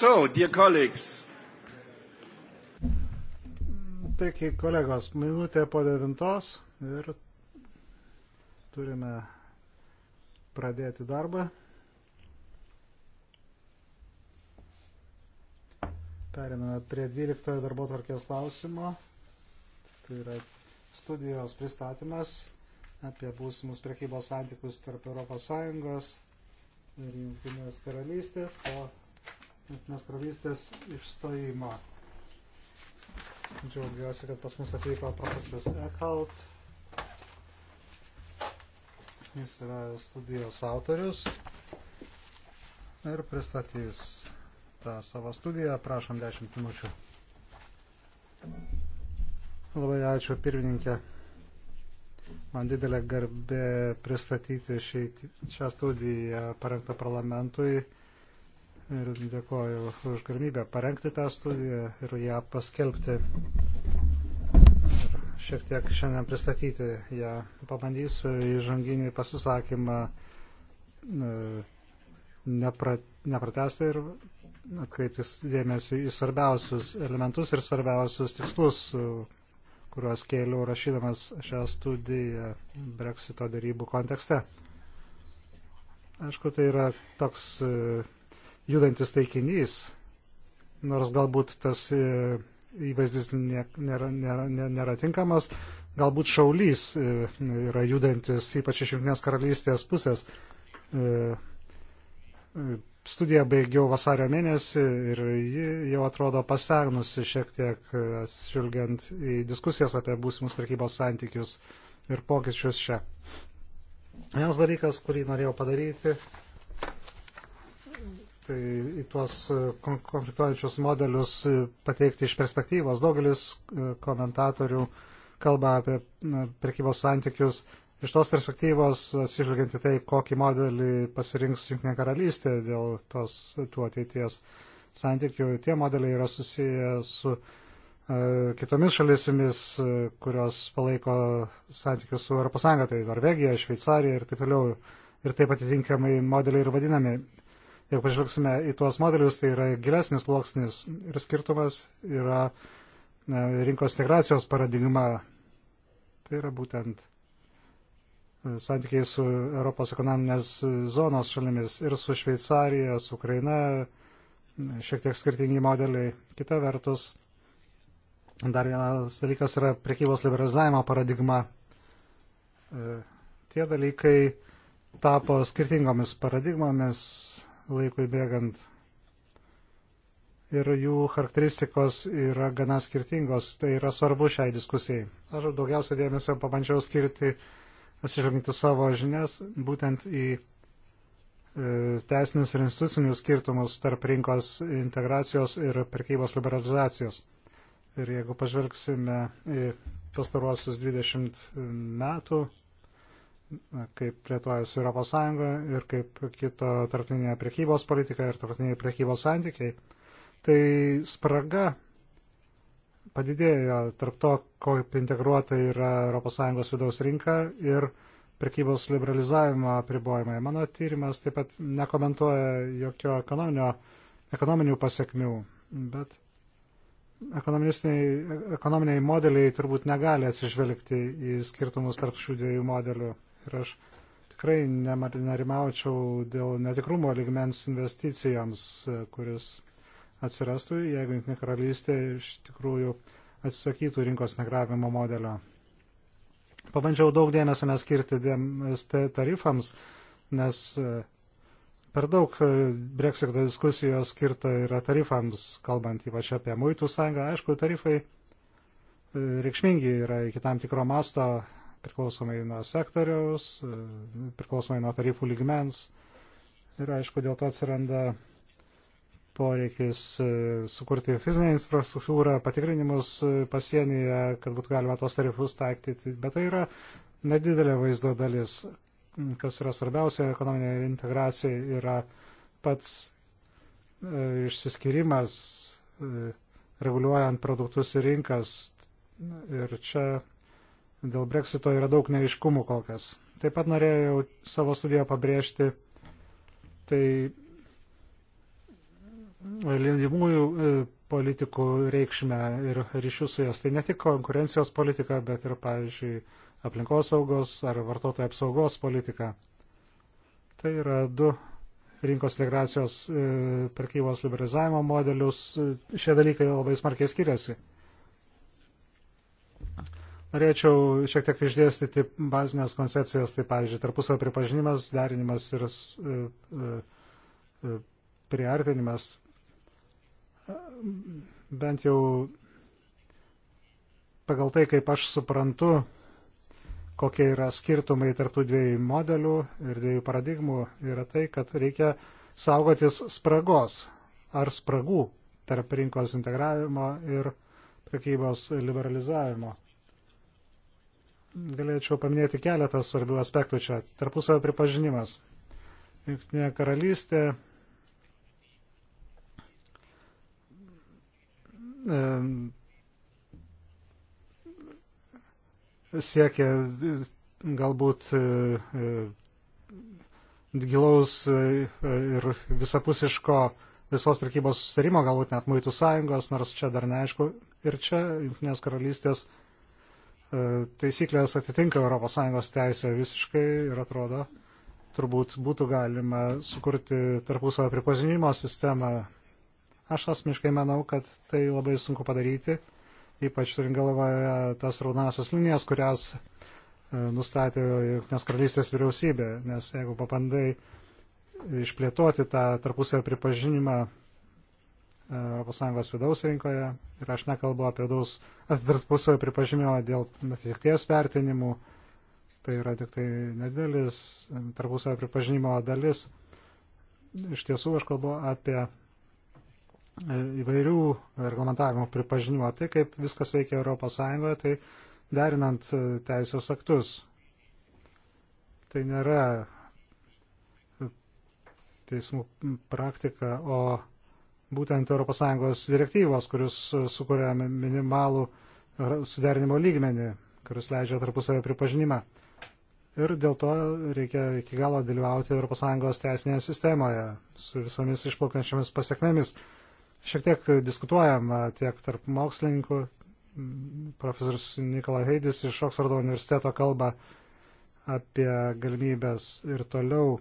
So, dear colleagues. Taigi, kolegos, minutė po devintos ir turime pradėti darbą. Periname prie 12 darbo tvarkės klausimo. Tai yra studijos pristatymas apie būsimus prekybos santykius tarp ES ir Junktinės karalystės po Jungtinės karalystės išstojimo. Džiaugiuosi, kad pas mus atvyko profesorius Eckhout. Jis yra studijos autorius ir pristatys tą savo studiją. Prašom 10 minučių. Labai ačiū pirmininkė. Man didelė garbė pristatyti šį, šią studiją parengtą parlamentui ir dėkoju už galimybę parengti tą studiją ir ją paskelbti. Ir šiek tiek šiandien pristatyti ją. Pabandysiu įžanginį pasisakymą e, nepra, nepratesti ir atkreiptis dėmesį į svarbiausius elementus ir svarbiausius tikslus, kuriuos kėliau rašydamas šią studiją Brexito darybų kontekste. Aišku, tai yra toks e, judantis taikinys, nors galbūt tas e, įvaizdis nėra, nėra, nėra tinkamas, galbūt šaulys e, yra judantis, ypač iš Junktinės karalystės pusės. E, studiją baigiau vasario mėnesį ir ji jau atrodo pasegnusi šiek tiek, atsižvelgiant į diskusijas apie būsimus prekybos santykius ir pokyčius čia. Vienas dalykas, kurį norėjau padaryti, tai į tuos e, konfliktuojančius modelius e, pateikti iš perspektyvos. Daugelis e, komentatorių kalba apie prekybos santykius iš tos perspektyvos, atsižvelgiant į tai, kokį modelį pasirinks Junktinė karalystė dėl tos, tų ateities santykių. Tie modeliai yra susiję su kitomis šalisimis, kurios palaiko santykius su ES, tai Norvegija, Šveicarija ir taip toliau ir taip atitinkamai modeliai ir vadinami. Jeigu pažvelgsime į tuos modelius, tai yra gilesnis sluoksnis ir skirtumas yra e, rinkos integracijos paradigma. Tai yra būtent e, santykiai su Europos ekonominės zonos šalimis ir su Šveicarija, su Ukraina, e, šiek tiek skirtingi modeliai. Kita vertus, dar vienas dalykas yra prekybos liberalizavimo paradigma. Tie dalykai tapo skirtingomis paradigmomis laikui bėgant. Ir jų charakteristikos yra gana skirtingos. Tai yra svarbu šiai diskusijai. Aš daugiausia dėmesio pabandžiau skirti, atsižvelginti savo žinias, būtent į e, teisinius ir institucinius skirtumus tarp rinkos integracijos ir prekybos liberalizacijos. Ir jeigu pažvelgsime į pastaruosius 20 metų, kaip plėtojasi Europos Sąjunga ir kaip kito tarptautinė priekybos politika ir tarptautiniai priekybos santykiai, tai spraga padidėjo tarp to, kaip integruota yra ES vidaus rinka ir prekybos liberalizavimo apribojimai. Mano tyrimas taip pat nekomentuoja jokio ekonominių pasiekmių, bet ekonominiai modeliai turbūt negali atsižvelgti į skirtumus tarp šių dviejų modelių Ir aš tikrai nerimaučiau dėl netikrumo ligmens investicijoms, kuris atsirastų, jeigu Junktinė karalystė iš tikrųjų atsisakytų rinkos negravimo modelio. Pabandžiau daug dėmesio neskirti DMST tarifams, nes e, per daug e, Brexito diskusijos skirta yra tarifams, kalbant ypač apie muitų sąjungą. Aišku, tarifai e, reikšmingi yra iki tam tikro masto priklausomai nuo sektoriaus, priklausomai nuo tarifų lygmens. Ir aišku, dėl to atsiranda poreikis e, sukurti fizinę infrastruktūrą, patikrinimus e, pasienyje, kad būtų galima tos tarifus taikyti. Bet tai yra nedidelė vaizdo dalis. Kas yra svarbiausia ekonominė integracija yra pats e, išsiskirimas reguliuojant produktus ir rinkas. Ir čia dėl breksito yra daug neiškumų kol kas. Taip pat norėjau savo studiją pabrėžti, tai lindimųjų e, politikų reikšmę ir ryšių su jas. Tai ne tik konkurencijos politika, bet ir, pavyzdžiui, aplinkosaugos ar vartotojų apsaugos politika. Tai yra du rinkos integracijos e, perkybos liberalizavimo modelius. E, šie dalykai labai smarkiai skiriasi. Norėčiau šiek tiek išdėstyti bazinės koncepcijas, tai pavyzdžiui, tarpusavio pripažinimas, derinimas ir e, e, e, priartinimas. Bent jau pagal tai, kaip aš suprantu, kokie yra skirtumai tarptų dviejų modelių ir dviejų paradigmų, yra tai, kad reikia saugotis spragos ar spragų tarp rinkos integravimo ir prekybos liberalizavimo galėčiau paminėti keletą svarbių aspektų čia. Tarpusavio pripažinimas. Junktinė karalystė e, siekia e, galbūt e, gilaus ir visapusiško visos prekybos sustarimo, galbūt net muitų sąjungos, nors čia dar neaišku. Ir čia Junktinės karalystės taisyklės atitinka ES teisę visiškai ir atrodo, turbūt būtų galima sukurti tarpusavio pripažinimo sistemą. Aš asmeniškai manau, kad tai labai sunku padaryti, ypač turint galvoje tas raudonasias linijas, kurias e, nustatė Junktinės karalystės vyriausybė, nes jeigu papandai išplėtoti tą tarpusavio pripažinimą ES vidaus rinkoje ir aš nekalbu apie daus tarpusavio pripažinimą dėl atitikties vertinimų, tai yra tik tai nedėlis tarpusavio pripažinimo dalis. Iš tiesų aš kalbu apie e, įvairių reglamentavimo pripažinimo, tai kaip viskas veikia ES, tai derinant e, teisės aktus. Tai nėra e, teismų praktika, o būtent ES direktyvos, kuris e, sukuria minimalų e, suderinimo lygmenį, kuris leidžia tarpusavio pripažinimą. Ir dėl to reikia iki galo dalyvauti ES teisinėje sistemoje su visomis išplaukiančiamis pasiekmėmis. Šiek tiek diskutuojama tiek tarp mokslininkų, profesorius Nikola Heidis iš Oksfordo universiteto kalba apie galimybės ir toliau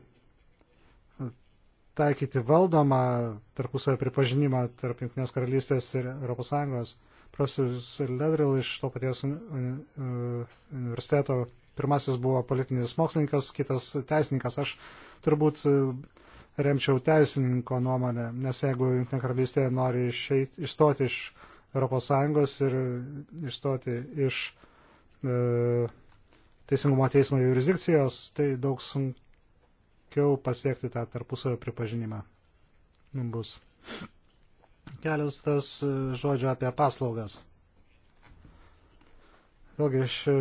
taikyti valdomą tarpusavio pripažinimą tarp Junktinės karalystės ir ES. Profesorius Ledril iš to paties e, universiteto pirmasis buvo politinis mokslininkas, kitas teisininkas. Aš turbūt e, remčiau teisininko nuomonę, nes jeigu Junktinė karalystė nori išeit, išstoti iš ES ir išstoti iš e, Teisingumo teismo jurisdikcijos, tai daug sunkiau sunkiau pasiekti tą tarpusavio pripažinimą bus. Kelios tas e, žodžio apie paslaugas. Vėlgi ši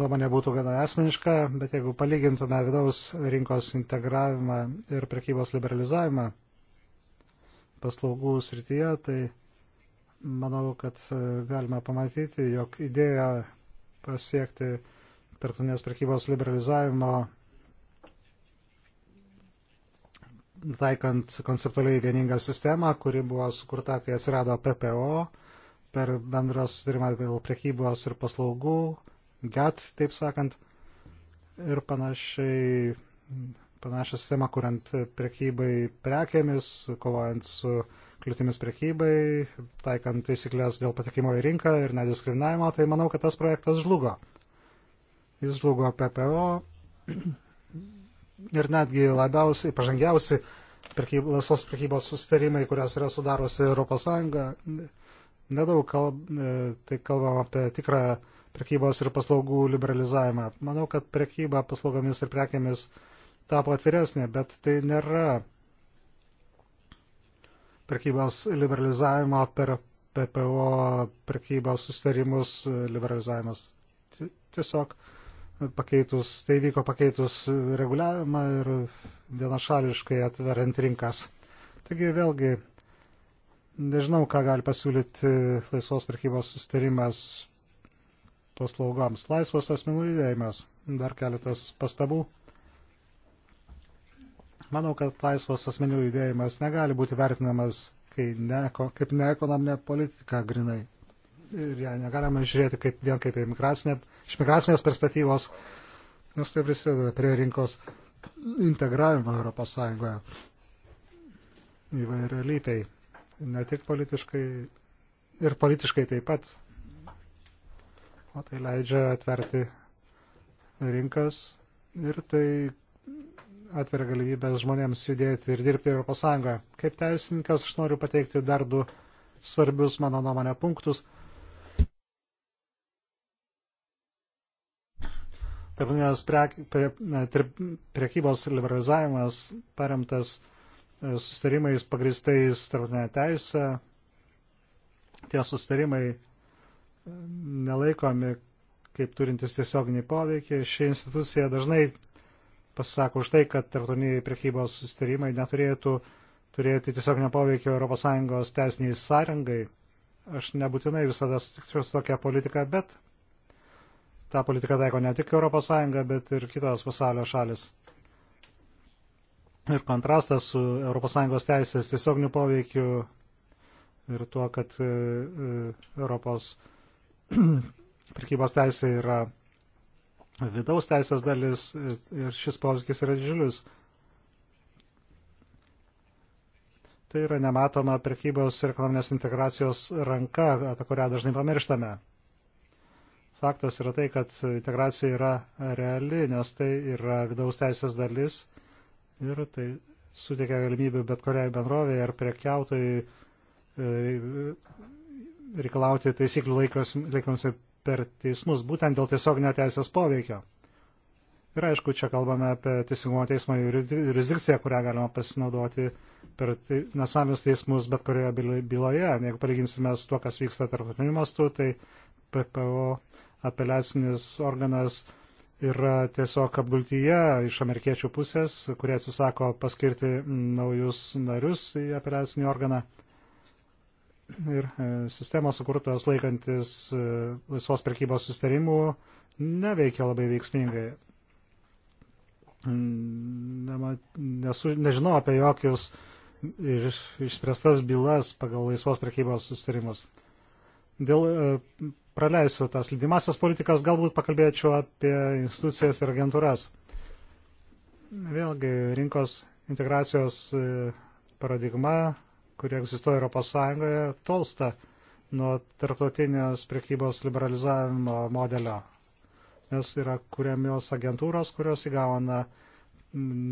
nuomonė būtų gana asmeniška, bet jeigu palygintume vidaus rinkos integravimą ir prekybos liberalizavimą paslaugų srityje, tai manau, kad e, galima pamatyti, jog idėja pasiekti tarptautinės prekybos liberalizavimo taikant konceptualiai vieningą sistemą, kuri buvo sukurta, kai atsirado PPO per bendrą sutarimą dėl priekybos ir paslaugų, GAT, taip sakant, ir panašiai, panašią sistemą, kuriant priekybai prekėmis, kovojant su kliūtimis priekybai, taikant taisyklės dėl patekimo į rinką ir nediskriminavimo, tai manau, kad tas projektas žlugo. Jis žlugo PPO ir netgi labiausiai pažangiausi laisvos prekybos sustarimai, kurias yra sudarosi ES, nedaug kalb, e, tai kalbam apie tikrą prekybos ir paslaugų liberalizavimą. Manau, kad prekyba paslaugomis ir prekėmis tapo atviresnė, bet tai nėra prekybos liberalizavimo per PPO prekybos sustarimus e, liberalizavimas. Tiesiog uh, pakeitus, tai vyko pakeitus reguliavimą ir vienašališkai atveriant rinkas. Taigi vėlgi, nežinau, ką gali pasiūlyti laisvos prekybos sustarimas paslaugoms. Laisvas asmenų judėjimas. Dar keletas pastabų. Manau, kad laisvas asmenų judėjimas negali būti vertinamas kai ne, kaip neekonominė politika grinai ir ją negalima žiūrėti kaip, vien kaip imigracinė, iš migracinės perspektyvos, nes tai prisideda prie rinkos integravimo Europos Sąjungoje įvairialypiai, ne tik politiškai ir politiškai taip pat. O tai leidžia atverti rinkas ir tai atveria galimybės žmonėms judėti ir dirbti Europos Sąjungoje. Kaip teisininkas aš noriu pateikti dar du svarbius mano nuomonę punktus, tarptautinės priekybos liberalizavimas paremtas e, sustarimais pagristais tarptautinė teisė. Tie sustarimai e, nelaikomi kaip turintis tiesioginį poveikį. Ši institucija dažnai pasisako už tai, kad tarptautiniai priekybos sustarimai neturėtų turėti tiesioginio poveikio ES teisiniai sąrangai. Aš nebūtinai visada sutikčiau su tokia politika, bet tą politiką taiko ne tik ES, bet ir kitos pasaulio šalis. Ir kontrastas su ES teisės tiesioginiu poveikiu ir tuo, kad e, e, Europos prekybos teisė yra vidaus teisės dalis ir šis poveikis yra didžiulis. Tai yra nematoma prekybos ir ekonominės integracijos ranka, apie kurią dažnai pamirštame. Faktas yra tai, kad integracija yra reali, nes tai yra vidaus teisės dalis ir tai suteikia galimybę bet kuriai bendrovėje ar prekiautojai e, reikalauti taisyklių laikomasi per teismus, būtent dėl tiesioginio teisės poveikio. Ir aišku, čia kalbame apie teisingumo teismo jurisdikciją, kurią galima pasinaudoti per nacionalinius teismus bet kurioje byloje. Jeigu palyginsime su tuo, kas vyksta tarptautiniu mastu, tai PPO apeliacinis organas yra tiesiog apgultyje iš amerikiečių pusės, kurie atsisako paskirti naujus narius į apeliacinį organą. Ir e, sistemos sukurtos laikantis e, laisvos prekybos sustarimų neveikia labai veiksmingai. Nema, nesu, nežinau apie jokius iš, išspręstas bylas pagal laisvos prekybos sustarimus. Dėl e, praleisiu tas lydimasias politikas, galbūt pakalbėčiau apie institucijas ir agentūras. Vėlgi, rinkos integracijos e, paradigma, kuri egzistuoja Europos Sąjungoje, tolsta nuo tarptautinės prekybos liberalizavimo modelio, nes yra kuriamios agentūros, kurios įgauna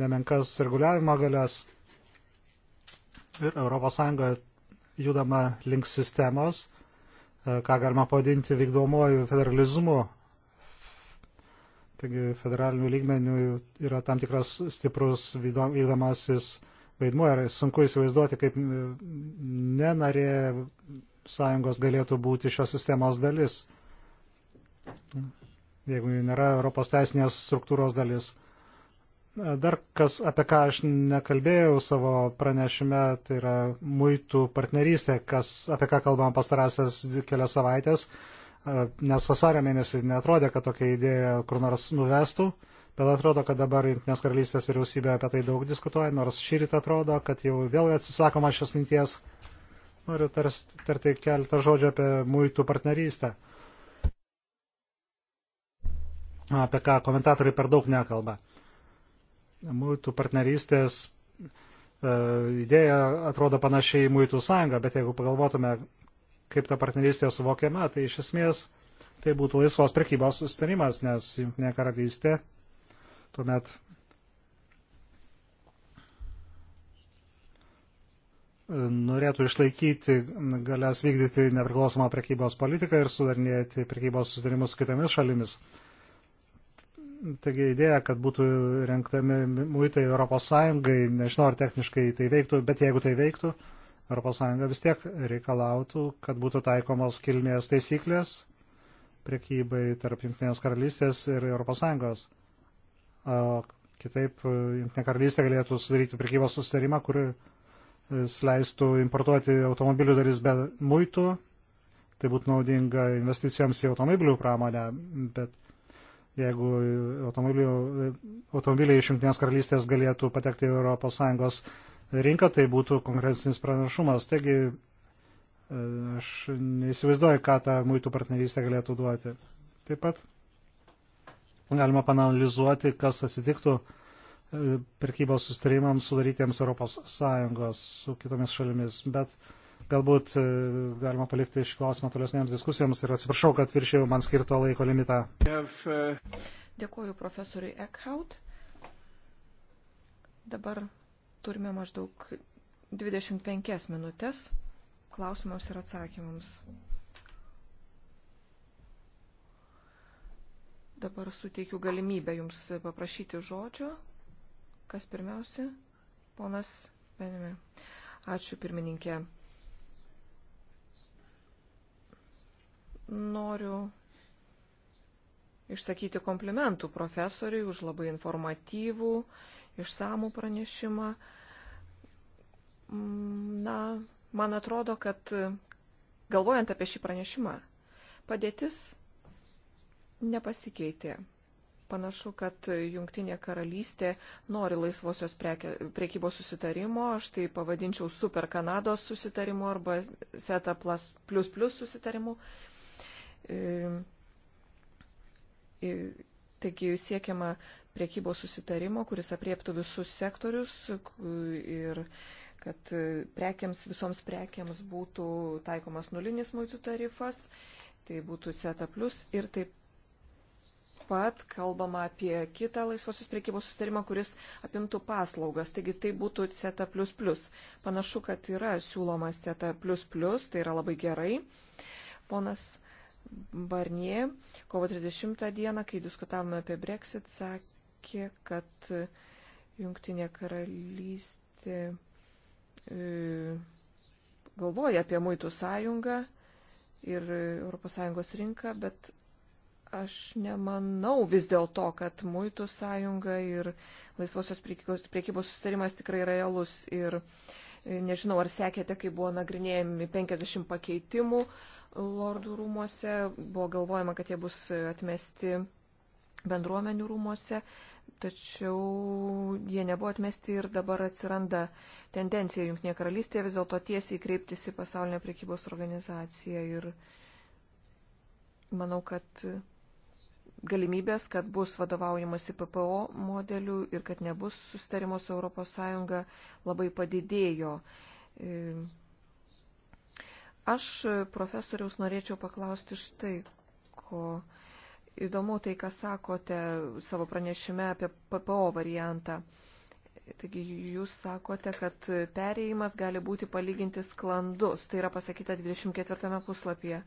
nemenkas reguliavimo galės ir ES judama link sistemos, E, ką galima pavadinti vykdomuoju federalizmu. Taigi federalinių lygmenių yra tam tikras stiprus vykdomasis vaidmuo ir sunku įsivaizduoti, kaip nenarė sąjungos galėtų būti šios sistemos dalis, jeigu nėra Europos teisinės struktūros dalis. Dar kas, apie ką aš nekalbėjau savo pranešime, tai yra muitų partnerystė, kas, apie ką kalbam pastarąsias kelias savaitės, nes vasario mėnesį netrodė, kad tokia idėja kur nors nuvestų, bet atrodo, kad dabar Junktinės karalystės vyriausybė apie tai daug diskutuoja, nors šį rytą atrodo, kad jau vėl atsisakoma šios minties. Noriu tarti keletą žodžių apie muitų partnerystę apie ką komentatoriai per daug nekalba mūtų partnerystės e, idėja atrodo panašiai į muitų sąjungą, bet jeigu pagalvotume, kaip ta partnerystė suvokiama, tai iš esmės tai būtų laisvos prekybos sustarimas, nes Junktinė karalystė tuomet e, norėtų išlaikyti galės vykdyti nepriklausomą prekybos politiką ir sudarinėti prekybos sustarimus su kitomis šalimis. Taigi idėja, kad būtų renktami muitai Europos Sąjungai, nežinau ar techniškai tai veiktų, bet jeigu tai veiktų, Europos Sąjunga vis tiek reikalautų, kad būtų taikomos kilmės taisyklės prekybai tarp Junktinės karalystės ir Europos Sąjungos. O kitaip e, Junktinė karalystė galėtų sudaryti prekybos susitarimą, kuris e, leistų importuoti automobilių dalis be muitų. Tai būtų naudinga investicijoms į automobilių pramonę, bet jeigu automobiliai iš Junktinės karalystės galėtų patekti į ES rinką, tai būtų konkurencinis pranašumas. Taigi e, aš neįsivaizduoju, ką ta muitų partnerystė galėtų duoti. Taip pat galima panalizuoti, kas atsitiktų e, prekybos sustarimams sudarytiems ES su kitomis šalimis. Bet Galbūt e, galima palikti šį klausimą tolesnėms diskusijoms ir atsiprašau, kad viršėjau man skirto laiko limitą. Dėkuoju profesoriui Eckhout. Dabar turime maždaug 25 minutės klausimams ir atsakymams. Dabar suteikiu galimybę Jums paprašyti žodžio. Kas pirmiausia? Ponas Benime. Ačiū pirmininkė. Noriu išsakyti komplimentų profesoriui už labai informatyvų, išsamų pranešimą. Na, man atrodo, kad galvojant apie šį pranešimą, padėtis nepasikeitė. Panašu, kad Junktinė karalystė nori laisvosios priekybos susitarimo, aš tai pavadinčiau Super Kanados susitarimu arba SETA plus, plus, plus susitarimu. Uh, E, e, taigi siekiama priekybos susitarimo, kuris apriektų visus sektorius ir kad e, prekiams, visoms prekiams būtų taikomas nulinis muitų tarifas, tai būtų CETA plus ir taip pat kalbama apie kitą laisvosios priekybos sustarimą, kuris apimtų paslaugas. Taigi tai būtų CETA. Panašu, kad yra siūlomas CETA, tai yra labai gerai. Ponas Barnie kovo 30 dieną, kai diskutavome apie Brexit, sakė, kad Junktinė karalystė e, galvoja apie muitų sąjungą ir ES rinką, bet aš nemanau vis dėlto, kad muitų sąjunga ir laisvosios priekybos sustarimas tikrai yra realus. Ir e, nežinau, ar sekėte, kai buvo nagrinėjami 50 pakeitimų, lordų rūmose, buvo galvojama, kad jie bus atmesti bendruomenių rūmose, tačiau jie nebuvo atmesti ir dabar atsiranda tendencija Junktinėje karalystėje vis dėlto tiesiai kreiptis į pasaulinę priekybos organizaciją ir manau, kad galimybės, kad bus vadovaujamasi PPO modeliu ir kad nebus sustarimo su ES labai padidėjo. Aš e, profesoriaus norėčiau paklausti štai, ko įdomu tai, ką sakote savo pranešime apie PPO variantą. Taigi jūs sakote, kad perėjimas gali būti palyginti sklandus. Tai yra pasakyta 24 puslapyje.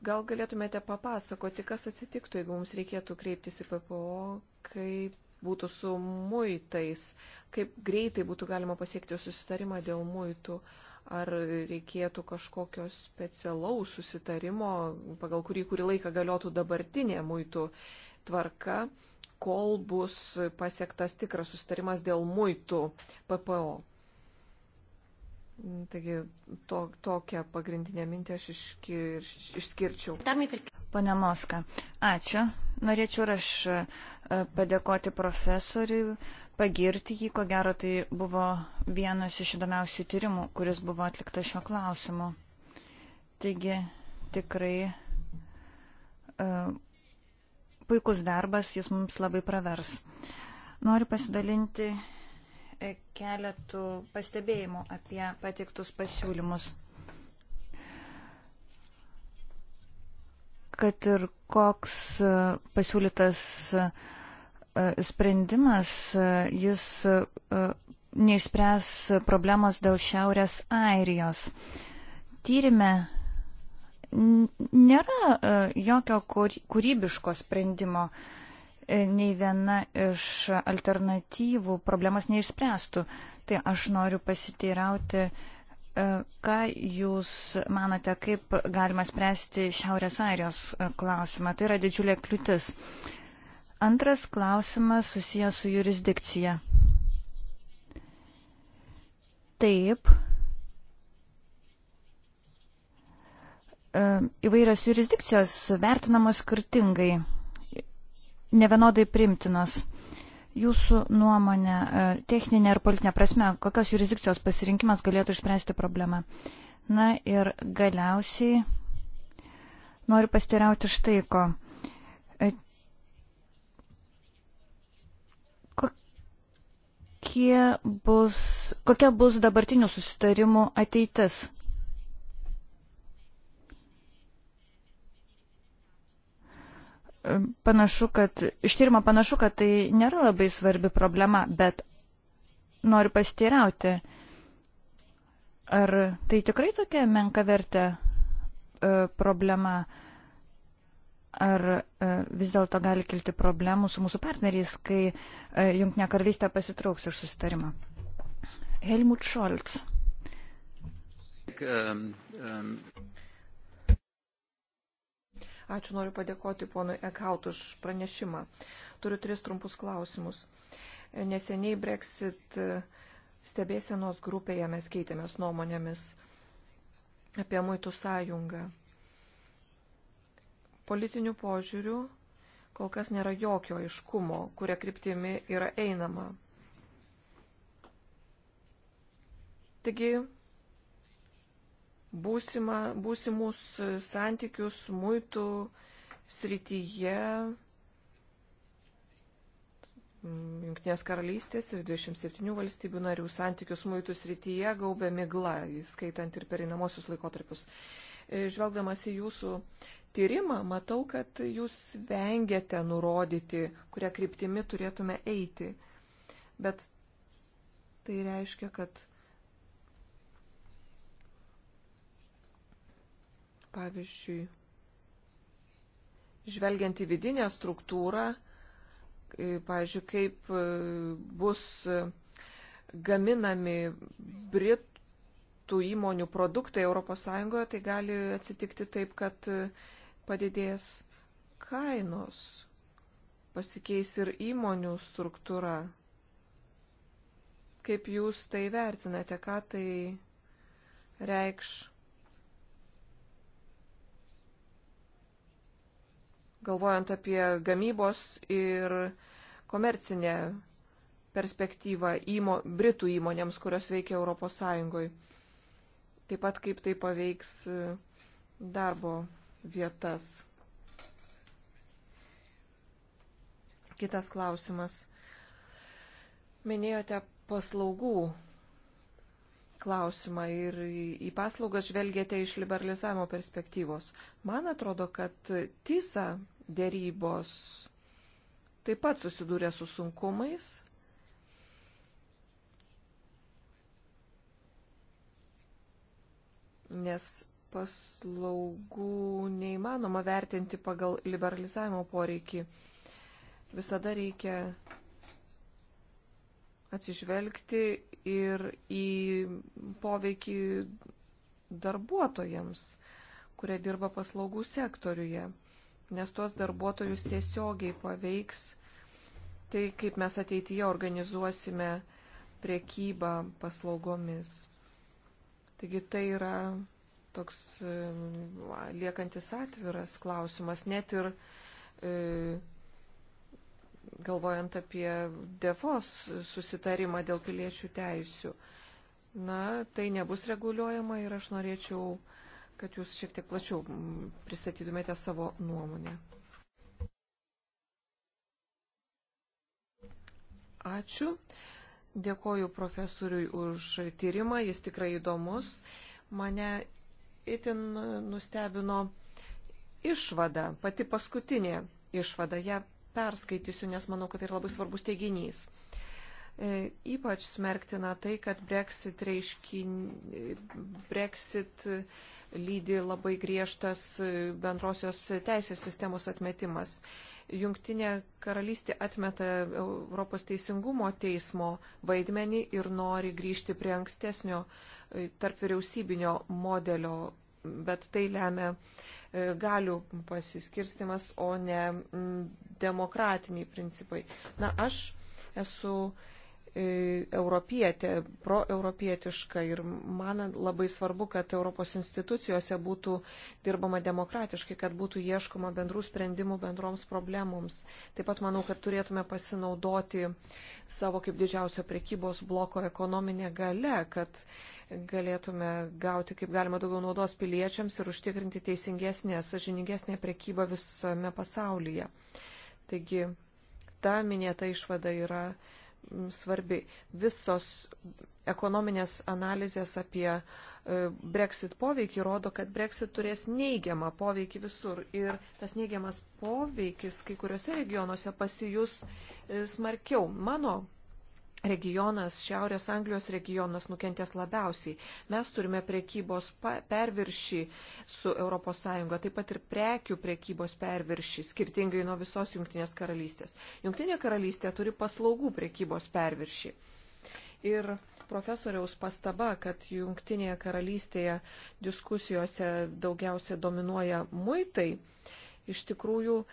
Gal galėtumėte papasakoti, kas atsitiktų, jeigu mums reikėtų kreiptis į PPO, kaip būtų su muitais, kaip greitai būtų galima pasiekti susitarimą dėl muitų. Uh, ar reikėtų kažkokio specialaus susitarimo, pagal kurį kurį laiką galiotų dabartinė muitų tvarka, kol bus pasiektas tikras susitarimas dėl muitų PPO. Taigi to, tokią pagrindinę mintį aš išskir, išskirčiau. Pane Moska, ačiū. Norėčiau ir aš e, padėkoti profesoriui, pagirti jį, ko gero tai buvo vienas iš įdomiausių tyrimų, kuris buvo atliktas šiuo klausimu. Taigi tikrai uh, puikus darbas, jis mums labai pravers. Noriu pasidalinti e, keletų pastebėjimų apie pateiktus pasiūlymus. Kad ir koks e, pasiūlytas uh, E, sprendimas, e, jis e, neišspręs problemos dėl Šiaurės Airijos. Tyrime nėra jokio kūrybiško sprendimo, nei viena iš alternatyvų problemas neišspręstų. Tai aš noriu pasiteirauti, ką Jūs manote, kaip galima spręsti Šiaurės Airijos klausimą. Tai yra didžiulė kliūtis. Antras klausimas susijęs su jurisdikcija. Taip. E, įvairios jurisdikcijos vertinamos skirtingai, nevienodai primtinos. Jūsų nuomonė, e, techninė ir politinė prasme, kokios jurisdikcijos pasirinkimas galėtų išspręsti problemą? Na ir galiausiai noriu pastirauti štai ko. kokie bus, kokia bus dabartinių susitarimų ateitis. Panašu, kad iš tyrimo panašu, kad tai nėra labai svarbi problema, bet noriu pastirauti, ar tai tikrai tokia menka vertė e, problema ar e, vis dėlto gali kilti problemų su mūsų partneriais, kai e, Junktinė karalystė pasitrauks iš susitarimo. Helmut Scholz. Ačiū, noriu padėkoti ponui Ekaut už pranešimą. Turiu tris trumpus klausimus. Neseniai Brexit e, stebėsenos grupėje mes keitėmės nuomonėmis apie muitų sąjungą. Politinių požiūrių kol kas nėra jokio aiškumo, kuria kryptimi yra einama. Taigi, būsima, būsimus santykius muitų srityje Junktinės karalystės ir 27 valstybių narių santykius muitų srityje gaubė migla, įskaitant ir pereinamosius laikotarpius. E, žvelgdamas į jūsų tyrimą, matau, kad jūs vengiate nurodyti, kurią kryptimi turėtume eiti. Bet tai reiškia, kad pavyzdžiui, žvelgiant į vidinę struktūrą, pavyzdžiui, kaip e, bus gaminami Britų įmonių produktai ES, tai gali atsitikti taip, kad padidės kainos, pasikeis ir įmonių struktūra. Kaip jūs tai vertinate, ką tai reikš? Galvojant apie gamybos ir komercinę perspektyvą įmo, Britų įmonėms, kurios veikia Europos Sąjungoje. Taip pat kaip tai paveiks darbo vietas. Kitas klausimas. Minėjote paslaugų klausimą ir į paslaugas žvelgėte iš liberalizavimo perspektyvos. Man atrodo, kad TISA dėrybos taip pat susidūrė su sunkumais. Nes paslaugų neįmanoma vertinti pagal liberalizavimo poreikį. Visada reikia atsižvelgti ir į poveikį darbuotojams, kurie dirba paslaugų sektoriuje, nes tuos darbuotojus tiesiogiai paveiks tai, kaip mes ateityje organizuosime priekybą paslaugomis. Taigi tai yra toks liekantis atviras klausimas, net ir e, galvojant apie Devos susitarimą dėl piliečių teisių. Na, tai nebus reguliuojama ir aš norėčiau, kad jūs šiek tiek plačiau pristatytumėte savo nuomonę. Ačiū. Dėkoju profesoriui už tyrimą, jis tikrai įdomus. Mane itin nustebino išvada, pati paskutinė išvada. Ja perskaitysiu, nes manau, kad tai yra labai svarbus teiginys. E, ypač smerktina tai, kad Brexit, reiškin, Brexit lydi labai griežtas bendrosios teisės sistemos atmetimas. Jungtinė karalystė atmeta Europos teisingumo teismo vaidmenį ir nori grįžti prie ankstesnio e, tarp vyriausybinio modelio, bet tai lemia e, galių pasiskirstimas, o ne demokratiniai principai. Na, aš esu e, europietė, proeuropietiška ir man labai svarbu, kad Europos institucijose būtų dirbama demokratiškai, kad būtų ieškoma bendrų sprendimų bendroms problemoms. Taip pat manau, kad turėtume pasinaudoti savo kaip didžiausio prekybos bloko ekonominę gale, kad galėtume gauti kaip galima daugiau naudos piliečiams ir užtikrinti teisingesnę, sažiningesnę prekybą visame pasaulyje. Taigi, ta minėta išvada yra mm, svarbi. Visos ekonominės analizės apie e, Brexit poveikį rodo, kad Brexit turės neigiamą poveikį visur. Ir tas neigiamas poveikis kai kuriuose regionuose pasijus e, smarkiau. Mano regionas, Šiaurės Anglijos regionas nukentės labiausiai. Mes turime prekybos perviršį su ES, taip pat ir prekių prekybos perviršį, skirtingai nuo visos Junktinės karalystės. Junktinė karalystė turi paslaugų prekybos perviršį. Ir profesoriaus pastaba, kad Junktinėje karalystėje diskusijose daugiausia dominuoja muitai, iš tikrųjų m,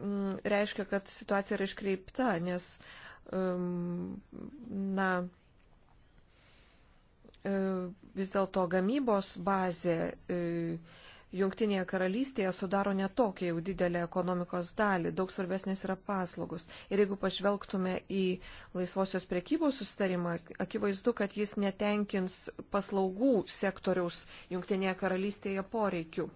mm, reiškia, kad situacija yra iškreipta, nes uh, Ehm, na, e, vis dėlto gamybos bazė e, Jungtinėje karalystėje sudaro netokią jau didelę ekonomikos dalį, daug svarbesnės yra paslaugos. Ir jeigu pažvelgtume į laisvosios priekybos sustarimą, akivaizdu, kad jis netenkins paslaugų sektoriaus Jungtinėje karalystėje poreikių.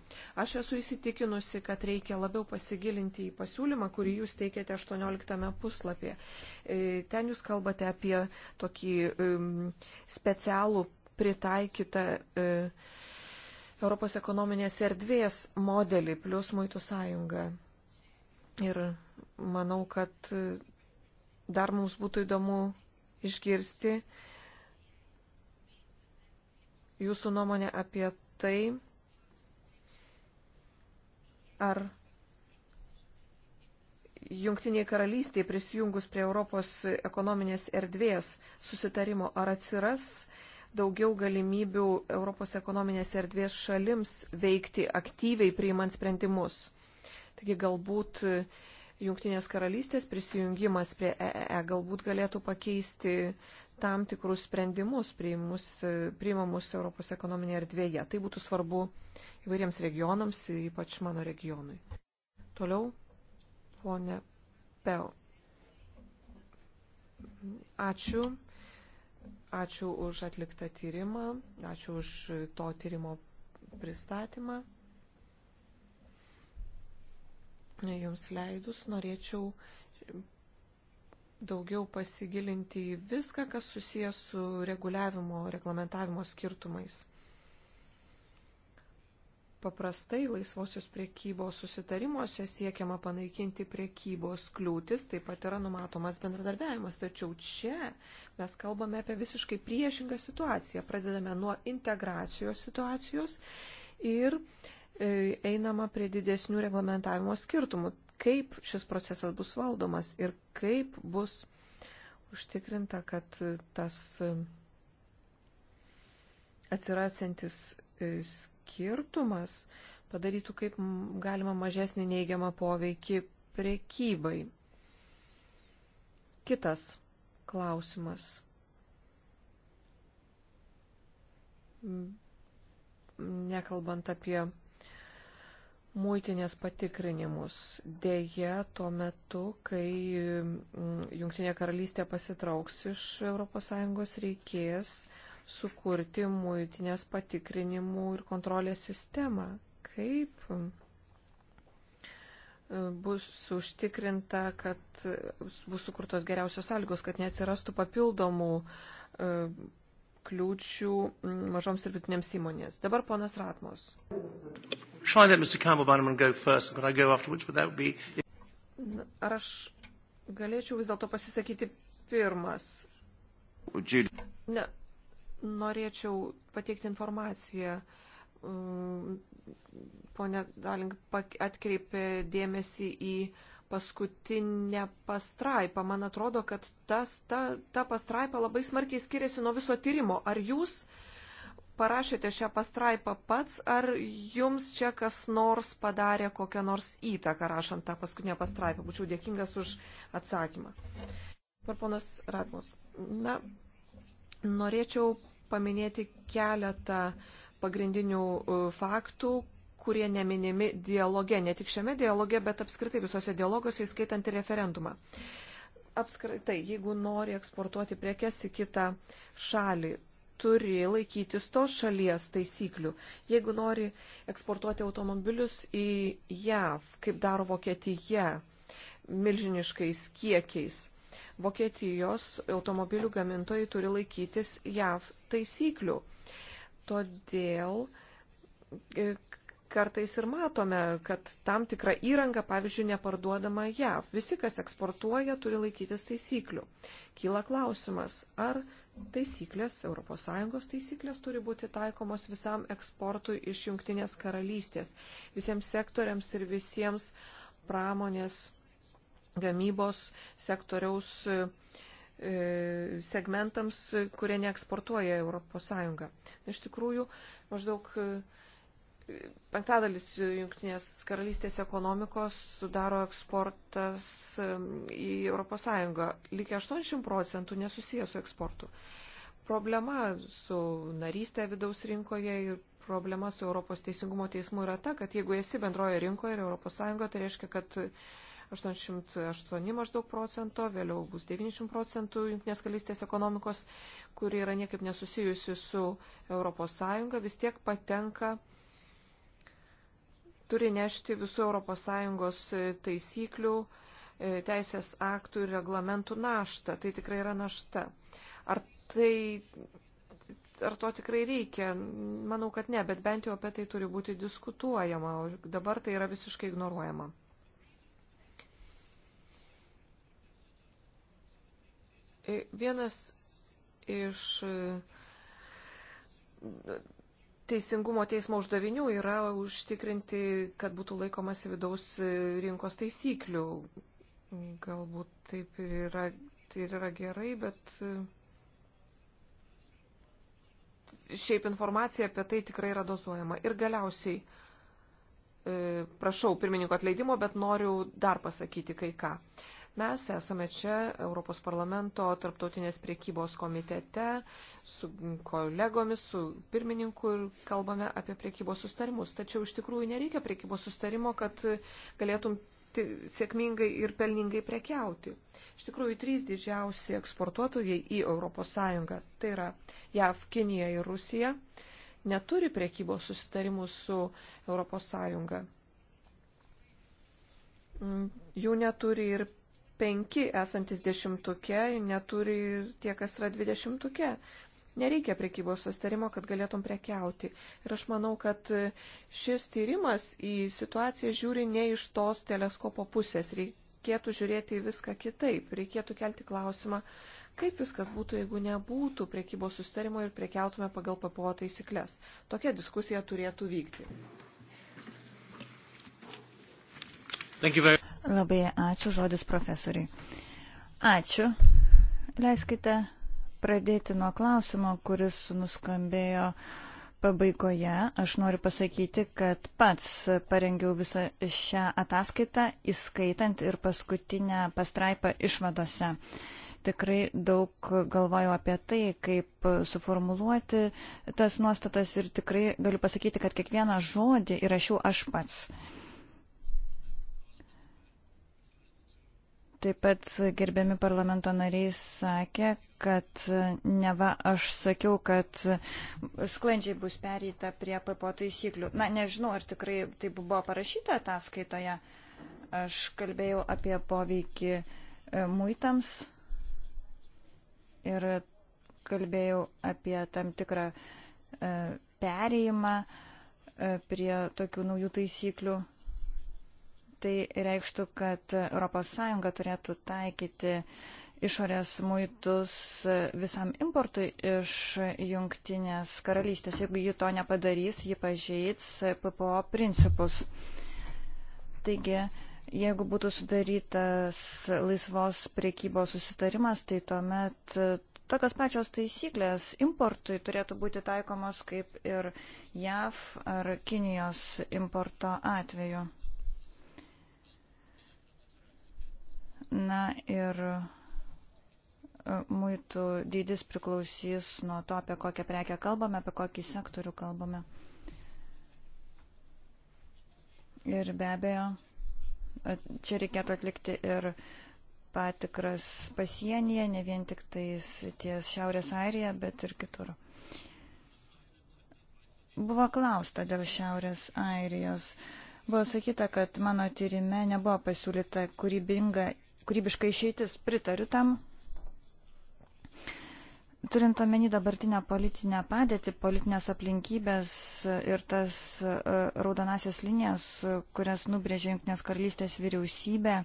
Aš esu įsitikinusi, kad reikia labiau pasigilinti į pasiūlymą, kurį jūs teikiate 18 puslapyje. E, ten jūs kalbate apie tokį um, specialų pritaikytą uh, Europos ekonominės erdvės modelį plus muitų sąjungą. Ir manau, kad dar mums būtų įdomu išgirsti jūsų nuomonę apie tai, ar Junktinėje karalystėje prisijungus prie Europos ekonominės erdvės susitarimo, ar atsiras daugiau galimybių Europos ekonominės erdvės šalims veikti aktyviai priimant sprendimus. Taigi galbūt e, Junktinės karalystės prisijungimas prie EEE e e galbūt galėtų pakeisti tam tikrus sprendimus priimus, priimamus Europos ekonominėje erdvėje. Tai būtų svarbu įvairiems regionams ir ypač mano regionui. Toliau, ponė Pel. Ačiū. Ačiū už atliktą tyrimą, ačiū už to tyrimo pristatymą. Jums leidus norėčiau daugiau pasigilinti į viską, kas susijęs su reguliavimo, reglamentavimo skirtumais. Paprastai laisvosios priekybos susitarimuose siekiama panaikinti priekybos kliūtis, taip pat yra numatomas bendradarbiavimas, tačiau čia mes kalbame apie visiškai priešingą situaciją. Pradedame nuo integracijos situacijos ir e, einama prie didesnių reglamentavimo skirtumų, kaip šis procesas bus valdomas ir kaip bus užtikrinta, kad tas e, atsirasantis skirtumas e, skirtumas padarytų kaip galima mažesnį neigiamą poveikį prekybai. Kitas klausimas. Nekalbant apie muitinės patikrinimus. Deja, tuo metu, kai Junktinė karalystė pasitrauks iš ES, reikės sukurti muitinės patikrinimų ir kontrolės sistemą. Kaip um, bus užtikrinta, kad bus sukurtos geriausios sąlygos, kad neatsirastų papildomų um, kliūčių um, mažoms ir vidutinėms įmonės. Dabar ponas Ratmos. Ar aš galėčiau vis dėlto pasisakyti pirmas? Ne, norėčiau pateikti informaciją. Mm, Pone Dalink atkreipė dėmesį į paskutinę pastraipą. Man atrodo, kad tas, ta, ta pastraipa labai smarkiai skiriasi nuo viso tyrimo. Ar jūs parašėte šią pastraipą pats, ar jums čia kas nors padarė kokią nors įtaką rašant tą paskutinę pastraipą? Būčiau dėkingas už atsakymą. Par ponas Radmus. Na, Norėčiau paminėti keletą pagrindinių e, faktų, kurie neminimi dialoge, ne tik šiame dialoge, bet apskritai visose dialogose, įskaitant ir referendumą. Apskritai, jeigu nori eksportuoti prekes į kitą šalį, turi laikytis tos šalies taisyklių. Jeigu nori eksportuoti automobilius į JAV, kaip daro Vokietija, milžiniškais kiekiais, Vokietijos automobilių gamintojai turi laikytis JAV taisyklių. Todėl e, kartais ir matome, kad tam tikra įranga, pavyzdžiui, neparduodama JAV. Visi, kas eksportuoja, turi laikytis taisyklių. Kyla klausimas, ar taisyklės, ES taisyklės turi būti taikomos visam eksportui iš Junktinės karalystės, visiems sektoriams ir visiems pramonės gamybos sektoriaus e, e, segmentams, kurie neeksportuoja Europos Sąjungą. Iš tikrųjų, maždaug e, penktadalis Junktinės karalystės ekonomikos sudaro eksportas į ES. Lygiai 80 procentų nesusijęs su eksportu. Problema su narystė vidaus rinkoje ir problema su Europos teisingumo teismu yra ta, kad jeigu esi bendroje rinkoje ir ES, tai reiškia, kad 88 maždaug procento, vėliau bus 90 procentų Junktinės karalystės ekonomikos, kuri yra niekaip nesusijusi su ES, vis tiek patenka, turi nešti visų ES e, taisyklių, e, teisės aktų ir reglamentų naštą. Tai tikrai yra našta. Ar tai ar to tikrai reikia? Manau, kad ne, bet bent jau apie tai turi būti diskutuojama, o dabar tai yra visiškai ignoruojama. E, vienas iš e, teisingumo teismo uždavinių yra užtikrinti, kad būtų laikomasi vidaus e, rinkos taisyklių. Galbūt taip ir yra, tai ir yra gerai, bet šiaip informacija apie tai tikrai yra dozuojama. Ir galiausiai, prašau pirmininko atleidimo, bet noriu dar pasakyti kai ką. Mes esame čia Europos parlamento tarptautinės priekybos komitete su kolegomis, su pirmininku ir kalbame apie priekybos sustarimus. Tačiau iš tikrųjų nereikia priekybos sustarimo, kad galėtum sėkmingai ir pelningai prekiauti. Iš tikrųjų, trys didžiausi eksportuotojai į ES, tai yra JAV, Kinija ir Rusija, neturi priekybos susitarimų su ES mm, jų neturi ir 5 esantis dešimtuke neturi tie, kas yra dvidešimtuke. Nereikia prekybos sustarimo, kad galėtum prekiauti. Ir aš manau, kad šis tyrimas į situaciją žiūri ne iš tos teleskopo pusės. Reikėtų žiūrėti į viską kitaip. Reikėtų kelti klausimą, kaip viskas būtų, jeigu nebūtų prekybos sustarimo ir prekiautume pagal PPO taisyklės. Tokia diskusija turėtų vykti. Thank you very much. Labai ačiū žodis profesoriai. Ačiū. Leiskite pradėti nuo klausimo, kuris nuskambėjo pabaigoje. Aš noriu pasakyti, kad pats parengiau visą šią ataskaitą, įskaitant ir paskutinę pastraipą išvadose. Tikrai daug galvojau apie tai, kaip suformuluoti tas nuostatas ir tikrai galiu pasakyti, kad kiekvieną žodį įrašiau aš pats. Taip pat gerbiami parlamento nariai sakė, kad neva aš sakiau, kad sklandžiai bus pereita prie PPO taisyklių. Na, nežinau, ar tikrai tai buvo parašyta ataskaitoje. Aš kalbėjau apie poveikį e, muitams ir kalbėjau apie tam tikrą e, perėjimą e, prie tokių naujų taisyklių. Tai reikštų, kad ES turėtų taikyti išorės muitus visam importui iš jungtinės karalystės. Jeigu ji to nepadarys, ji pažeids PPO principus. Taigi, jeigu būtų sudarytas laisvos priekybos susitarimas, tai tuomet tokios pačios taisyklės importui turėtų būti taikomos kaip ir JAV ar Kinijos importo atveju. Na ir e, muitų dydis priklausys nuo to, apie kokią prekę kalbame, apie kokį sektorių kalbame. Ir be abejo, e, čia reikėtų atlikti ir patikras pasienyje, ne vien tik tais ties Šiaurės Airija, bet ir kitur. Buvo klausta dėl Šiaurės Airijos. Buvo sakyta, kad mano tyrime nebuvo pasiūlyta kūrybinga kūrybiška išeitis, pritariu tam. Turint omeny dabartinę politinę padėtį, politinės aplinkybės ir tas e, raudonasis linijas, kurias nubrėžė Junktinės karalystės vyriausybė,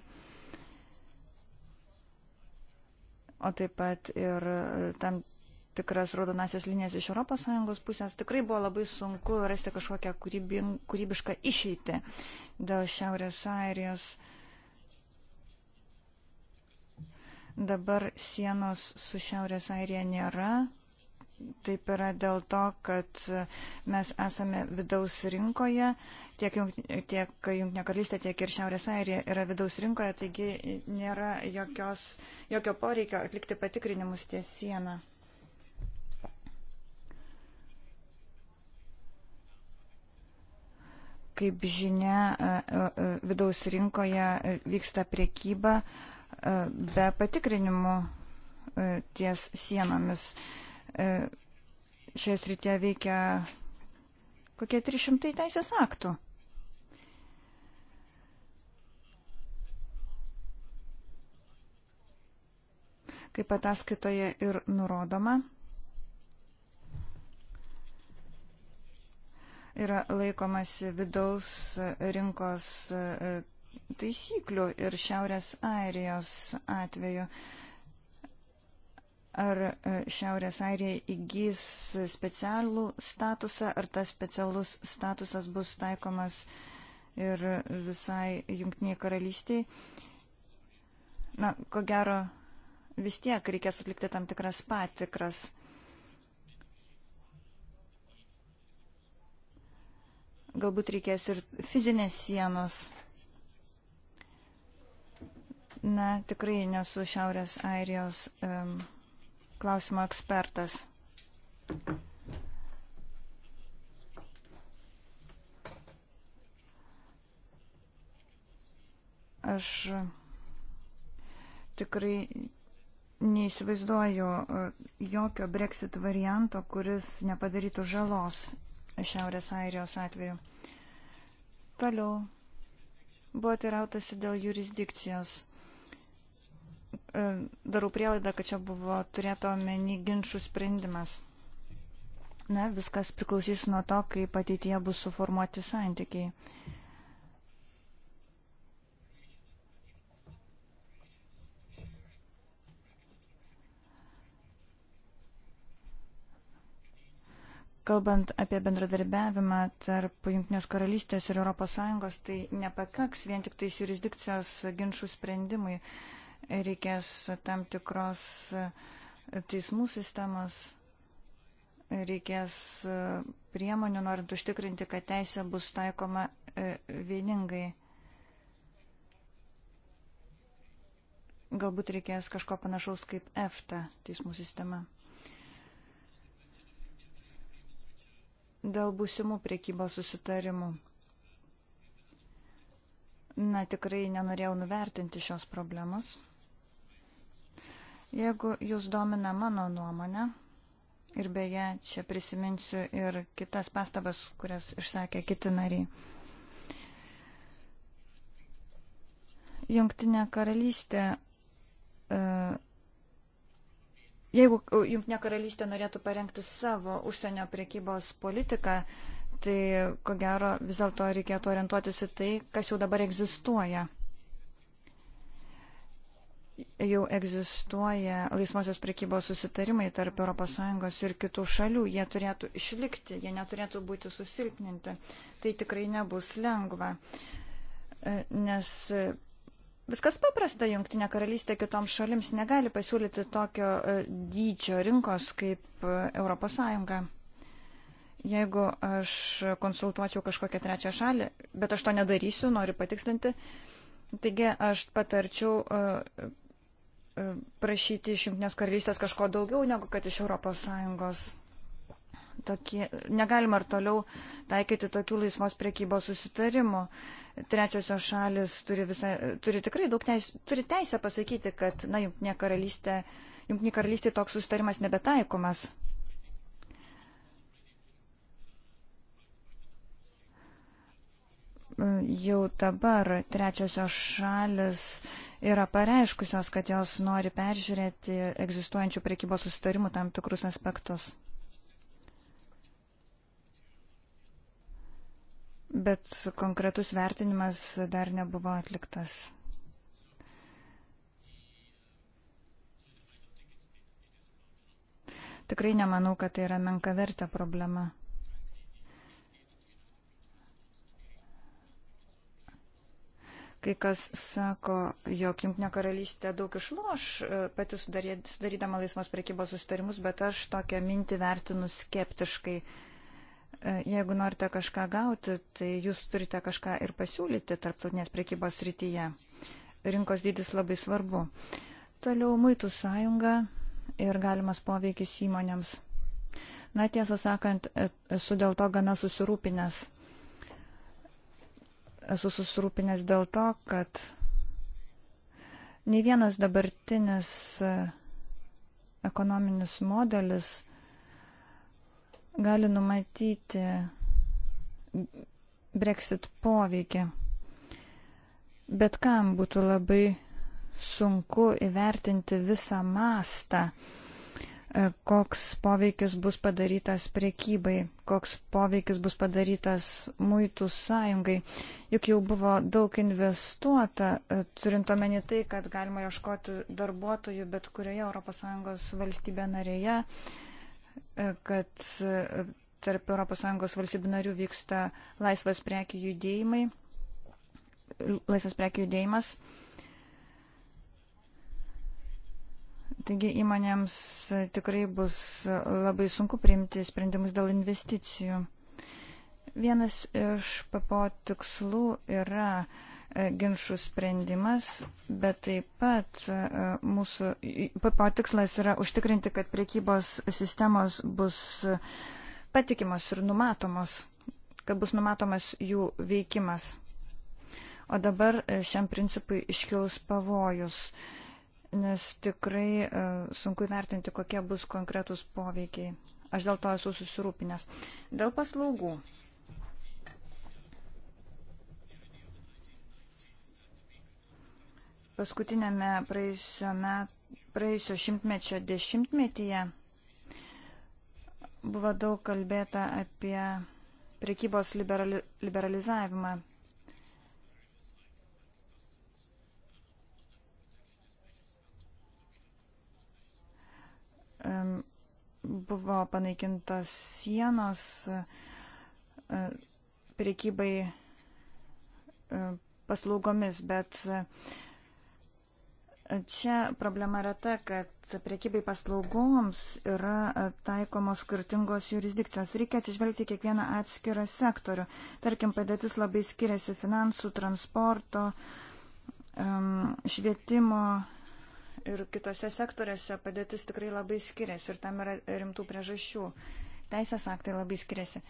o taip pat ir e, tam tikras raudonasis linijas iš ES pusės, tikrai buvo labai sunku rasti kažkokią kūrybin, kūrybišką išeitį dėl Šiaurės Airijos. Uh, Dabar sienos su Šiaurės Airija nėra. Taip yra dėl to, kad mes esame vidaus rinkoje, tiek, tiek Junktinė karalystė, tiek ir Šiaurės Airija yra vidaus rinkoje, taigi nėra jokios, jokio poreikio atlikti patikrinimus ties sieną. Kaip žinia, e, e, vidaus rinkoje vyksta priekyba E, be patikrinimų e, ties sienomis. E, šioje srityje veikia kokie 300 teisės aktų. Kaip ataskaitoje ir nurodoma, yra laikomasi vidaus rinkos taisyklių ir Šiaurės Airijos atveju. Ar e, Šiaurės Airija įgys specialų statusą, ar tas specialus statusas bus taikomas ir visai Junktiniai karalystiai. Na, ko gero, vis tiek reikės atlikti tam tikras patikras. Galbūt reikės ir fizinės sienos Na, tikrai nesu Šiaurės Airijos um, klausimo ekspertas. Aš tikrai neįsivaizduoju e, jokio Brexit varianto, kuris nepadarytų žalos Šiaurės Airijos atveju. Toliau buvo teirautasi dėl jurisdikcijos. E, darau prielaidą, kad čia buvo turėto omeny ginčių sprendimas. Na, viskas priklausys nuo to, kaip ateityje bus suformuoti santykiai. Kalbant apie bendradarbiavimą tarp Junktinės karalystės ir ES, tai nepakaks vien tik tais jurisdikcijos ginčių sprendimui. Uh, reikės tam tikros e, teismų sistemos, reikės e, priemonių, norint užtikrinti, kad teisė bus taikoma e, vieningai. Galbūt reikės kažko panašaus kaip EFTA teismų sistema. Dėl būsimų priekybos susitarimų. Na, tikrai nenorėjau nuvertinti šios problemos. Jeigu jūs domina mano nuomonė, ir beje, čia prisiminsiu ir kitas pastabas, kurias išsakė kiti nariai. Jungtinė karalystė, e, jeigu Jungtinė karalystė norėtų parengti savo užsienio priekybos politiką, tai ko gero vis dėlto reikėtų orientuotis į tai, kas jau dabar egzistuoja jau egzistuoja laisvosios prekybos susitarimai tarp ES ir kitų šalių. Jie turėtų išlikti, jie neturėtų būti susilpninti. Tai tikrai nebus lengva, e, nes viskas paprasta, Junktinė karalystė kitoms šalims negali pasiūlyti tokio e, dydžio rinkos kaip ES. Jeigu aš konsultuočiau kažkokią trečią šalį, bet aš to nedarysiu, noriu patikslinti, Taigi aš patarčiau e, prašyti iš Junktinės karalystės kažko daugiau negu kad iš ES. Tokie, negalima ir toliau taikyti tokių laisvos priekybos susitarimų. Trečiosios šalis turi, visą, turi tikrai daug teis, turi teisę pasakyti, kad na, Junktinė karalystė, Junktinė karalystė toks susitarimas nebetaikomas. Jau dabar trečiosios šalis yra pareiškusios, kad jos nori peržiūrėti egzistuojančių prekybos susitarimų tam tikrus aspektus. Bet konkretus vertinimas dar nebuvo atliktas. Tikrai nemanau, kad tai yra menka vertė problema. Kai kas sako, jog Junktinė karalystė daug išloš e, pati sudarydama laisvos prekybos sustarimus, bet aš tokią mintį vertinu skeptiškai. E, jeigu norite kažką gauti, tai jūs turite kažką ir pasiūlyti tarptautinės prekybos rytyje. Rinkos dydis labai svarbu. Toliau muitų sąjunga ir galimas poveikis įmonėms. Na, tiesą sakant, e, esu dėl to gana susirūpinęs esu susirūpinęs dėl to, kad nei vienas dabartinis e, ekonominis modelis gali numatyti Brexit poveikį. Bet kam būtų labai sunku įvertinti visą mastą, uh, E, koks poveikis bus padarytas priekybai, koks poveikis bus padarytas muitų sąjungai. Juk jau buvo daug investuota, e, turint omeny tai, kad galima ieškoti darbuotojų bet kurioje ES valstybė narėje, e, kad tarp ES valstybių narių vyksta laisvas prekių judėjimai, laisvas prekių judėjimas. Taigi įmonėms tikrai bus labai sunku priimti sprendimus dėl investicijų. Vienas iš PPO tikslų yra e, ginčių sprendimas, bet taip pat e, mūsų PPO tikslas yra užtikrinti, kad priekybos sistemos bus e, patikimos ir numatomos, kad bus numatomas jų veikimas. O dabar šiam principui iškils pavojus. Uh, nes tikrai e, sunku vertinti, kokie bus konkretūs poveikiai. Aš dėl to esu susirūpinęs. Dėl paslaugų. Paskutinėme praėjusio, met, praėjusio šimtmečio dešimtmetyje buvo daug kalbėta apie prekybos liberali, liberalizavimą buvo panaikintos sienos e, priekybai e, paslaugomis, bet e, čia problema yra ta, kad priekybai paslaugoms yra taikomos skirtingos jurisdikcijos. Reikia atsižvelgti kiekvieną atskirą sektorių. Tarkim, padėtis labai skiriasi finansų, transporto, švietimo ir kitose sektoriuose padėtis tikrai labai skiriasi ir tam yra rimtų priežasčių. Teisės aktai labai skiriasi.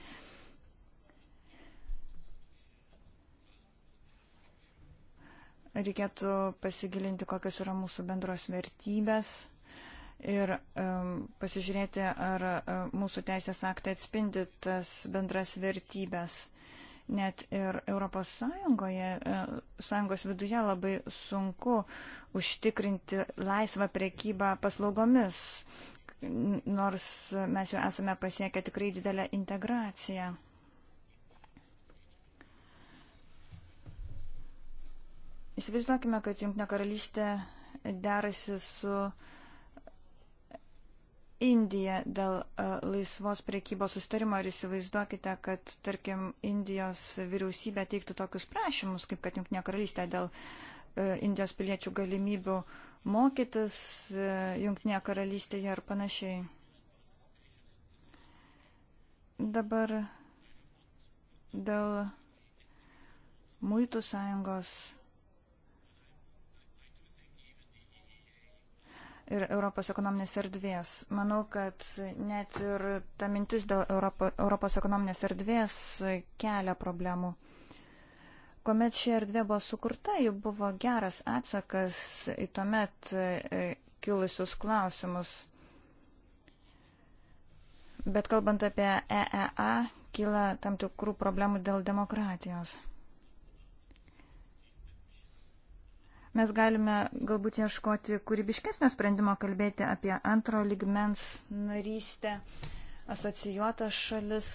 Reikėtų pasigilinti, kokios yra mūsų bendros vertybės ir um, pasižiūrėti, ar um, mūsų teisės aktai atspindi tas bendras vertybės. Net ir Europos Sąjungoje, e, Sąjungos viduje labai sunku užtikrinti laisvą priekybą paslaugomis, nors mes jau esame pasiekę tikrai didelę integraciją. Įsivaizduokime, kad Junktinė karalystė derasi su uh, Indija dėl e, laisvos priekybos sustarimo ir įsivaizduokite, kad, tarkim, Indijos vyriausybė teiktų tokius prašymus, kaip kad Junktinė karalystė dėl e, Indijos piliečių galimybių mokytis e, Junktinėje karalystėje ir panašiai. Dabar dėl muitų sąjungos ir Europos ekonominės erdvės. Manau, kad net ir ta mintis dėl Europo, Europos ekonominės erdvės kelia problemų. Komet ši erdvė buvo sukurta, ji buvo geras atsakas į tuomet e, kilusius klausimus. Bet kalbant apie EEA, kyla tam tikrų problemų dėl demokratijos. Mes galime galbūt ieškoti kūrybiškesnio sprendimo kalbėti apie antro ligmens narystę, asocijuotas šalis.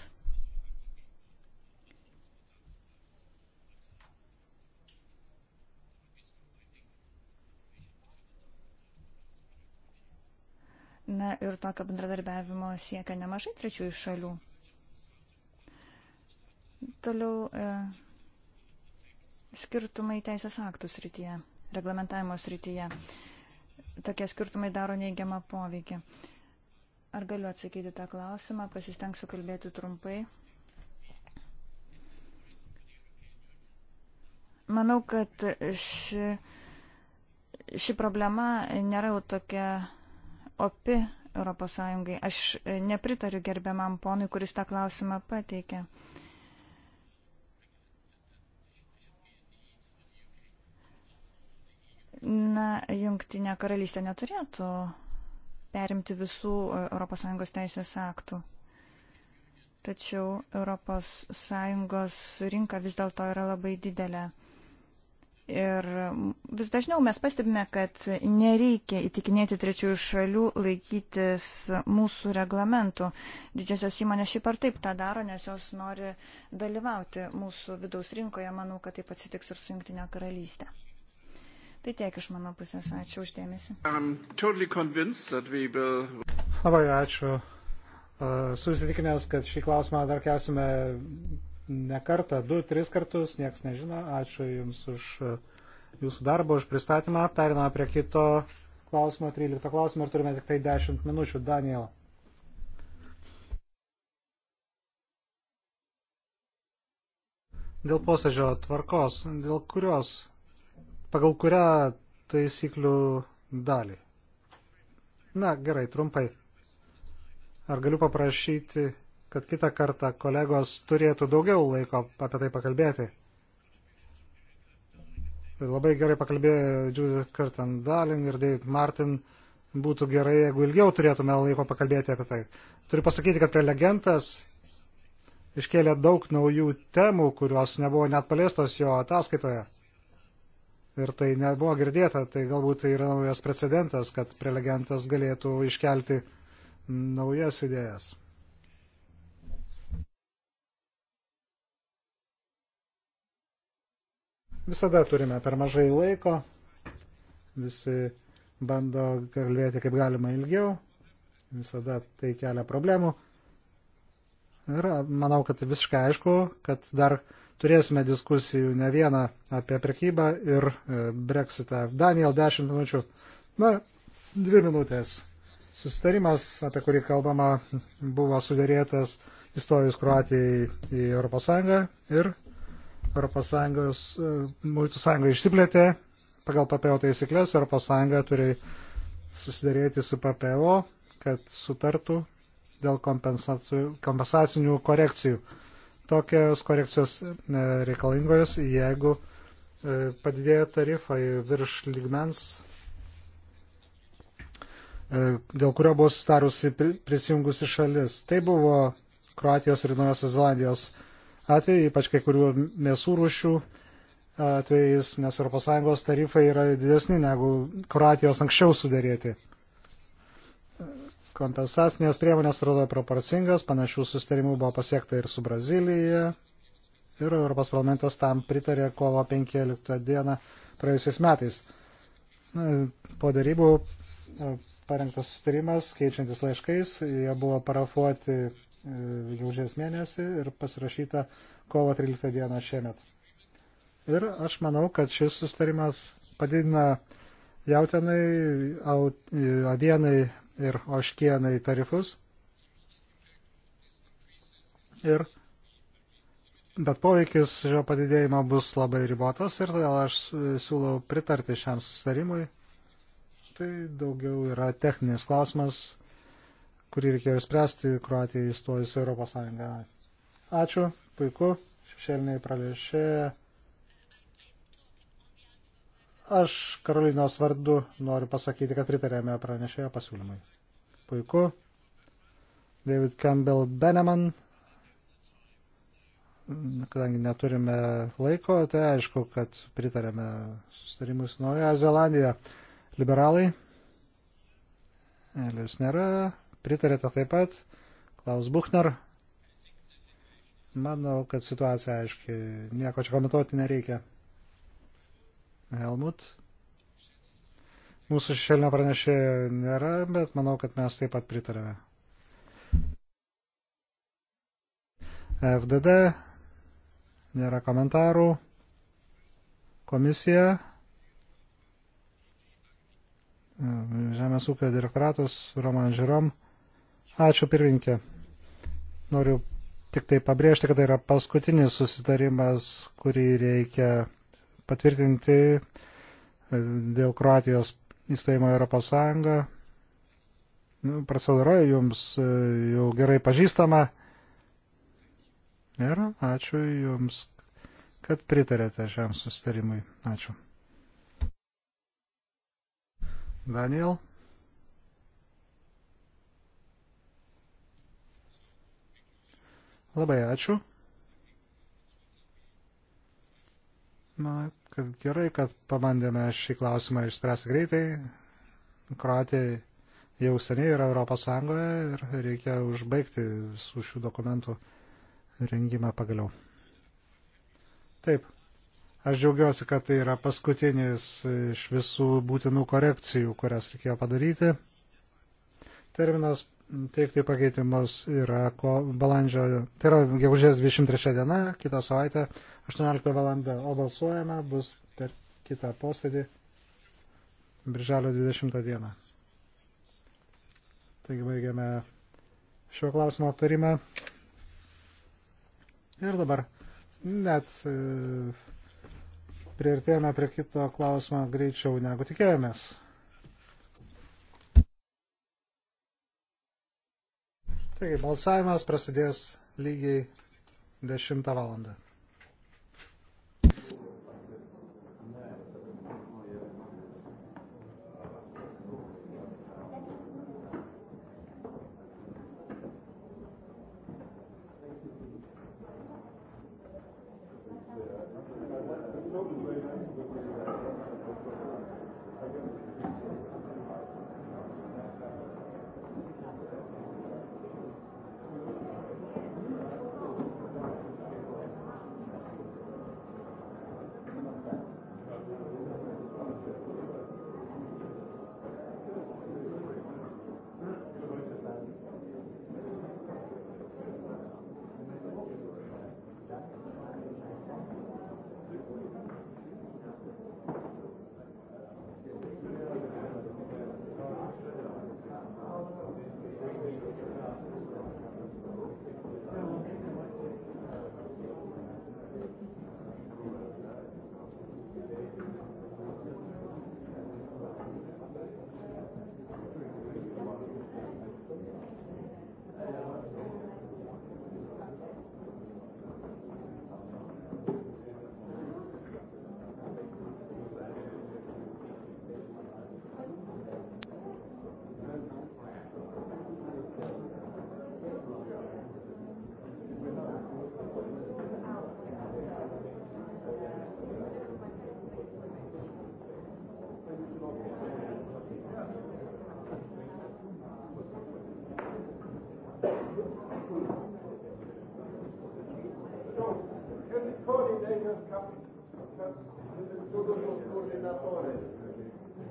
Na ir tokio bendradarbiavimo siekia nemažai trečiųjų šalių. Toliau e, skirtumai teisės aktų srityje reglamentavimo srityje. Tokie skirtumai daro neigiamą poveikį. Ar galiu atsakyti tą klausimą? Pasistengsiu kalbėti trumpai. Manau, kad ši, ši problema nėra jau tokia opi ES. Aš nepritariu gerbiamam ponui, kuris tą klausimą pateikė. Uh, Na, Jungtinė karalystė neturėtų perimti visų ES teisės aktų. Tačiau ES rinka vis dėlto yra labai didelė. Ir vis dažniau mes pastebime, kad nereikia įtikinėti trečiųjų šalių laikytis mūsų reglamentų. Didžiosios įmonės šiaip ar taip tą daro, nes jos nori dalyvauti mūsų vidaus rinkoje. Manau, kad taip atsitiks ir su Junktinė karalystė. Tai tiek iš mano pusės. Ačiū uždėmesi. Totally will... Labai ačiū. Susitikinęs, kad šį klausimą dar kelsime ne kartą, du, tris kartus, niekas nežino. Ačiū Jums už Jūsų darbą, už pristatymą. Periname prie kito klausimo, 13 klausimo ir turime tik tai 10 minučių. Daniel. Dėl posėdžio tvarkos, dėl kurios pagal kurią taisyklių dalį. Na, gerai, trumpai. Ar galiu paprašyti, kad kitą kartą kolegos turėtų daugiau laiko apie tai pakalbėti? Labai gerai pakalbėjo Judith Curtin Darling ir David Martin. Būtų gerai, jeigu ilgiau turėtume laiko pakalbėti apie tai. Turiu pasakyti, kad prelegentas iškėlė daug naujų temų, kurios nebuvo net paliestos jo ataskaitoje ir tai nebuvo girdėta, tai galbūt tai yra naujas precedentas, kad prelegentas galėtų iškelti naujas idėjas. Visada turime per mažai laiko, visi bando kalbėti kaip galima ilgiau, visada tai kelia problemų. Ir manau, kad visiškai aišku, kad dar turėsime diskusijų ne vieną apie prekybą ir e, Brexitą. Daniel, 10 minučių. Na, 2 minutės. Susitarimas, apie kurį kalbama, buvo sudėrėtas įstojus Kroatijai į ES ir ES e, muitų sąjunga išsiplėtė pagal PPO taisyklės, ES turi susidėrėti su PPO, kad sutartų dėl kompensacinių korekcijų tokios korekcijos e, reikalingos, jeigu e, padidėja tarifai virš lygmens, e, dėl kurio buvo sustarusi prisijungusi šalis. Tai buvo Kroatijos ir Naujosios Zelandijos atvejai, ypač kai kurių mėsų rūšių atvejais, nes ES tarifai yra didesni negu Kroatijos anksčiau sudėrėti kompensacinės priemonės atrodo proporcingas, panašių sustarimų buvo pasiekta ir su Brazilyje, ir Europos parlamentas tam pritarė kovo 15 dieną praėjusiais metais. Po darybų e, parengtas sustarimas, keičiantis laiškais, jie buvo parafuoti e, gegužės mėnesį ir pasirašyta kovo 13 dieną šiemet. Ir aš manau, kad šis sustarimas padidina jautinai, e, avienai ir oškienai tarifus. Ir bet poveikis šio padidėjimo bus labai ribotas ir todėl aš siūlau pritarti šiam susitarimui. Tai daugiau yra techninis klausimas, kurį reikėjo spręsti Kroatijai įstojus Europos Sąjungą. Ačiū, puiku, šešėliniai pranešėjai Aš Karolinos vardu noriu pasakyti, kad pritarėme pranešėjo pasiūlymui. Puiku. David Campbell Beneman. Kadangi neturime laiko, tai aišku, kad pritarėme sustarimui su Naujoje Zelandija. Liberalai. Elis nėra. Pritarėte taip pat. Klaus Buchner. Manau, kad situacija aiški. Nieko čia komentuoti nereikia. Helmut. Mūsų šešėlinio pranešėjo nėra, bet manau, kad mes taip pat pritarėme. FDD, nėra komentarų. Komisija, Žemės ūkio direktoratus, Roman Žirom. Ačiū pirminkė. Noriu tik tai pabrėžti, kad tai yra paskutinis susitarimas, kurį reikia patvirtinti e, dėl Kroatijos įstojimo Europos Sąjungą. Nu, procedūra jums e, jau gerai pažįstama. Ir ačiū jums, kad pritarėte šiam sustarimui. Ačiū. Daniel. Labai ačiū. Na, kad gerai, kad pabandėme šį klausimą išspręsti greitai. Kroatija jau seniai yra Europos Sąjungoje ir reikia užbaigti visų šių dokumentų rengimą pagaliau. Taip, aš džiaugiuosi, kad tai yra paskutinis iš visų būtinų korekcijų, kurias reikėjo padaryti. Terminas teikti pakeitimus yra ko, balandžio, tai yra gegužės 23 diena, kitą savaitę 18 valandą, o balsuojama bus per kitą posėdį birželio 20 dieną. Taigi baigiame šio klausimo aptarimą. Ir dabar net e, prieartėjome prie kito klausimo greičiau negu tikėjomės. Taigi balsavimas prasidės lygiai 10 valandą.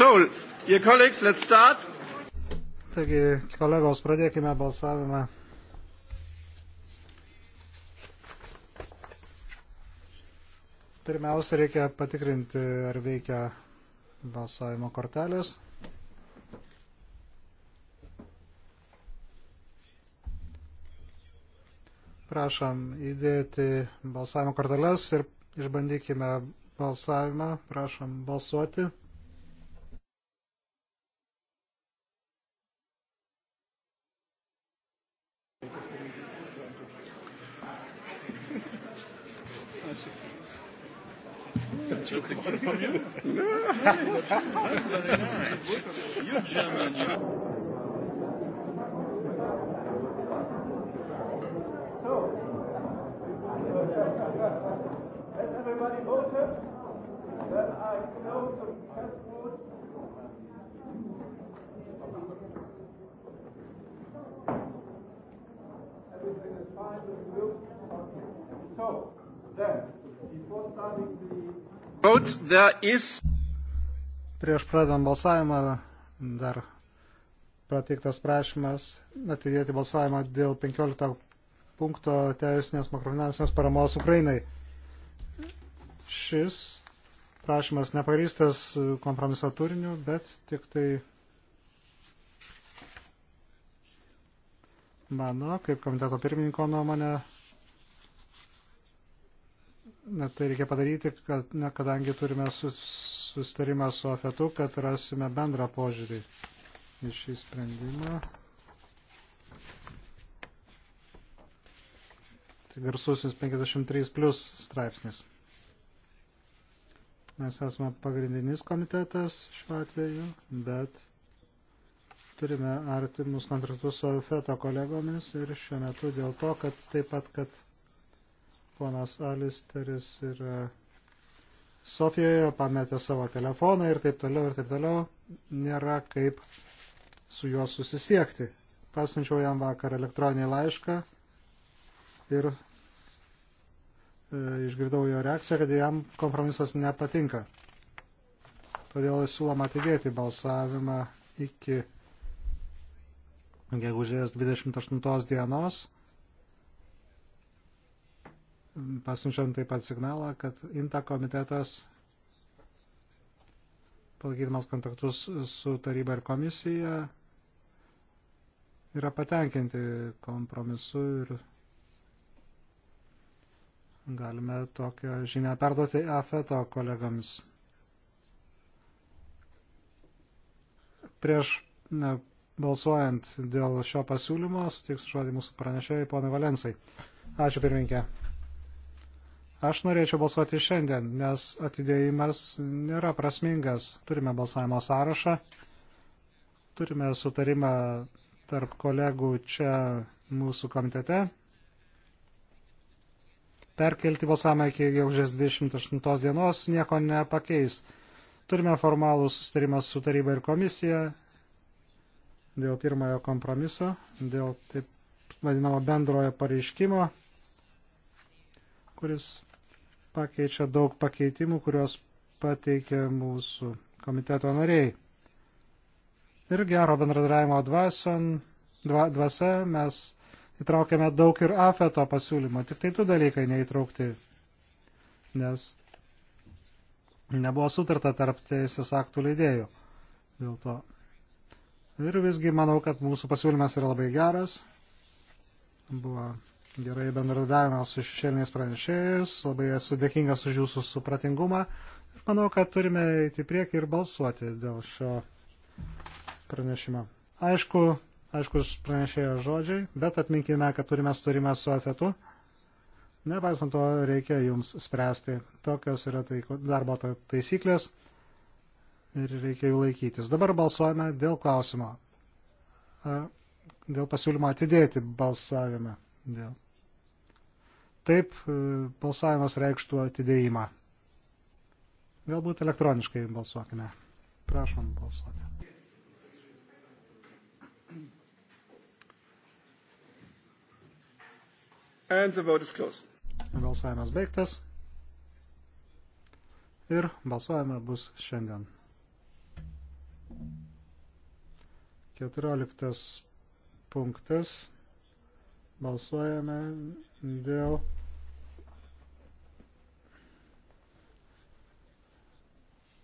So, dear colleagues, let's start. Taigi, kolegos, pradėkime balsavimą. Pirmiausia, reikia patikrinti, ar veikia balsavimo kortelės. Prašom įdėti balsavimo korteles ir išbandykime balsavimą. Prašom balsuoti. C'est pas mieux. You're German. Good, is... Prieš pradant balsavimą dar pateiktas prašymas atidėti balsavimą dėl 15 punkto teisinės makrofinansinės paramos Ukrainai. Šis prašymas neparystas kompromiso turiniu, bet tik tai mano, kaip komiteto pirmininko nuomonė, tai reikia padaryti, kad, ne, kadangi turime susitarimą su AFETu, kad rasime bendrą požiūrį į šį sprendimą. Tai garsusis 53 plus straipsnis. Mes esame pagrindinis komitetas šiuo atveju, bet turime artimus kontraktus su AFETo kolegomis ir šiuo metu dėl to, kad taip pat, kad Ponas Alisteris yra Sofijoje, pametė savo telefoną ir taip toliau ir taip toliau. Nėra kaip su juo susisiekti. Pasinčiau jam vakar elektroninį laišką ir e, išgirdau jo reakciją, kad jam kompromisas nepatinka. Todėl siūloma atidėti balsavimą iki gegužės 28 dienos pasiunčiant taip pat signalą, kad INTA komitetas, palaikydamas kontaktus su taryba ir komisija, yra patenkinti kompromisu ir galime tokią žinią perduoti AFETO kolegams. Prieš ne, balsuojant dėl šio pasiūlymo, suteiksiu žodį mūsų pranešėjai, ponai Valensai. Ačiū pirminkė. Aš norėčiau balsuoti šiandien, nes atidėjimas nėra prasmingas. Turime balsavimo sąrašą, turime sutarimą tarp kolegų čia mūsų komitete. Perkelti balsavimą iki gegužės 28 dienos nieko nepakeis. Turime formalų sustarimą su taryba ir komisija dėl pirmojo kompromiso, dėl taip vadinamo bendrojo pareiškimo, kuris pakeičia daug pakeitimų, kuriuos pateikė mūsų komiteto nariai. Ir gero bendradarbiavimo dva, dvasia mes įtraukėme daug ir afeto pasiūlymo, tik tai du dalykai neįtraukti, nes nebuvo sutarta tarp teisės aktų leidėjų. Dėl to. Ir visgi manau, kad mūsų pasiūlymas yra labai geras. Buvo gerai bendradavimą su šešėliniais pranešėjais, labai esu dėkingas už jūsų supratingumą ir manau, kad turime eiti priekį ir balsuoti dėl šio pranešimo. Aišku, aiškus pranešėjo žodžiai, bet atminkime, kad turime sutarimą su afetu. Nepaisant to, reikia jums spręsti. Tokios yra tai, darbo taisyklės ir reikia jų laikytis. Dabar balsuojame dėl klausimo. Ar dėl pasiūlymo atidėti balsavimą dėl. Taip, e, balsavimas reikštų atidėjimą. Galbūt elektroniškai balsuokime. Prašom balsuoti. And the vote is closed. Balsavimas baigtas. Ir balsuojama bus šiandien. 14 punktas. Balsuojame dėl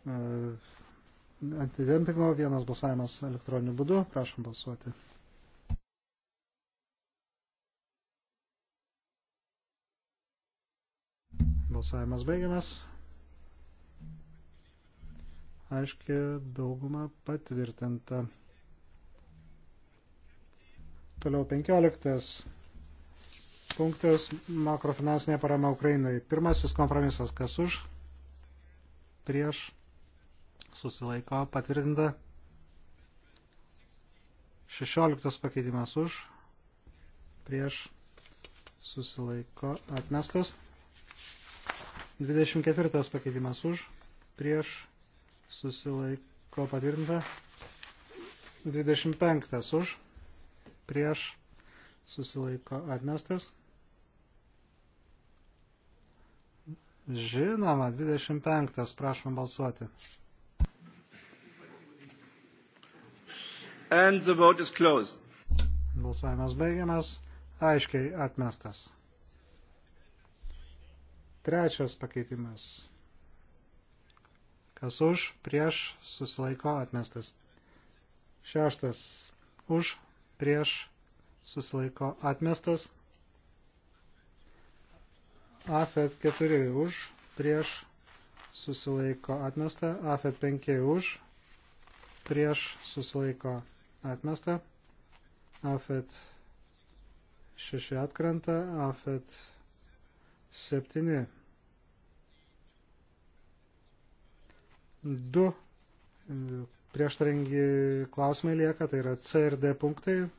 e, antidempingo vienas balsavimas elektroniniu būdu. Prašom balsuoti. Balsavimas baigiamas. Aiškiai dauguma patvirtinta. Toliau 15 punktas - makrofinansinė parama Ukrainai. Pirmasis kompromisas - kas už, prieš, susilaiko, patvirtinta. 16 pakeitimas už, prieš, susilaiko, atmestas. 24 pakeitimas už, prieš, susilaiko, patvirtinta. 25 už, prieš, susilaiko, atmestas. Žinoma, 25. Prašom balsuoti. And the vote is closed. Balsavimas baigiamas. Aiškiai atmestas. Trečias pakeitimas. Kas už, prieš, susilaiko atmestas. Šeštas. Už, prieš, susilaiko atmestas. AFET 4 už, prieš susilaiko atmesta, AFET 5 už, prieš susilaiko atmesta, AFET 6 atkrenta, AFET 7. 2 prieštaringi klausimai lieka, tai yra C ir D punktai.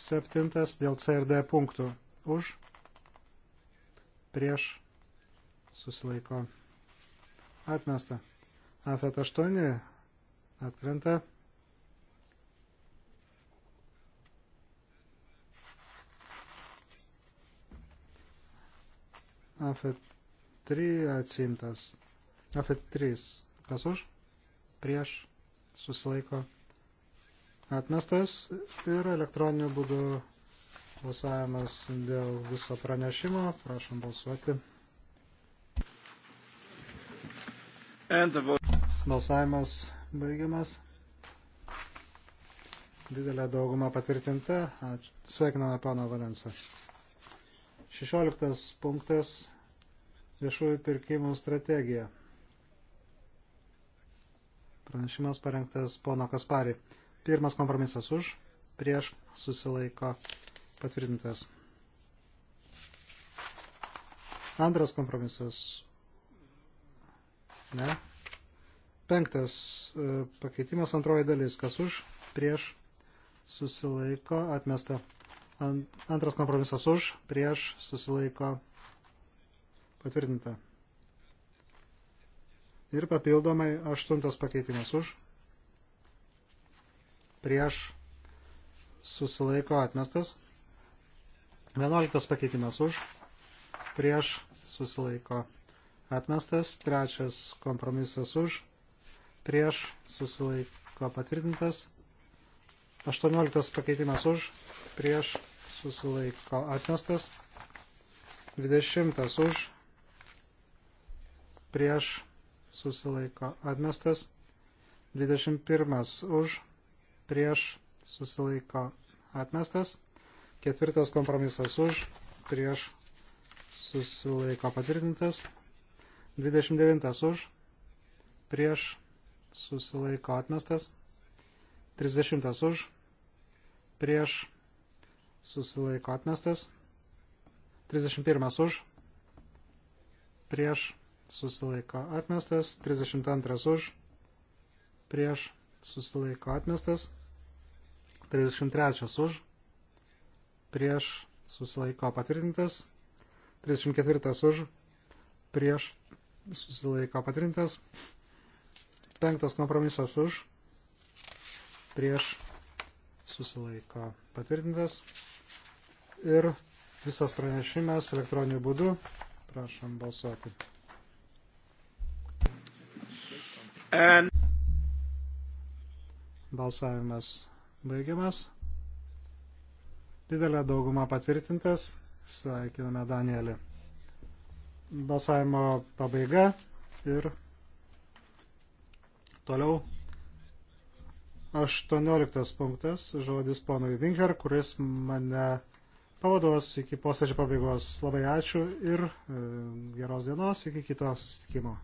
Septintas dėl C ir D punktų. Už, prieš susilaiko atmesta. Afet 8 atkrenta. Afet 3 atsimtas. Afet 3. Kas už? Prieš susilaiko atmestas ir elektroniniu būdu Balsavimas dėl viso pranešimo. Prašom balsuoti. Balsavimas baigiamas. Didelė dauguma patvirtinta. Sveikiname pana Valensą. 16 punktas viešųjų pirkimų strategija. Pranešimas parengtas pono Kasparį. Pirmas kompromisas už, prieš susilaiko patvirtintas. Antras kompromisas. Ne. Penktas e, pakeitimas antroji dalis. Kas už, prieš, susilaiko, atmesta. Antras kompromisas už, prieš, susilaiko, patvirtinta. Ir papildomai aštuntas pakeitimas už, prieš, susilaiko, atmestas. 11 pakeitimas už, prieš susilaiko atmestas, trečias kompromisas už, prieš susilaiko patvirtintas, 18 pakeitimas už, prieš susilaiko atmestas, 20 už, prieš susilaiko atmestas, 21 už, prieš susilaiko atmestas, Ketvirtas kompromisas už, prieš susilaiko patvirtintas. 29 už, prieš susilaiko atmestas. 30 už, prieš susilaiko atmestas. 31 už, prieš susilaiko atmestas. 32 už, prieš susilaiko atmestas. 33 už, prieš susilaiko patvirtintas, 34 už, prieš susilaiko patvirtintas, 5 kompromisas už, prieš susilaiko patvirtintas ir visas pranešimas elektroniniu būdu. Prašom balsuoti. And... Balsavimas baigiamas. Didelė dauguma patvirtintas. Sveikiname Danielį. Balsavimo pabaiga ir toliau 18 punktas, žodis ponui Winger, kuris mane pavaduos iki posėdžio pabaigos. Labai ačiū ir e, geros dienos iki kito susitikimo.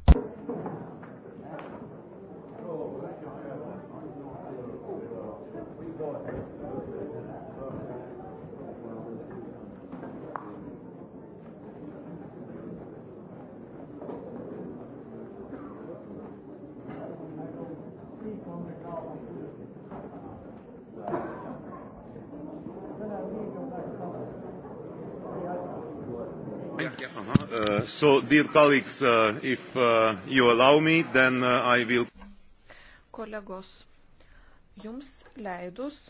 So, dear colleagues, uh, if uh, you allow me, then uh, I will. Kolegos, jums leidus,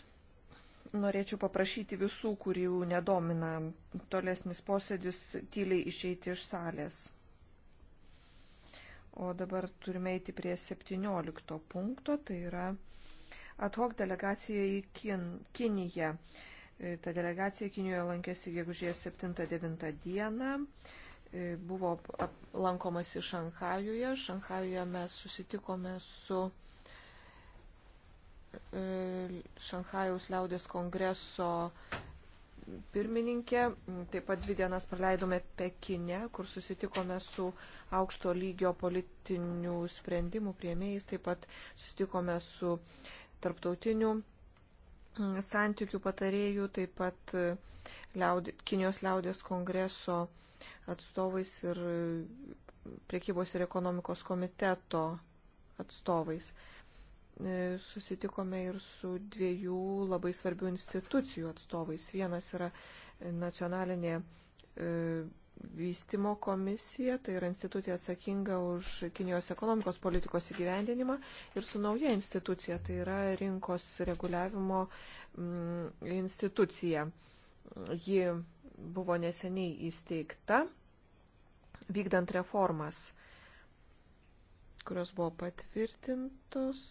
norėčiau paprašyti visų, kurių nedomina tolesnis posėdis, tyliai išeiti iš salės. O dabar turime eiti prie 17 punkto, tai yra ad hoc delegacija į Kin Kiniją. E, ta delegacija Kinijoje lankėsi gegužės 7-9 dieną. E, buvo lankomasi Šanhajuje. Šanhajuje mes susitikome su e, Šanhajaus liaudės kongreso pirmininkė. Taip pat dvi dienas praleidome Pekine, kur susitikome su aukšto lygio politinių sprendimų prieimėjais. Taip pat susitikome su tarptautiniu mm, santykių patarėjų, taip pat e, liaudė, Kinijos liaudės kongreso uh, atstovais ir e, priekybos ir ekonomikos komiteto atstovais. E, susitikome ir su dviejų labai svarbių institucijų atstovais. Vienas yra nacionalinė e, vystimo komisija, tai yra institucija atsakinga už Kinijos ekonomikos politikos įgyvendinimą ir su nauja institucija, tai yra rinkos reguliavimo mm, institucija. Ji buvo neseniai įsteigta, vykdant reformas, kurios buvo patvirtintos.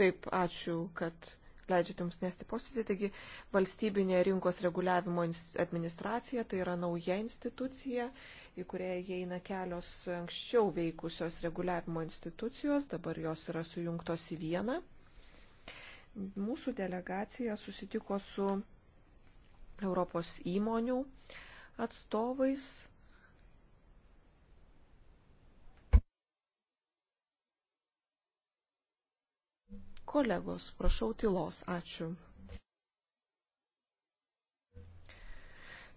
Taip, ačiū, kad leidžiate mums nesti posėdį. Taigi, valstybinė rinkos reguliavimo administracija tai yra nauja institucija į kurią įeina kelios anksčiau veikusios reguliavimo institucijos, dabar jos yra sujungtos į vieną. Mūsų delegacija susitiko su Europos įmonių atstovais. Kolegos, prašau tylos, ačiū.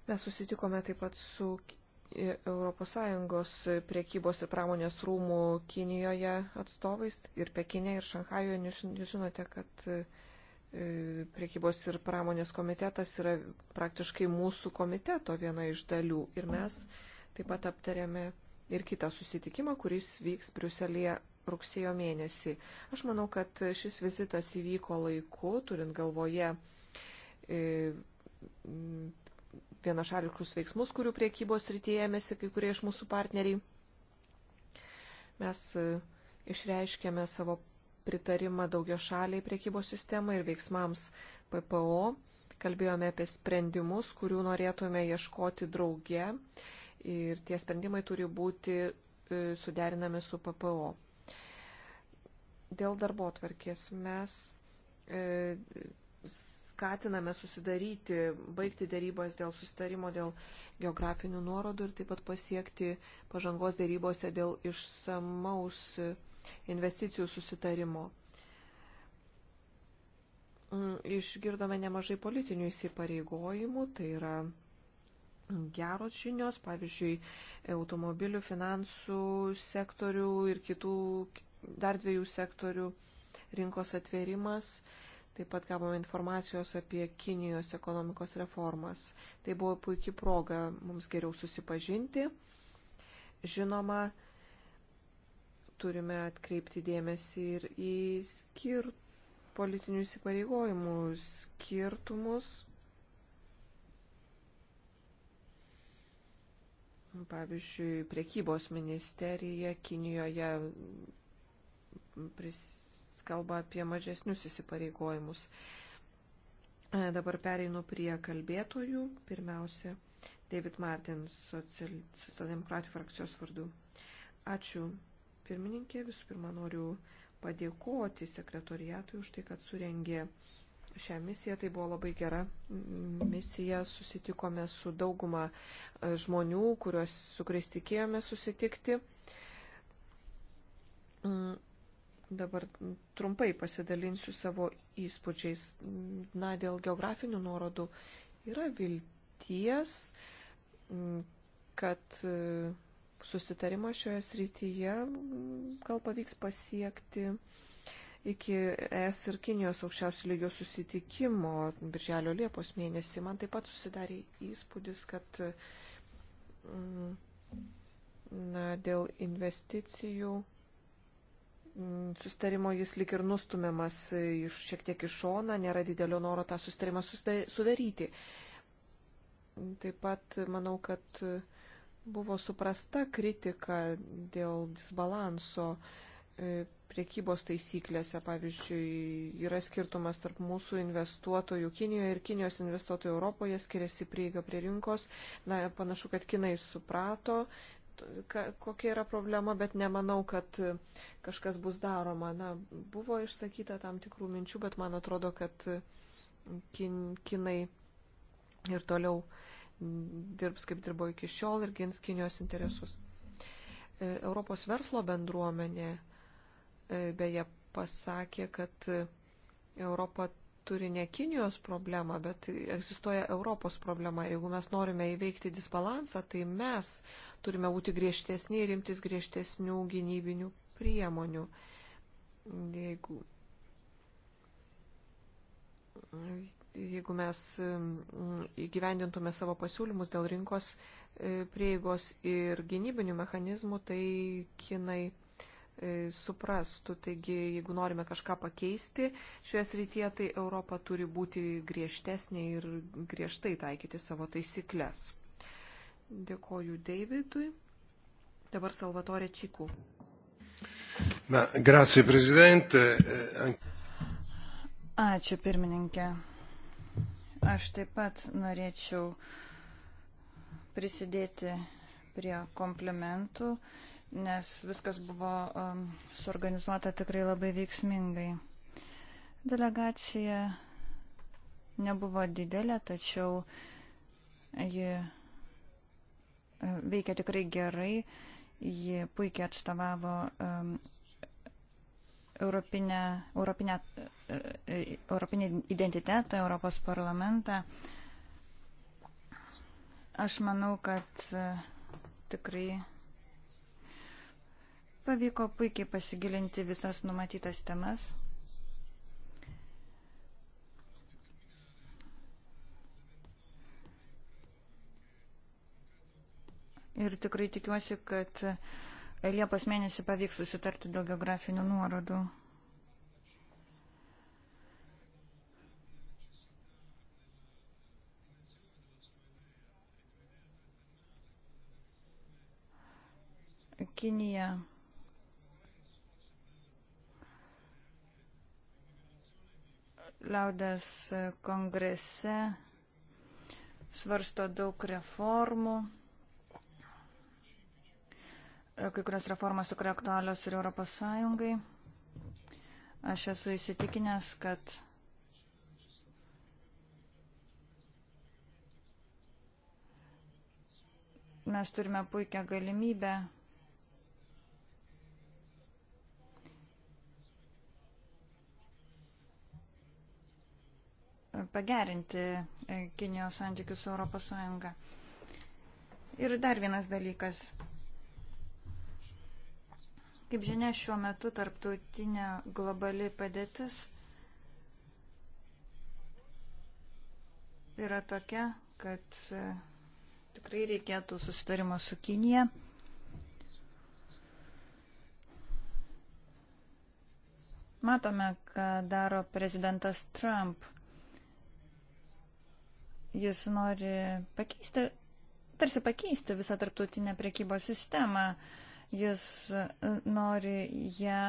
Mes susitikome taip pat su ES priekybos ir pramonės rūmų Kinijoje atstovais ir Pekinė ir Šanhajoje. Jūs žinote, kad e, priekybos ir pramonės komitetas yra praktiškai mūsų komiteto viena iš dalių. Ir mes taip pat aptarėme ir kitą susitikimą, kuris vyks Briuselėje rugsėjo mėnesį. Aš manau, kad šis vizitas įvyko laiku, turint galvoje e, vienašališkus veiksmus, kurių priekybos rytėjėmėsi kai kurie iš mūsų partneriai. Mes e, išreiškėme savo pritarimą daugio šaliai priekybos sistemai ir veiksmams PPO. Kalbėjome apie sprendimus, kurių norėtume ieškoti drauge ir tie sprendimai turi būti e, suderinami su PPO. Dėl darbo tvarkės mes e, skatiname susidaryti, baigti dėrybas dėl susitarimo dėl geografinių nuorodų ir taip pat pasiekti pažangos dėrybose dėl išsamaus investicijų susitarimo. Mm, išgirdome nemažai politinių įsipareigojimų, tai yra geros žinios, pavyzdžiui, automobilių, finansų sektorių ir kitų dar dviejų sektorių rinkos atvėrimas Taip pat gavome informacijos apie Kinijos ekonomikos reformas. Tai buvo puikia proga mums geriau susipažinti. Žinoma, turime atkreipti dėmesį ir į skir... politinių įsipareigojimų skirtumus. Pavyzdžiui, priekybos ministerija Kinijoje pris Jis kalba apie mažesnius įsipareigojimus. E, dabar pereinu prie kalbėtojų. Pirmiausia, David Martin, socialdemokratų frakcijos vardu. Ačiū, pirmininkė. Visų pirma, noriu padėkoti sekretoriatui už tai, kad surengė šią misiją. Tai buvo labai gera misija. Susitikome su dauguma e, žmonių, kuriuos, su kuriais tikėjome susitikti. Mm, Dabar trumpai pasidalinsiu savo įspūdžiais. Na, dėl geografinių nuorodų yra vilties, kad e, susitarimą šioje srityje gal pavyks pasiekti iki ES ir Kinijos aukščiausio lygio susitikimo birželio Liepos mėnesį. Man taip pat susidarė įspūdis, kad na, dėl investicijų Mm, sustarimo jis lik ir nustumiamas iš šiek tiek iš šona, nėra didelio noro tą sustarimą sudaryti. Taip pat manau, kad buvo suprasta kritika dėl disbalanso e, priekybos taisyklėse. Pavyzdžiui, yra skirtumas tarp mūsų investuotojų Kinijoje ir Kinijos investuotojų Europoje, skiriasi prieiga prie rinkos. Na, panašu, kad Kinai suprato kokia yra problema, bet nemanau, kad kažkas bus daroma. Na, buvo išsakyta tam tikrų minčių, bet man atrodo, kad kin, kinai ir toliau dirbs, kaip dirbo iki šiol ir gins Kinijos interesus. E, Europos verslo bendruomenė e, beje pasakė, kad Europa turi ne Kinijos problemą, bet egzistuoja Europos problema. Ir jeigu mes norime įveikti disbalansą, tai mes turime būti griežtesni ir imtis griežtesnių gynybinių priemonių. Jeigu, jeigu mes įgyvendintume savo pasiūlymus dėl rinkos e, prieigos ir gynybinių mechanizmų, tai Kinai E, suprastų. Taigi, jeigu norime kažką pakeisti šioje srityje, tai Europa turi būti griežtesnė ir griežtai taikyti savo taisyklės. Dėkoju Davidui. Dabar Salvatore Čikų. Na, grazie, prezidente. Ačiū, pirmininkė. Aš taip pat norėčiau prisidėti prie komplementų. Uh, nes viskas buvo um, suorganizuota tikrai labai veiksmingai. Delegacija nebuvo didelė, tačiau ji e, veikia tikrai gerai, ji puikiai atstovavo um, Europinę, Europinę, e, e, Europinį identitetą, Europos parlamentą. Aš manau, kad tikrai Pavyko puikiai pasigilinti visas numatytas temas. Ir tikrai tikiuosi, kad Liepos mėnesį pavyks susitarti dėl geografinių nuorodų. Kinija liaudės kongrese svarsto daug reformų. Kai kurios reformos tikrai aktualios ir Europos Sąjungai. Aš esu įsitikinęs, kad mes turime puikią galimybę pagerinti e, Kinijos santykius su ES. Ir dar vienas dalykas. Kaip žinia, šiuo metu tarptautinė globali padėtis yra tokia, kad e, tikrai reikėtų susitarimo su Kinija. Matome, ką daro prezidentas Trump. Jis nori pakeisti, tarsi pakeisti visą tarptautinę priekybos sistemą. Jis e, nori ją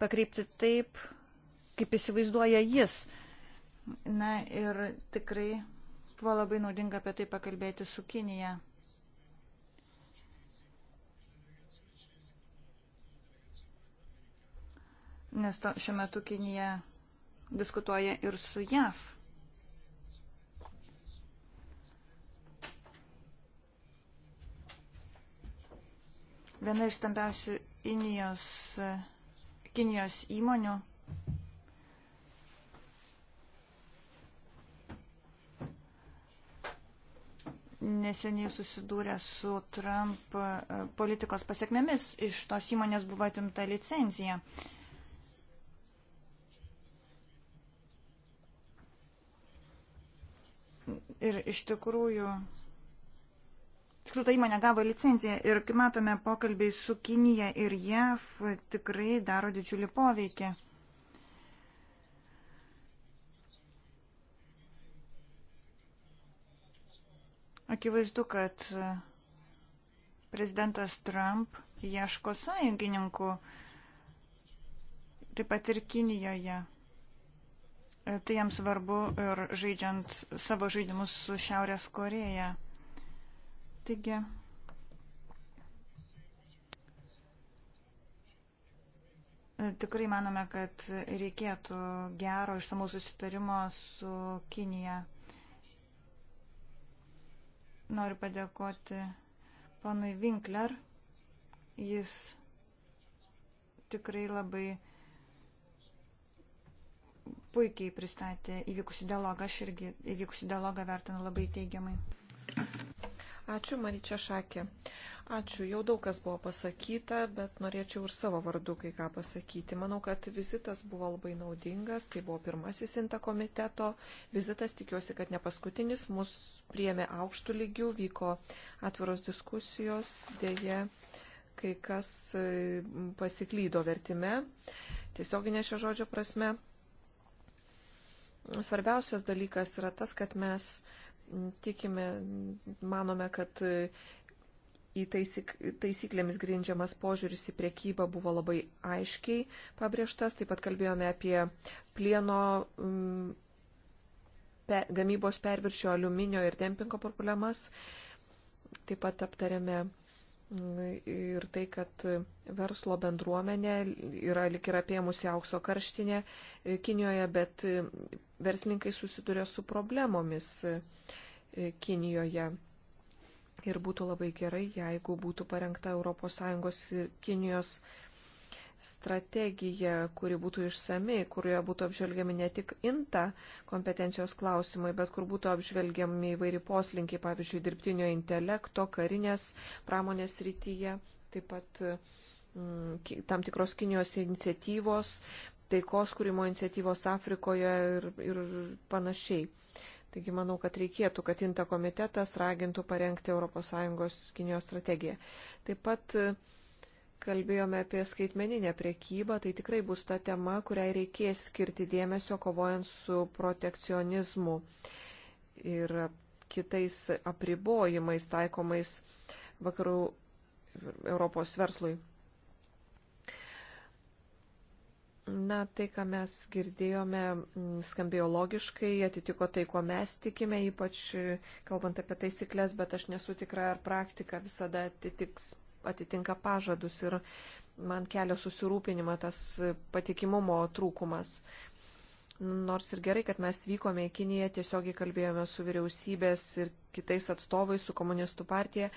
pakreipti taip, kaip įsivaizduoja jis. Na ir tikrai buvo labai naudinga apie tai pakalbėti su Kinija. nes to, šiuo metu Kinija diskutuoja ir su JAV. Viena iš stambiausių Inijos, Kinijos įmonių neseniai susidūrė su Trump e, politikos pasiekmėmis. Iš tos įmonės buvo atimta licencija. Ir iš tikrųjų tiksliau ta įmonė gavo licenciją ir kaip matome pokalbiai su Kinija ir JAV tikrai daro didžiulį poveikį. Akivaizdu, kad prezidentas Trump ieško sąjungininkų, taip pat ir Kinijoje. Tai jam svarbu ir žaidžiant savo žaidimus su Šiaurės Koreja. Taigi, tikrai manome, kad reikėtų gero išsamaus susitarimo su Kinija. Noriu padėkoti ponui Winkler. Jis tikrai labai puikiai pristatė įvykusi dialogą. Aš irgi įvykusi dialogą vertinu labai teigiamai. Ačiū, Maryčia Šakė. Ačiū, jau daug kas buvo pasakyta, bet norėčiau ir savo vardu kai ką pasakyti. Manau, kad vizitas buvo labai naudingas, tai buvo pirmasis Inta komiteto vizitas, tikiuosi, kad ne paskutinis, mus priėmė aukštų lygių, vyko atviros diskusijos, dėje kai kas e, pasiklydo vertime, tiesioginė šio žodžio prasme. Svarbiausias dalykas yra tas, kad mes tikime, manome, kad į taisyk, taisyklėmis grindžiamas požiūris į priekybą buvo labai aiškiai pabrėžtas. Taip pat kalbėjome apie plieno m, mm, pe, gamybos perviršio aliuminio ir dempingo problemas. Taip pat aptarėme mm, ir tai, kad verslo bendruomenė yra lik ir apėmusi aukso karštinė e, Kinijoje, bet verslininkai susiduria su problemomis e, Kinijoje. Ir būtų labai gerai, jeigu būtų parengta ES Kinijos strategija, kuri būtų išsami, kurioje būtų apžvelgiami ne tik inta kompetencijos klausimai, bet kur būtų apžvelgiami įvairi poslinkiai, pavyzdžiui, dirbtinio intelekto, karinės pramonės rytyje, taip pat mm, tam tikros Kinijos iniciatyvos, taikos kūrimo iniciatyvos Afrikoje ir, ir panašiai. Taigi manau, kad reikėtų, kad INTA komitetas ragintų parengti ES Kinijos strategiją. Taip pat e, kalbėjome apie skaitmeninę priekybą, tai tikrai bus ta tema, kuriai reikės skirti dėmesio kovojant su protekcionizmu ir kitais apribojimais taikomais vakarų Europos verslui. Na, tai, ką mes girdėjome, mm, skambėjo logiškai, atitiko tai, ko mes tikime, ypač e, kalbant apie taisyklės, bet aš nesu tikra, ar praktika visada atitiks, atitinka pažadus ir man kelia susirūpinimą tas patikimumo trūkumas. Nors ir gerai, kad mes vykome į Kiniją, tiesiogiai kalbėjome su vyriausybės ir kitais atstovais, su komunistų partija,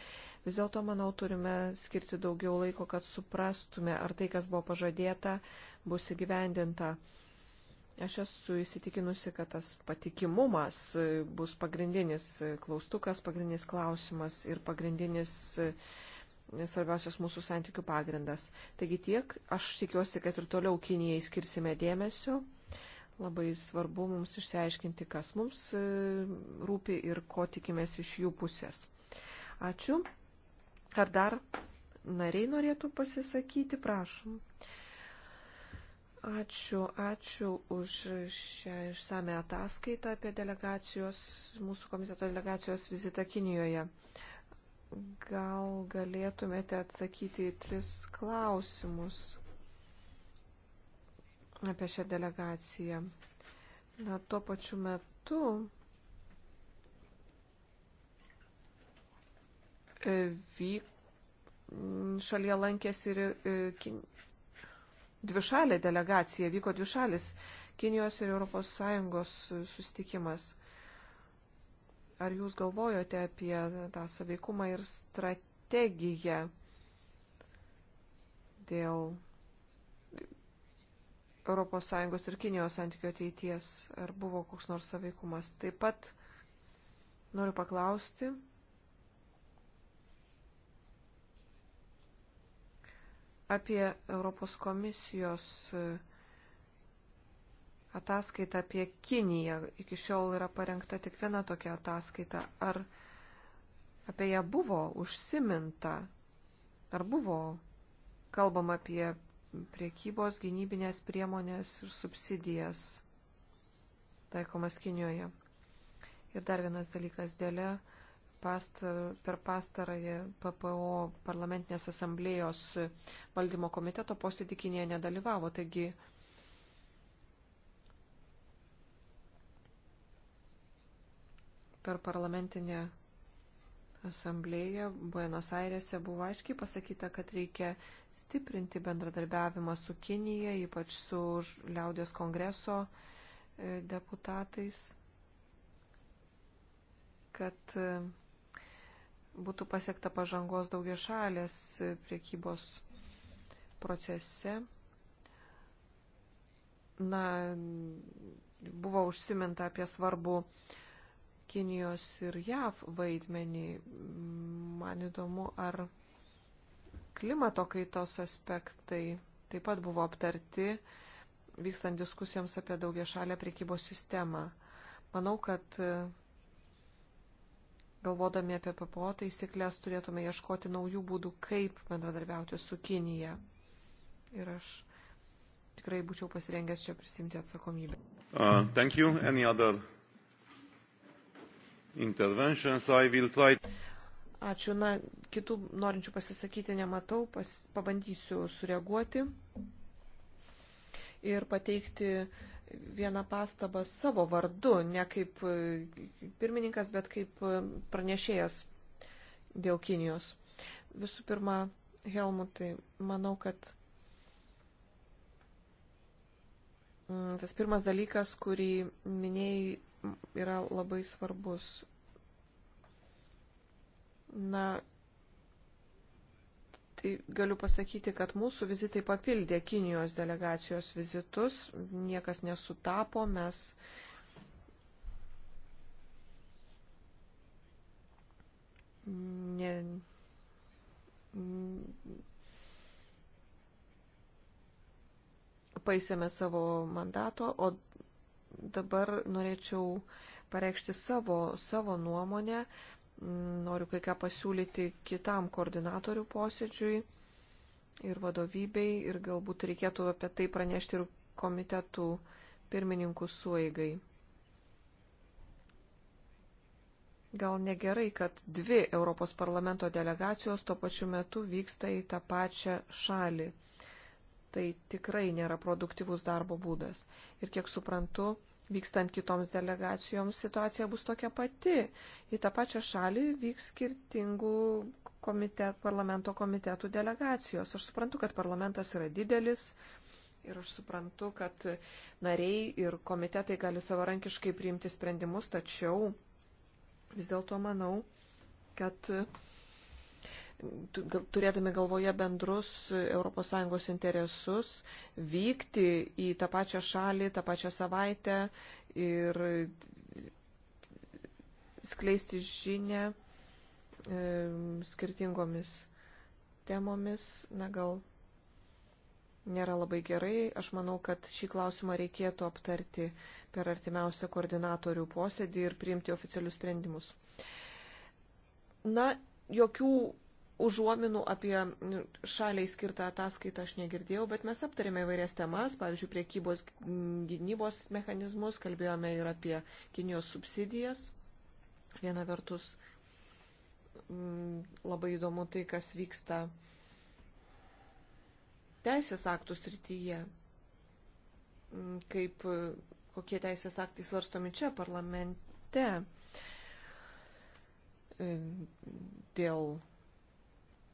Vis dėlto, manau, turime skirti daugiau laiko, kad suprastume, ar tai, kas buvo pažadėta, bus įgyvendinta. Aš esu įsitikinusi, kad tas patikimumas bus pagrindinis klaustukas, pagrindinis klausimas ir pagrindinis e, svarbiausias mūsų santykių pagrindas. Taigi tiek, aš tikiuosi, kad ir toliau Kinijai skirsime dėmesio. Labai svarbu mums išsiaiškinti, kas mums e, rūpi ir ko tikimės iš jų pusės. Ačiū. Ar dar nariai norėtų pasisakyti, prašom. Ačiū, ačiū už šią išsame ataskaitą apie delegacijos, mūsų komiteto delegacijos vizitą Kinijoje. Gal galėtumėte atsakyti į tris klausimus apie šią delegaciją. Na, tuo pačiu metu E, vyk, šalyje lankėsi ir e, kin, dvišalė delegacija, vyko dvišalis Kinijos ir ES sustikimas. Ar jūs galvojote apie tą saveikumą ir strategiją dėl ES ir Kinijos santykių ateities? Ar buvo koks nors saveikumas? Taip pat noriu paklausti, apie Europos komisijos e, ataskaitą apie Kiniją. Iki šiol yra parengta tik viena tokia ataskaita. Ar apie ją buvo užsiminta? Ar buvo kalbama apie priekybos, gynybinės priemonės ir subsidijas taikomas Kinijoje? Ir dar vienas dalykas dėlė pastar, per pastarąjį PPO parlamentinės asamblėjos valdymo komiteto posėdį Kinėje nedalyvavo. Taigi per parlamentinę asamblėją Buenos Airėse buvo aiškiai pasakyta, kad reikia stiprinti bendradarbiavimą su Kinija, ypač su liaudės kongreso e, deputatais, kad e, būtų pasiekta pažangos daugia šalės priekybos procese. Na, buvo užsiminta apie svarbu Kinijos ir JAV vaidmenį. Man įdomu, ar klimato kaitos aspektai taip pat buvo aptarti, vykstant diskusijoms apie daugia šalę priekybos sistemą. Manau, kad galvodami apie PPO taisyklės, turėtume ieškoti naujų būdų, kaip bendradarbiauti su Kinija. Ir aš tikrai būčiau pasirengęs čia prisimti atsakomybę. Uh, thank you. Any other interventions? I will try. Ačiū. Na, kitų norinčių pasisakyti nematau. Pas, pabandysiu sureaguoti ir pateikti uh, vieną pastabą savo vardu, ne kaip e, pirmininkas, bet kaip e, pranešėjas dėl Kinijos. Visų pirma, Helmutai, manau, kad mm, tas pirmas dalykas, kurį minėjai, yra labai svarbus. Na, tai galiu pasakyti, kad mūsų vizitai papildė Kinijos delegacijos vizitus, niekas nesutapo, mes ne, paisėme savo mandato, o dabar norėčiau pareikšti savo, savo nuomonę. Uh, Noriu kai ką pasiūlyti kitam koordinatorių posėdžiui ir vadovybei ir galbūt reikėtų apie tai pranešti ir komitetų pirmininkų suėgai. Gal negerai, kad dvi Europos parlamento delegacijos tuo pačiu metu vyksta į tą pačią šalį. Tai tikrai nėra produktyvus darbo būdas. Ir kiek suprantu, vykstant kitoms delegacijoms situacija bus tokia pati. Į tą pačią šalį vyks skirtingų komitet, parlamento komitetų delegacijos. Aš suprantu, kad parlamentas yra didelis ir aš suprantu, kad nariai ir komitetai gali savarankiškai priimti sprendimus, tačiau vis dėlto manau, kad turėdami galvoje bendrus ES interesus, vykti į tą pačią šalį, tą pačią savaitę ir skleisti žinę skirtingomis temomis, na gal nėra labai gerai. Aš manau, kad šį klausimą reikėtų aptarti per artimiausią koordinatorių posėdį ir priimti oficialius sprendimus. Na, jokių užuominų apie šaliai skirtą ataskaitą aš negirdėjau, bet mes aptarėme įvairias temas, pavyzdžiui, priekybos gynybos mechanizmus, kalbėjome ir apie Kinijos subsidijas. Viena vertus mm, labai įdomu tai, kas vyksta teisės aktų srityje, mm, kaip kokie teisės aktai svarstomi čia parlamente e, dėl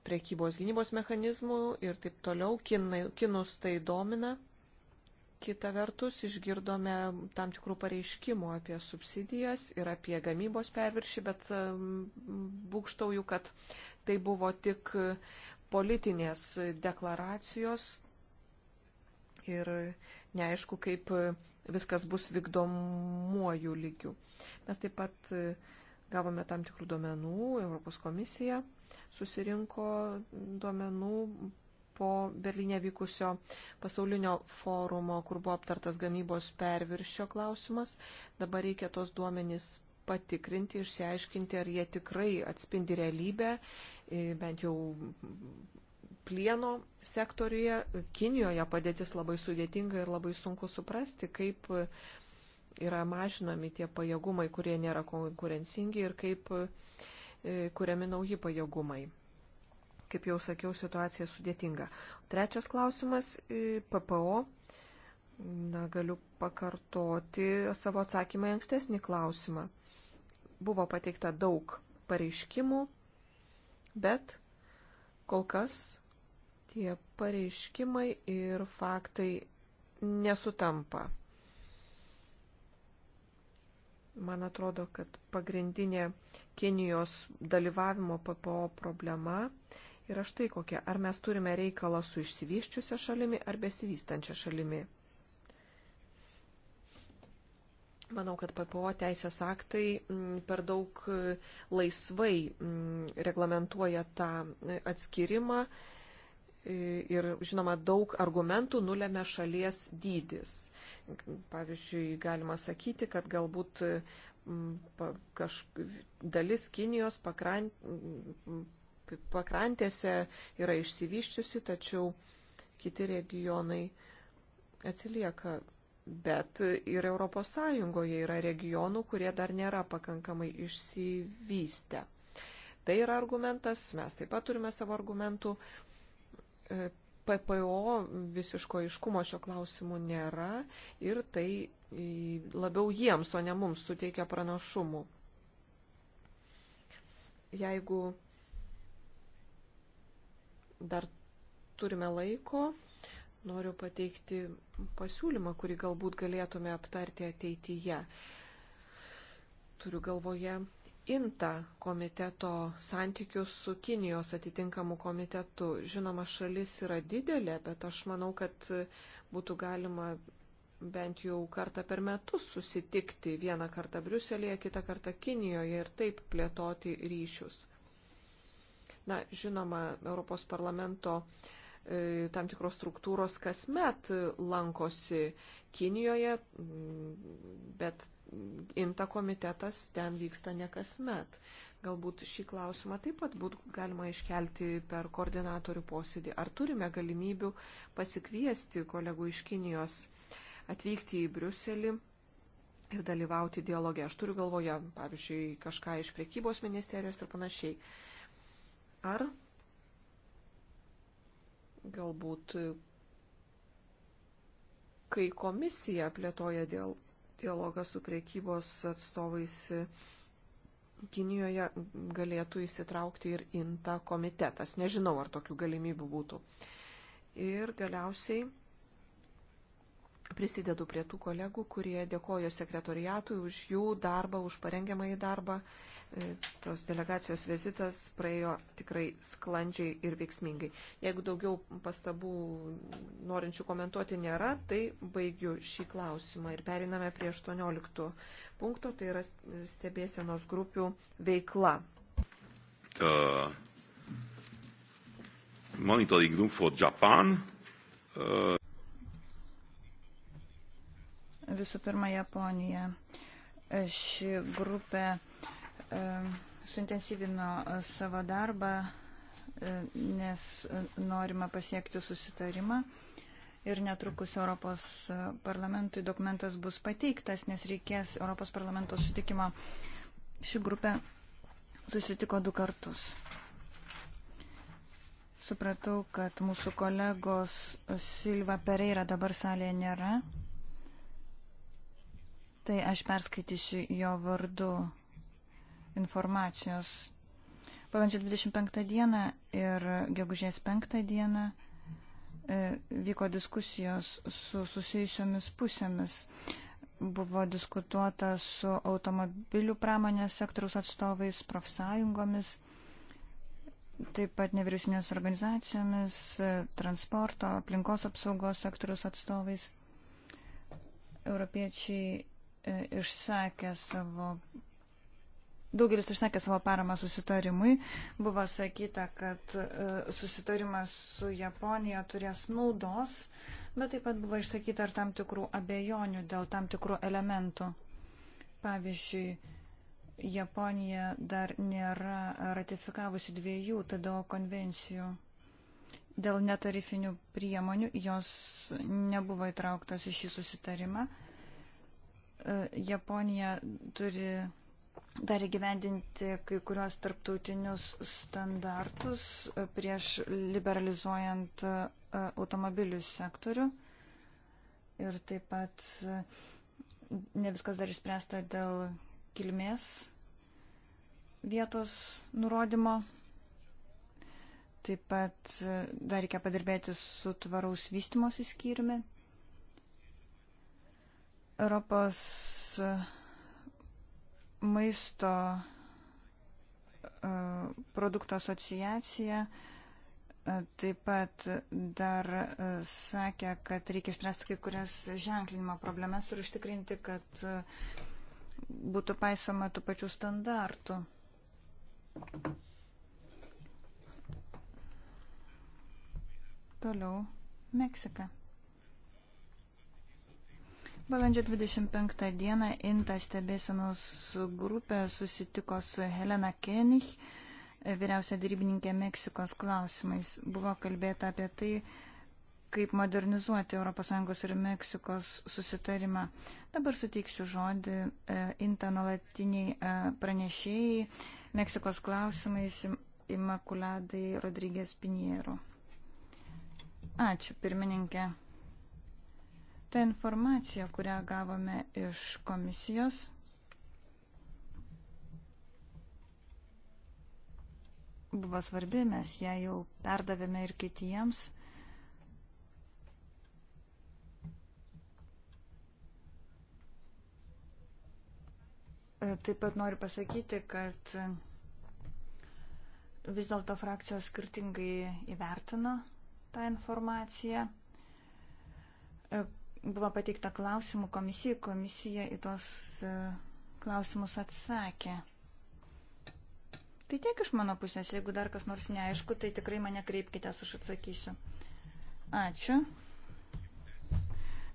prekybos gynybos mechanizmų ir taip toliau. Kinai, kinus tai domina. Kita vertus, išgirdome tam tikrų pareiškimų apie subsidijas ir apie gamybos perviršį, bet um, būkštauju, kad tai buvo tik politinės deklaracijos ir neaišku, kaip viskas bus vykdomuoju lygiu. Mes taip pat uh, gavome tam tikrų duomenų, Europos komisija susirinko duomenų po Berlyne vykusio pasaulinio forumo, kur buvo aptartas gamybos perviršio klausimas. Dabar reikia tos duomenys patikrinti, išsiaiškinti, ar jie tikrai atspindi realybę, e, bent jau plieno sektoriuje. Kinijoje padėtis labai sudėtinga ir labai sunku suprasti, kaip yra mažinami tie pajėgumai, kurie nėra konkurencingi ir kaip uh, E, kuriami nauji pajėgumai. Kaip jau sakiau, situacija sudėtinga. Trečias klausimas e, - PPO. Na, galiu pakartoti savo atsakymą į ankstesnį klausimą. Buvo pateikta daug pareiškimų, bet kol kas tie pareiškimai ir faktai nesutampa. Man atrodo, kad pagrindinė Kenijos dalyvavimo PPO problema yra štai kokia. Ar mes turime reikalą su išsivyščiusią šalimi ar besivystančią šalimi? Manau, kad PPO teisės aktai mm, per daug e, laisvai mm, reglamentuoja tą e, atskirimą E, ir, žinoma, daug argumentų nulėmė šalies dydis. Pavyzdžiui, galima sakyti, kad galbūt kaž, dalis Kinijos pakran, pakrantėse yra išsivyščiusi, tačiau kiti regionai atsilieka. Bet ir ES yra regionų, kurie dar nėra pakankamai išsivystę. Tai yra argumentas, mes taip pat turime savo argumentų. Uh, PPO visiško iškumo šio klausimu nėra ir tai labiau jiems, o ne mums suteikia pranašumų. Jeigu dar turime laiko, noriu pateikti pasiūlymą, kurį galbūt galėtume aptarti ateityje. Turiu galvoje INTA komiteto santykius su Kinijos atitinkamu komitetu. Žinoma, šalis yra didelė, bet aš manau, kad būtų galima bent jau kartą per metus susitikti, vieną kartą Briuselėje, kitą kartą Kinijoje ir taip plėtoti ryšius. Na, žinoma, Europos parlamento uh, E, tam tikros struktūros kasmet lankosi Kinijoje, bet INTA komitetas ten vyksta ne kasmet. Galbūt šį klausimą taip pat būtų galima iškelti per koordinatorių posėdį. Ar turime galimybių pasikviesti kolegų iš Kinijos atvykti į Briuselį ir dalyvauti dialogė? Aš turiu galvoje, pavyzdžiui, kažką iš priekybos ministerijos ir panašiai. Ar Galbūt e, kai komisija plėtoja dėl dialogą su priekybos atstovais e, Kinijoje galėtų įsitraukti ir INTA komitetas. Nežinau, ar tokių galimybių būtų. Ir galiausiai prisidedu prie tų kolegų, kurie dėkojo sekretoriatui už jų darbą, už parengiamąjį darbą. E, tos delegacijos vizitas praėjo tikrai sklandžiai ir veiksmingai. Jeigu daugiau pastabų norinčių komentuoti nėra, tai baigiu šį klausimą ir periname prie 18 punkto, tai yra stebėsenos grupių veikla. Uh, monitoring group for Japan. Uh. Visų pirma, Japonija. Ši grupė uh, E, suintensyvino e, savo darbą, e, nes norima pasiekti susitarimą. Ir netrukus Europos parlamentui dokumentas bus pateiktas, nes reikės Europos parlamento sutikimo. Ši grupė susitiko du kartus. Supratau, kad mūsų kolegos Silva Pereira dabar salėje nėra. Tai aš perskaitysiu jo vardu informacijos. Balandžio 25 dieną ir gegužės 5 dieną e, vyko diskusijos su susijusiomis pusėmis. Buvo diskutuota su automobilių pramonės sektoriaus atstovais, profsąjungomis, taip pat nevyriausinės organizacijomis, e, transporto, aplinkos apsaugos sektoriaus atstovais. Europiečiai e, išsakė savo Daugelis išsakė savo paramą susitarimui. Buvo sakyta, kad e, susitarimas su Japonija turės naudos, bet taip pat buvo išsakyta ir tam tikrų abejonių dėl tam tikrų elementų. Pavyzdžiui, Japonija dar nėra ratifikavusi dviejų TDO konvencijų. Dėl netarifinių priemonių jos nebuvo įtrauktas į šį susitarimą. E, Japonija turi dar įgyvendinti kai kurios tarptautinius standartus e, prieš liberalizuojant e, automobilių sektorių. Ir taip pat e, ne viskas dar išspręsta dėl kilmės vietos nurodymo. Taip pat dar reikia padirbėti su tvaraus vystimosi skyriumi. Europos uh, maisto e, produktų asociacija e, taip pat dar e, sakė, kad reikia išspręsti kai kurias ženklinimo problemas ir užtikrinti, kad būtų paisama tų pačių standartų. Toliau Meksika. Balandžio 25 dieną Inta stebėsenos grupė susitiko su Helena Kenich, vyriausia dėrybininkė Meksikos klausimais. Buvo kalbėta apie tai, kaip modernizuoti ES ir Meksikos susitarimą. Dabar suteiksiu žodį e, Inta nuolatiniai e, pranešėjai Meksikos klausimais Imakuladai Rodrygės Piniero. Ačiū, pirmininkė. Ta informacija, kurią gavome iš komisijos, buvo svarbi, mes ją jau perdavėme ir kitiems. Taip pat noriu pasakyti, kad vis dėlto frakcijos skirtingai įvertino tą informaciją. Buvo pateikta klausimų komisijai, komisija į tuos e, klausimus atsakė. Tai tiek iš mano pusės, jeigu dar kas nors neaišku, tai tikrai mane kreipkite, aš atsakysiu. Ačiū.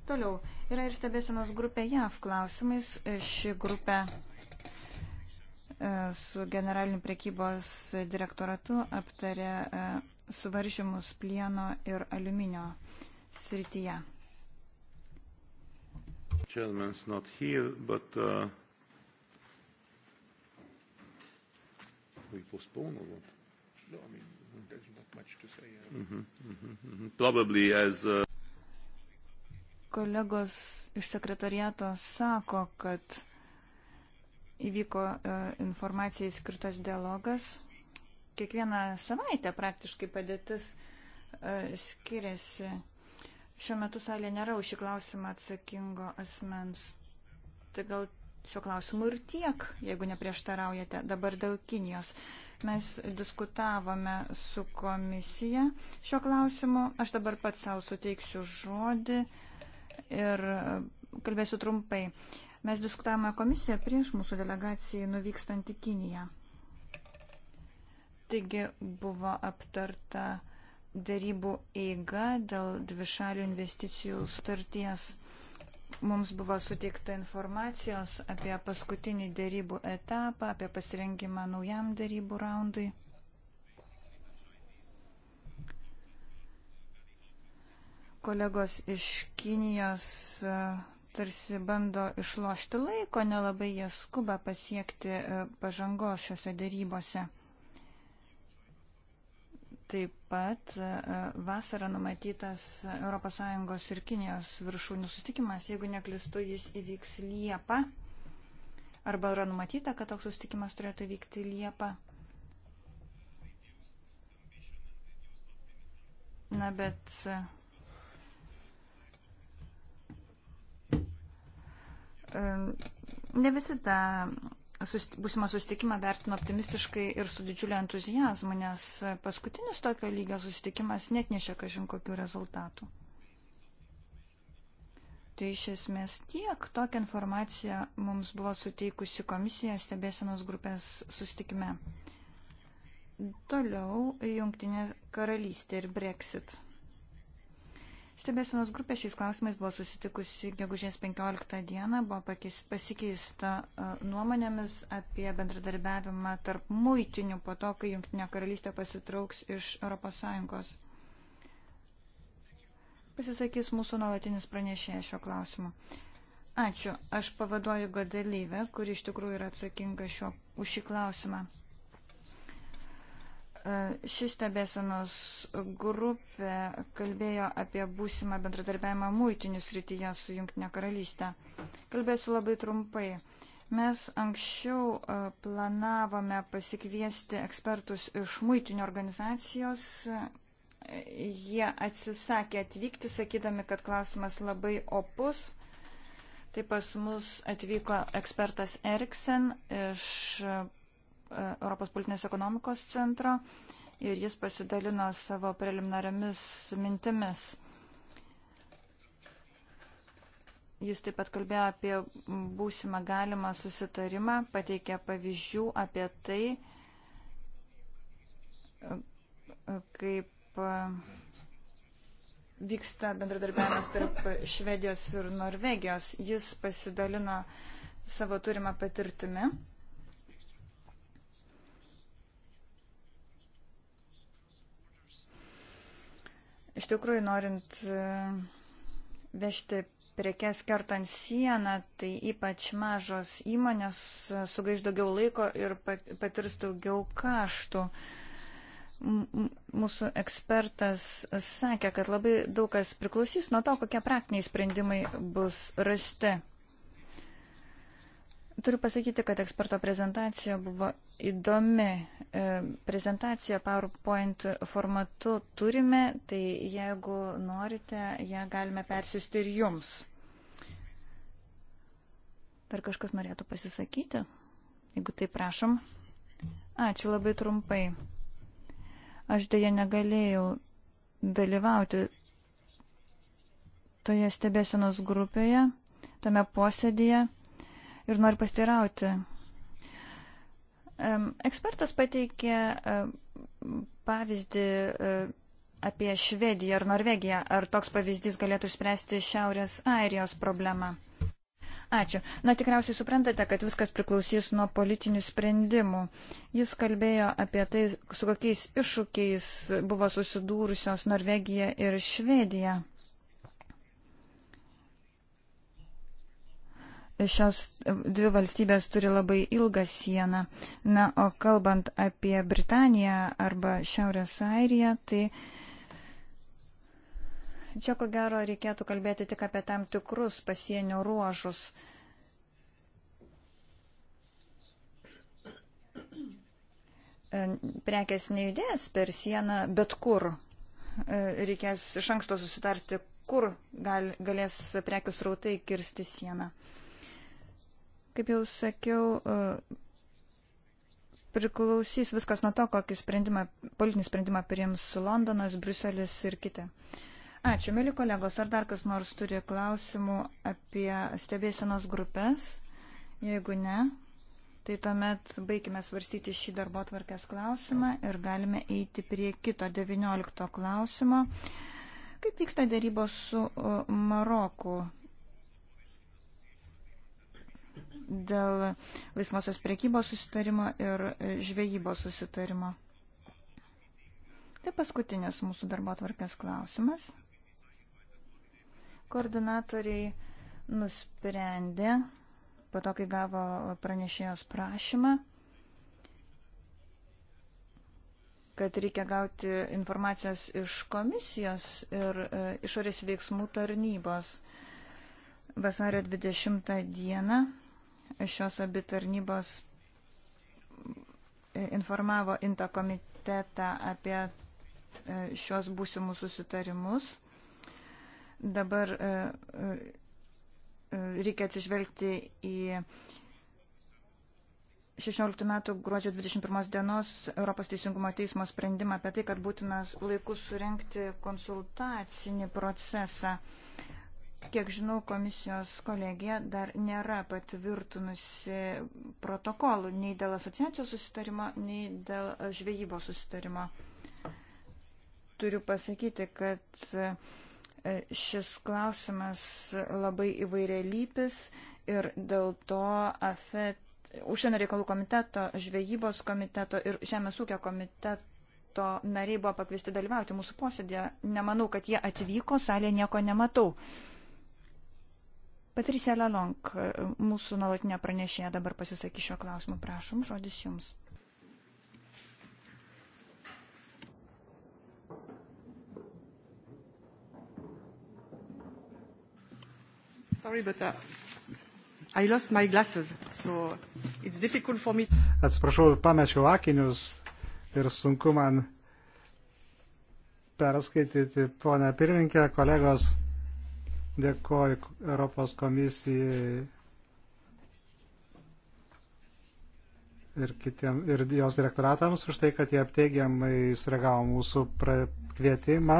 Toliau, yra ir stebėsenos grupė JAV klausimais. Ši grupė e, su generaliniu prekybos direktoratu aptarė e, suvaržymus plieno ir aliuminio srityje gentleman's not here, but uh, we postpone or what? No, I mean, there's not much to say. Uh... Mm-hmm, mm-hmm, mm-hmm. Probably as... Uh... Kolegos iš sekretariato sako, kad įvyko uh, informacijai skirtas dialogas. Kiekvieną savaitę praktiškai padėtis uh, skiriasi. Šiuo metu salė nėra už šį klausimą atsakingo asmens. Tai gal šio klausimu ir tiek, jeigu neprieštaraujate. Dabar dėl Kinijos. Mes diskutavome su komisija šio klausimu. Aš dabar pats savo suteiksiu žodį ir kalbėsiu trumpai. Mes diskutavome komisiją prieš mūsų delegacijai nuvykstant į Kiniją. Taigi buvo aptarta darybų eiga dėl dvišalių investicijų sutarties. Mums buvo suteikta informacijos apie paskutinį darybų etapą, apie pasirengimą naujam darybų raundui. Kolegos iš Kinijos e, tarsi bando išlošti laiko, nelabai jie skuba pasiekti e, pažangos šiuose darybose. Taip pat e, vasarą numatytas ES ir Kinijos viršūnių sustikimas, jeigu neklistu, jis įvyks Liepą. Arba yra numatyta, kad toks sustikimas turėtų vykti Liepą. Na, bet e, e, ne visi tą būsimą susitikimą vertinu optimistiškai ir su didžiuliu entuzijazmu, nes paskutinis tokio lygio susitikimas net nešia kažin kokių rezultatų. Tai iš esmės tiek tokią informaciją mums buvo suteikusi komisija stebėsenos grupės susitikime. Toliau Junktinė karalystė ir Brexit. Stebėsenos grupė šiais klausimais buvo susitikusi gegužės 15 dieną, buvo pakis, pasikeista nuomonėmis apie bendradarbiavimą tarp muitinių po to, kai Junktinė karalystė pasitrauks iš ES. Pasisakys mūsų nuolatinis pranešėjas šio klausimu. Ačiū. Aš pavaduoju Godalyvę, kuri iš tikrųjų yra atsakinga šio, už šį klausimą ši stebėsenos grupė kalbėjo apie būsimą bendradarbiavimą muitinių srityje su Junktinė karalystė. Kalbėsiu labai trumpai. Mes anksčiau e, planavome pasikviesti ekspertus iš muitinių organizacijos. Jie atsisakė atvykti, sakydami, kad klausimas labai opus. Tai pas mus atvyko ekspertas Eriksen iš E, Europos politinės ekonomikos centro ir jis pasidalino savo preliminariamis mintimis. Jis taip pat kalbėjo apie būsimą galimą susitarimą, pateikė pavyzdžių apie tai, e, kaip e, vyksta bendradarbiavimas tarp Švedijos ir Norvegijos. Jis pasidalino savo turimą patirtimi. Iš tikrųjų, norint e, vežti prekes kertant sieną, tai ypač mažos įmonės e, sugaiš daugiau laiko ir patirs daugiau kaštų. Mūsų ekspertas sakė, kad labai daug kas priklausys nuo to, kokie praktiniai sprendimai bus rasti. Turiu pasakyti, kad eksperto prezentacija buvo įdomi. E, prezentaciją PowerPoint formatu turime, tai jeigu norite, ją galime persiųsti ir jums. Dar kažkas norėtų pasisakyti? Jeigu tai prašom. Ačiū labai trumpai. Aš dėja negalėjau dalyvauti toje stebėsenos grupėje, tame posėdėje ir noriu pastirauti. Ekspertas pateikė pavyzdį e, apie Švediją ar Norvegiją. Ar toks pavyzdys galėtų išspręsti Šiaurės Airijos problemą? Ačiū. Na, tikriausiai suprantate, kad viskas priklausys nuo politinių sprendimų. Jis kalbėjo apie tai, su kokiais iššūkiais buvo susidūrusios Norvegija ir Švedija. šios dvi valstybės turi labai ilgą sieną. Na, o kalbant apie Britaniją arba Šiaurės Airiją, tai čia ko gero reikėtų kalbėti tik apie tam tikrus pasienio ruožus. Prekės nejudės per sieną bet kur. Reikės iš anksto susitarti, kur gal, galės prekius rautai kirsti sieną. Kaip jau sakiau, e, priklausys viskas nuo to, kokį sprendimą, politinį sprendimą priims Londonas, Bruselis ir kiti. Ačiū, mėly kolegos. Ar dar kas nors turi klausimų apie stebėsenos grupės? Jeigu ne, tai tuomet baigime svarstyti šį darbo tvarkės klausimą ir galime eiti prie kito 19 klausimo. Kaip vyksta dėrybos su e, Maroku? dėl laisvosios priekybos susitarimo ir žvejybos susitarimo. Tai paskutinis mūsų darbo atvarkės klausimas. Koordinatoriai nusprendė, po to, kai gavo pranešėjos prašymą, kad reikia gauti informacijos iš komisijos ir e, išorės veiksmų tarnybos. Vasario 20 dieną Šios abi tarnybos informavo INTA komitetą apie e, šios būsimus susitarimus. Dabar e, e, reikia atsižvelgti į 16 metų gruodžio 21 dienos Europos Teisingumo teismo sprendimą apie tai, kad būtinas laikus surenkti konsultacinį procesą. Kiek žinau, komisijos kolegija dar nėra patvirtinusi protokolų nei dėl asociacijos susitarimo, nei dėl e, žvejybos susitarimo. Turiu pasakyti, kad e, šis klausimas labai įvairialypis ir dėl to AFET, užsienio reikalų komiteto, žvejybos komiteto ir žemės ūkio komiteto komiteto nariai buvo pakviesti dalyvauti mūsų posėdėje. Nemanau, kad jie atvyko, salėje nieko nematau. Patricija Lalonk, mūsų nuolatinė pranešėja dabar pasisakys šio klausimu. Prašom, žodis jums. Sorry, but uh, I lost my glasses, so it's difficult for me. Atsiprašau, pamečiau akinius ir sunku man perskaityti, ponia pirminkė, kolegos. Dėkoju Europos komisijai ir, kitiem, ir jos direktoratams už tai, kad jie apteigiamai sureagavo mūsų kvietimą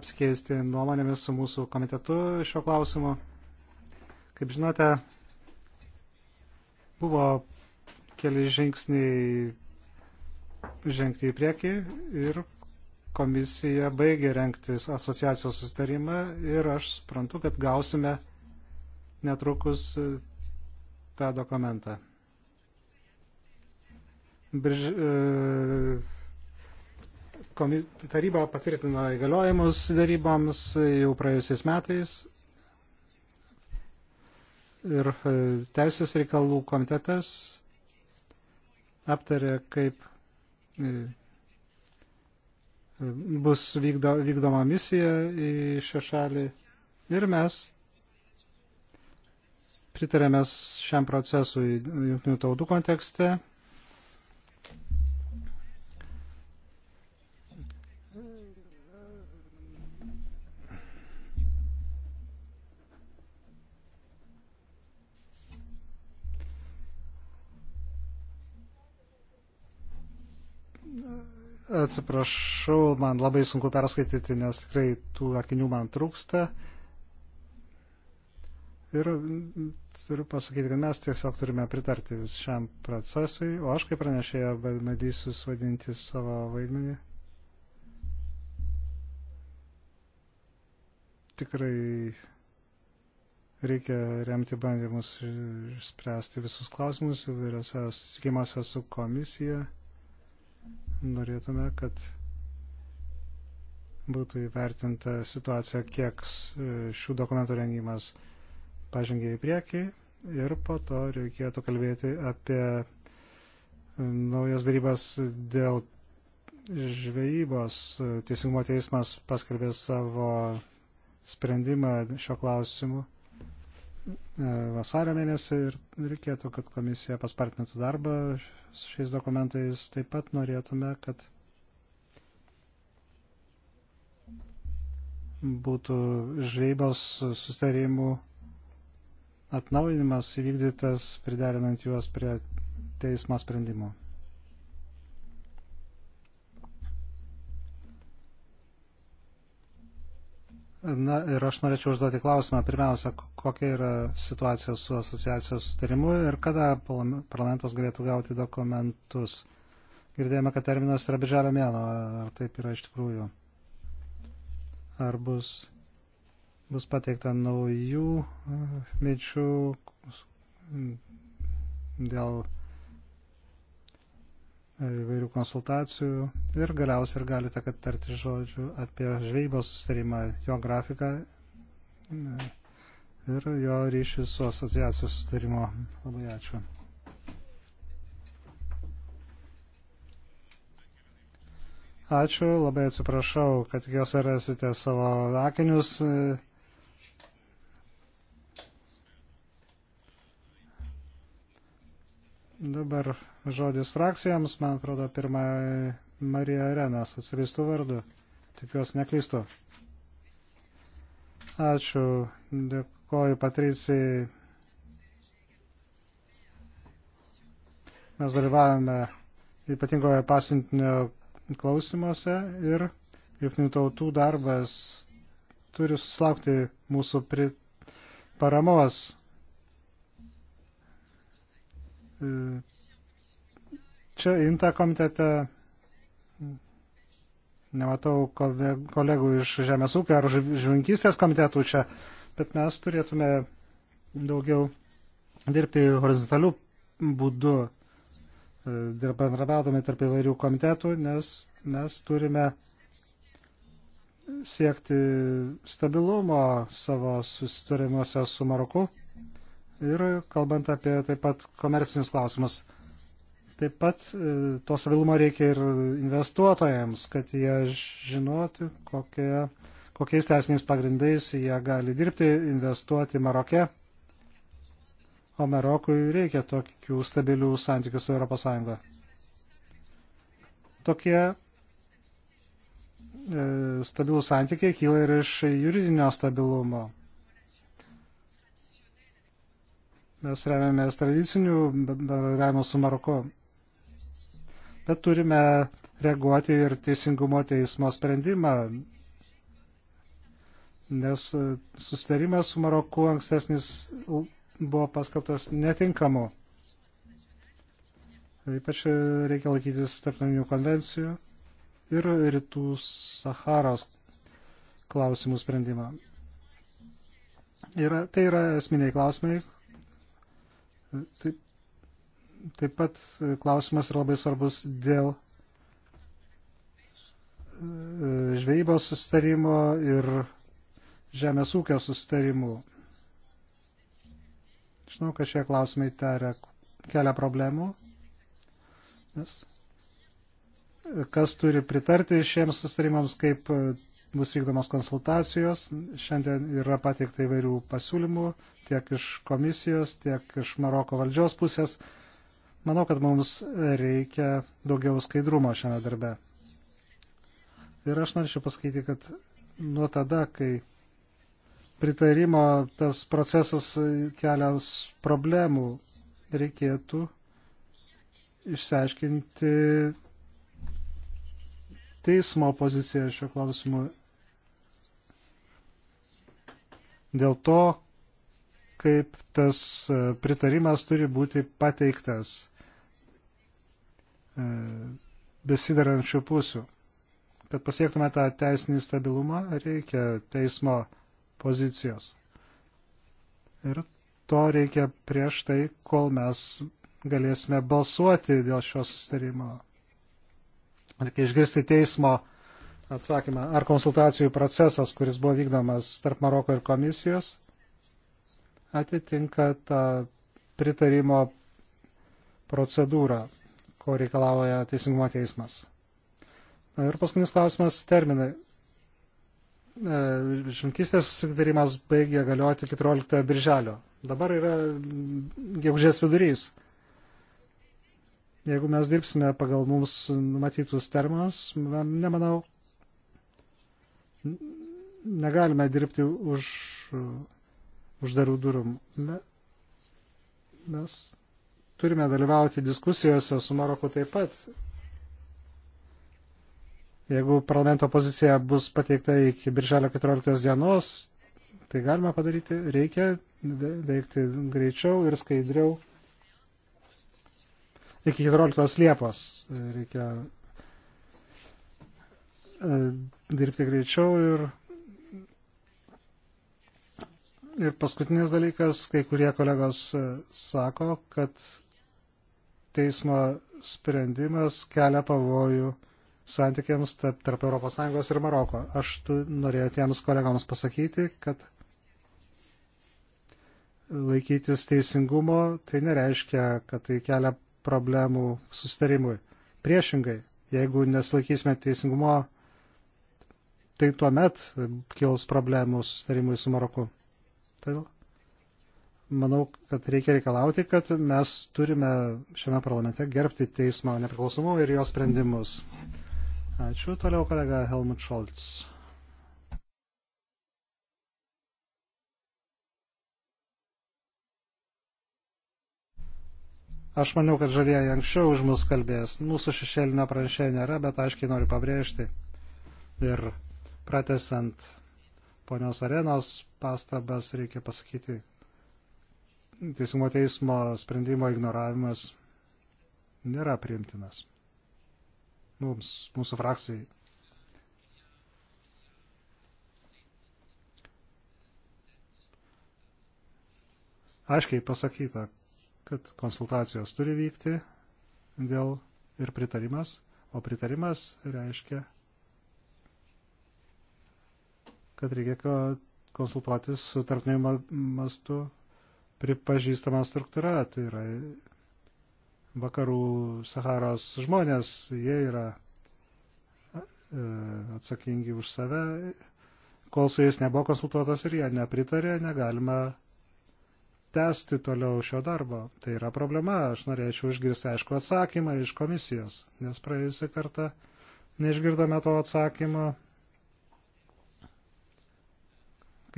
apsikeisti nuomonėmis su mūsų komitetu šio klausimu. Kaip žinote, buvo keli žingsniai žengti į priekį ir komisija baigė renkti asociacijos sustarimą ir aš suprantu, kad gausime netrukus e, tą dokumentą. Birž... E, komi... Taryba patvirtino įgaliojimus daryboms jau praėjusiais metais ir e, Teisės reikalų komitetas aptarė, kaip bus vykdo, vykdoma misija į šią šalį ir mes pritarėme šiam procesui jungtinių tautų kontekste Atsiprašau, man labai sunku perskaityti, nes tikrai tų akinių man trūksta. Ir turiu pasakyti, kad mes tiesiog turime pritarti vis šiam procesui, o aš kaip pranešėja bandysiu suvadinti savo vaidmenį. Tikrai reikia remti bandymus išspręsti visus klausimus įvairiose susitikimuose su komisija norėtume, kad būtų įvertinta situacija, kiek e, šių dokumentų rengimas pažengė į priekį ir po to reikėtų kalbėti apie e, naujas darybas dėl žvejybos. Teisingumo teismas paskelbė savo sprendimą šio klausimu E, vasario mėnesį ir reikėtų, kad komisija paspartintų darbą šiais dokumentais. Taip pat norėtume, kad būtų žvejybos sustarimų atnaujinimas įvykdytas priderinant juos prie teismo sprendimo. Na ir aš norėčiau užduoti klausimą. Pirmiausia, kokia yra situacija su asociacijos sutarimu ir kada parlamentas galėtų gauti dokumentus. Girdėjome, kad terminas yra birželio mėno. Ar taip yra iš tikrųjų? Ar bus, bus pateikta naujų e, minčių dėl įvairių konsultacijų ir galiausiai ir galite tarti žodžių apie žvejybos sustarimą, jo grafiką e, ir jo ryšį su asociacijos sustarimo. Labai ačiū. Ačiū, labai atsiprašau, kad jos rasite savo akinius. E. Dabar Žodis frakcijams, man atrodo, pirmą Marija Arena, socialistų vardu. Tikiuosi neklystu. Ačiū. Dėkoju Patricijai. Mes dalyvavome ypatingoje pasintinio klausimuose ir jungtinių tautų darbas turi susilaukti mūsų pri... paramos e, Čia INTA komitete nematau kolegų iš Žemės ūkio ar žuvinkystės komitetų čia, bet mes turėtume daugiau dirbti horizontalių būdų, e, bendrabiaudami tarp įvairių komitetų, nes mes turime siekti stabilumo savo susitarimuose su Maroku ir kalbant apie taip pat komercinius klausimus. Taip pat e, to savilumo reikia ir investuotojams, kad jie žinoti, kokie, kokiais teisiniais pagrindais jie gali dirbti, investuoti Maroke. O Marokui reikia tokių stabilių santykių su ES. Tokie e, stabilų santykiai kyla ir iš juridinio stabilumo. Mes remiamės tradicinių bendradarbiavimo su Maroku bet turime reaguoti ir teisingumo teismo sprendimą, nes sustarimas su Maroku ankstesnis buvo paskaltas netinkamu. Ypač reikia laikytis tarptautinių konvencijų ir rytų Saharos klausimų sprendimą. Yra, tai yra esminiai klausimai. Taip, Taip pat e, klausimas yra labai svarbus dėl e, žvejybos sustarimo ir žemės ūkio sustarimų. Žinau, kad šie klausimai taria, kelia problemų. Nes e, kas turi pritarti šiems sustarimams, kaip bus vykdomas konsultacijos. Šiandien yra pateikta įvairių pasiūlymų tiek iš komisijos, tiek iš Maroko valdžios pusės. Manau, kad mums reikia daugiau skaidrumo šiame darbe. Ir aš norėčiau pasakyti, kad nuo tada, kai pritarimo tas procesas kelias problemų, reikėtų išsiaiškinti teismo poziciją šiuo klausimu. Dėl to, kaip tas e, pritarimas turi būti pateiktas e, besidarančių pusių. Kad pasiektume tą teisinį stabilumą, reikia teismo pozicijos. Ir to reikia prieš tai, kol mes galėsime balsuoti dėl šio sustarimo. Reikia išgirsti teismo atsakymą. Ar konsultacijų procesas, kuris buvo vykdomas tarp Maroko ir komisijos, atitinka tą pritarimo procedūrą, ko reikalauja Teisingumo teismas. Na, ir paskutinis klausimas - terminai. E, žemkystės susitarimas baigė galioti 14 birželio. Dabar yra gegužės vidurys. Jeigu mes dirbsime pagal mums numatytus terminus, nemanau, negalime dirbti už uždarų durų. Mes turime dalyvauti diskusijose su Maroku taip pat. Jeigu parlamento pozicija bus pateikta iki birželio 14 dienos, tai galima padaryti, reikia veikti greičiau ir skaidriau. Iki 14 Liepos reikia e, dirbti greičiau ir Ir paskutinis dalykas, kai kurie kolegos e, sako, kad teismo sprendimas kelia pavojų santykiams tarp ES ir Maroko. Aš norėjau tiems kolegams pasakyti, kad laikytis teisingumo tai nereiškia, kad tai kelia problemų sustarimui. Priešingai, jeigu nesilaikysime teisingumo, tai tuomet kils problemų sustarimui su Maroku. Todėl tai manau, kad reikia reikalauti, kad mes turime šiame parlamente gerbti teismo nepriklausomumą ir jo sprendimus. Ačiū. Toliau kolega Helmut Scholz. Aš maniau, kad žalieji anksčiau už mus kalbės. Mūsų šešėlinio pranešėjo nėra, bet aiškiai noriu pabrėžti. Ir pratesant ponios arenos pastabas reikia pasakyti. Teisingumo teismo sprendimo ignoravimas nėra priimtinas. Mums, mūsų frakcijai. Aiškiai pasakyta, kad konsultacijos turi vykti dėl ir pritarimas, o pritarimas reiškia kad reikia, kad konsultuotis su tarptautiniu mastu pripažįstama struktūra, tai yra vakarų Saharos žmonės, jie yra e, atsakingi už save. Kol su jais nebuvo konsultuotas ir jie nepritarė, negalima tęsti toliau šio darbo. Tai yra problema. Aš norėčiau išgirsti aišku atsakymą iš komisijos, nes praėjusią kartą neišgirdome to atsakymo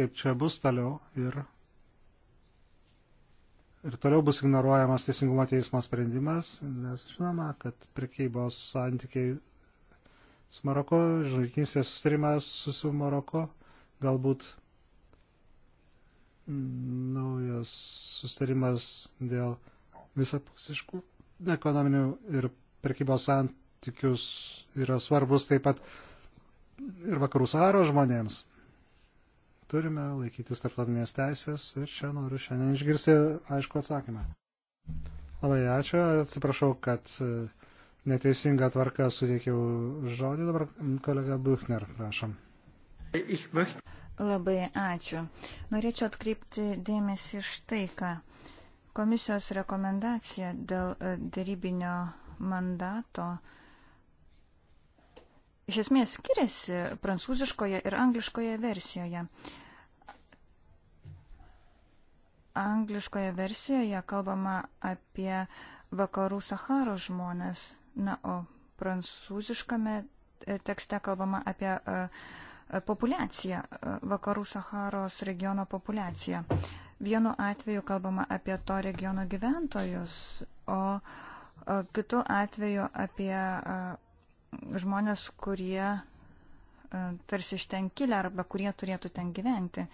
kaip čia bus toliau ir, ir toliau bus ignoruojamas teisingumo teismo sprendimas, nes žinoma, kad prekybos santykiai su Maroku, žvaigždystės sustarimas su, su Maroku, galbūt mm, naujas sustarimas dėl visapusiškų ekonominių ir prekybos santykius yra svarbus taip pat ir vakarų Saharo žmonėms turime laikytis tarptautinės teisės ir čia noriu šiandien išgirsti aišku atsakymą. Labai ačiū, atsiprašau, kad e, neteisinga tvarka suteikiau žodį, dabar kolega Buchner, prašom. Labai ačiū. Norėčiau atkreipti dėmesį iš tai, ką komisijos rekomendacija dėl e, darybinio mandato uh, iš esmės skiriasi prancūziškoje ir angliškoje versijoje. Angliškoje versijoje kalbama apie vakarų Saharo žmonės, na, o prancūziškame e, tekste kalbama apie uh, populiaciją, vakarų Saharos regiono populiaciją. Vienu atveju kalbama apie to regiono gyventojus, o kitu atveju apie žmonės, kurie e, tarsi iš ten kilę arba kurie turėtų ten gyventi.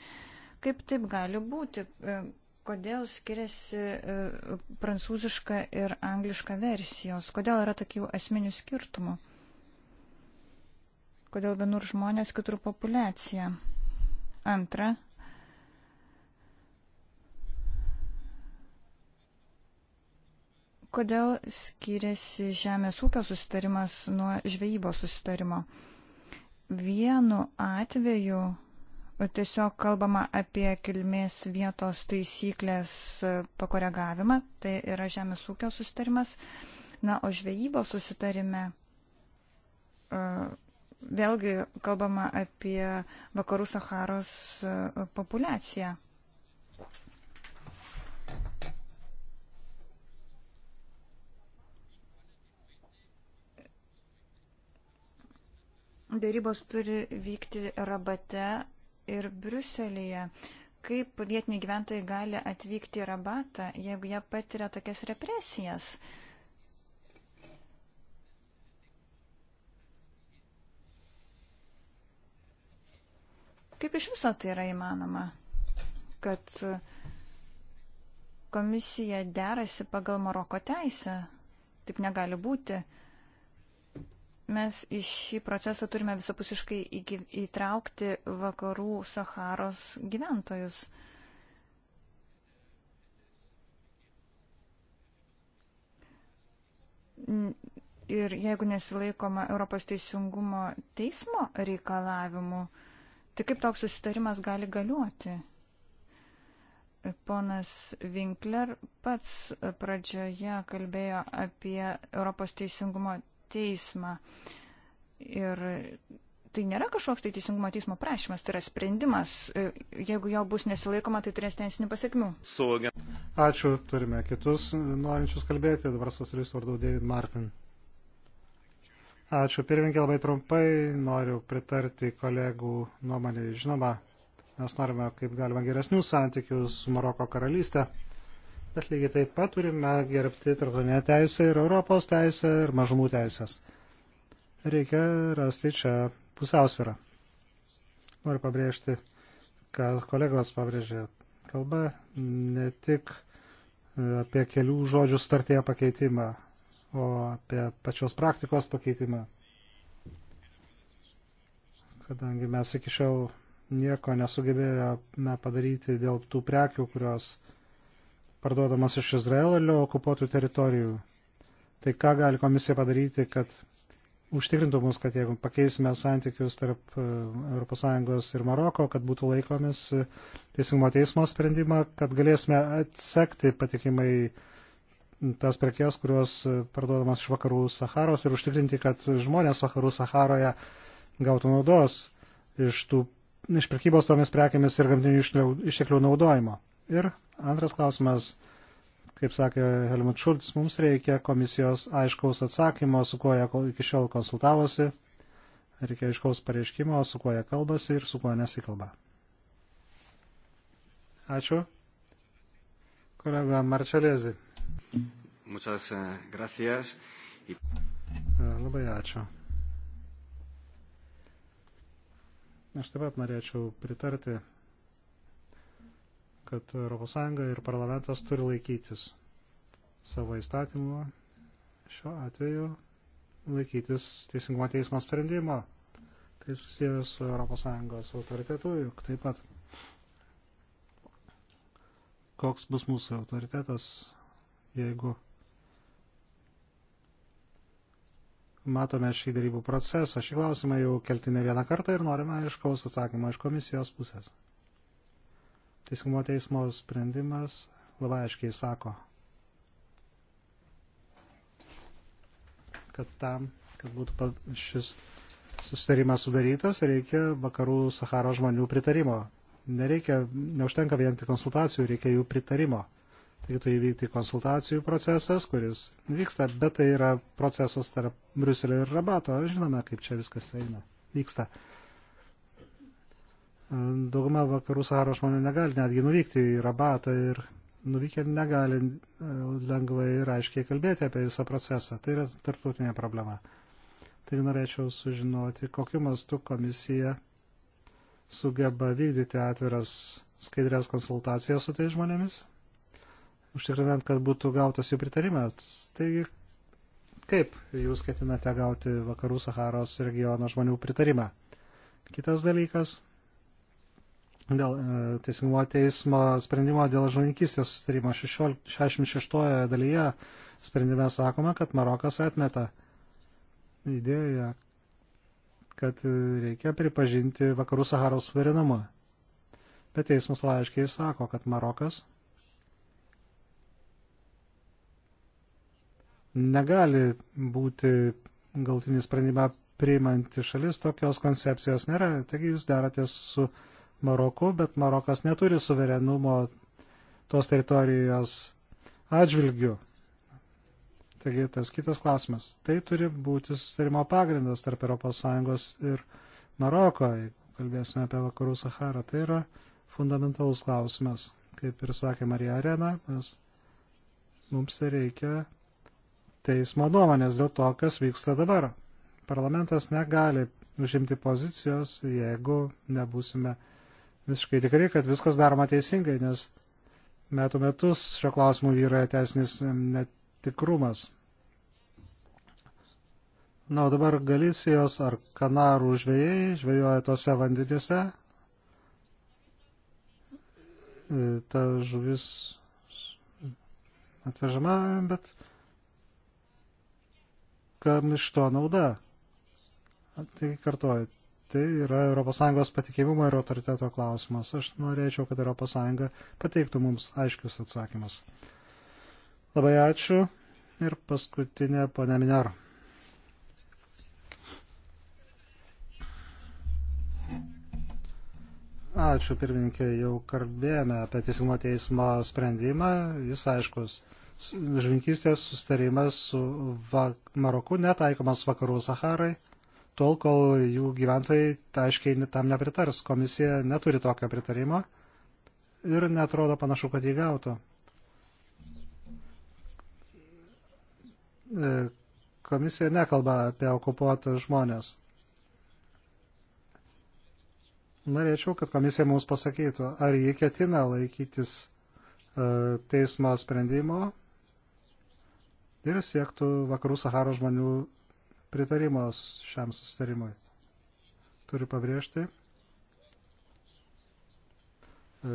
Kaip taip gali būti? E, kodėl skiriasi e, prancūziška ir angliška versijos? Kodėl yra tokių esminių skirtumų? Kodėl vienur žmonės, kitur populiacija? Antra, kodėl skiriasi žemės ūkio susitarimas nuo žvejybos susitarimo. Vienu atveju tiesiog kalbama apie kilmės vietos taisyklės pakoregavimą, tai yra žemės ūkio susitarimas. Na, o žvejybos susitarime vėlgi kalbama apie vakarų Saharos populaciją. Dėrybos turi vykti rabate ir Briuselėje. Kaip vietiniai gyventojai gali atvykti į rabatą, jeigu jie patiria tokias represijas? Kaip iš viso tai yra įmanoma, kad komisija derasi pagal Maroko teisę? Taip negali būti. Mes į šį procesą turime visapusiškai įtraukti vakarų Saharos gyventojus. ir jeigu nesilaikoma Europos teisingumo teismo reikalavimų, tai kaip toks susitarimas gali galioti? Ponas Winkler pats pradžioje kalbėjo apie Europos teisingumo teismą. Ir tai nėra kažkoks tai teisingumo teismo prašymas, tai yra sprendimas. E, jeigu jo bus nesilaikoma, tai turės teisinių pasiekmių. Saugia. Ačiū, turime kitus norinčius kalbėti. Dabar socialistų vardu David Martin. Ačiū, pirmininkė, labai trumpai noriu pritarti kolegų nuomonė. Žinoma, mes norime kaip galima geresnių santykių su Maroko karalystė bet lygiai taip pat turime gerbti tarptautinę teisę ir Europos teisę ir mažumų teisės. Reikia rasti čia pusiausvyrą. Noriu pabrėžti, ką kolegos pabrėžė. Kalba ne tik apie kelių žodžių startėje pakeitimą, o apie pačios praktikos pakeitimą. Kadangi mes iki šiol nieko nesugebėjome padaryti dėl tų prekių, kurios parduodamas iš Izraelio okupuotų teritorijų. Tai ką gali komisija padaryti, kad užtikrintų mus, kad jeigu pakeisime santykius tarp ES ir Maroko, kad būtų laikomis e, teisingumo teismo sprendimą, kad galėsime atsekti patikimai tas prekes, kurios e, parduodamas iš vakarų Saharos ir užtikrinti, kad žmonės vakarų Saharoje gautų naudos iš, tų, iš prekybos tomis prekėmis ir gamtinių išteklių naudojimo. Ir Antras klausimas, kaip sakė Helmut Schultz, mums reikia komisijos aiškaus atsakymo, su kuo jie iki šiol konsultavosi, reikia aiškaus pareiškimo, su kuo jie kalbasi ir su kuo nesikalba. Ačiū. Kolega Marčelėzi. Muchas eh, gracias. E, labai ačiū. Aš taip pat norėčiau pritarti kad ES ir parlamentas turi laikytis savo įstatymų, šiuo atveju laikytis teisingumo teismo sprendimo. Tai susijęs su ES autoritetu, juk taip pat koks bus mūsų autoritetas, jeigu matome šį darybų procesą. Šį klausimą jau kelti ne vieną kartą ir norime aiškaus atsakymą iš komisijos pusės. Teisingumo teismo sprendimas labai aiškiai sako, kad tam, kad būtų šis susitarimas sudarytas, reikia vakarų Saharo žmonių pritarimo. Nereikia, neužtenka vien tik konsultacijų, reikia jų pritarimo. Taigi turi vykti konsultacijų procesas, kuris vyksta, bet tai yra procesas tarp Briuselio ir Rabato. Žinome, kaip čia viskas eina. Vyksta. vyksta dauguma vakarų Saharos žmonių negali netgi nuvykti į rabatą ir nuvykę negali e, lengvai ir aiškiai kalbėti apie visą procesą. Tai yra tarptautinė problema. Tai norėčiau sužinoti, kokiu mastu komisija sugeba vykdyti atviras skaidrės konsultacijas su tais žmonėmis, užtikrinant, kad būtų gautas jų pritarimas. Taigi, kaip jūs ketinate gauti vakarų Saharos regiono žmonių pritarimą? Kitas dalykas – dėl e, Teisingumo teismo sprendimo dėl žuvininkystės sustarimo 66 dalyje sprendime sakoma, kad Marokas atmeta idėją, kad e, reikia pripažinti vakarų Saharos suverenumą. Bet teismas laiškiai sako, kad Marokas negali būti galtinį sprendimą priimanti šalis, tokios koncepcijos nėra, taigi jūs deratės su uh, Maroku, bet Marokas neturi suverenumo tos teritorijos atžvilgių. Taigi tas kitas klausimas. Tai turi būti susitarimo pagrindas tarp ES ir Maroko, jeigu kalbėsime apie vakarų Saharą. Tai yra fundamentalus klausimas. Kaip ir sakė Marija Arena, mes, mums reikia teismo nuomonės dėl to, kas vyksta dabar. Parlamentas negali užimti pozicijos, jeigu nebusime visiškai tikrai, kad viskas daroma teisingai, nes metų metus šio klausimu vyroja teisinis netikrumas. Na, o dabar Galicijos ar Kanarų žvėjai žvejoja tose vandenyse. Ta žuvis atvežama, bet kam iš to nauda? Tai kartuoju, Tai yra ES patikimumo ir autoriteto klausimas. Aš norėčiau, kad ES pateiktų mums aiškius atsakymus. Labai ačiū. Ir paskutinė ponė Minar. Ačiū pirmininkė, jau kalbėjome apie teisingumo teismo sprendimą, jis aiškus. Žvinkystės sustarimas su va Maroku netaikomas vakarų Saharai tol, kol jų gyventojai tai aiškiai tam nepritars. Komisija neturi tokio pritarimo ir netrodo panašu, kad jį gautų. E, komisija nekalba apie okupuotus žmonės. Norėčiau, kad komisija mums pasakytų, ar jie ketina laikytis e, teismo sprendimo ir siektų vakarų Saharos žmonių pritarimo šiam sustarimui. Turiu pabrėžti. E,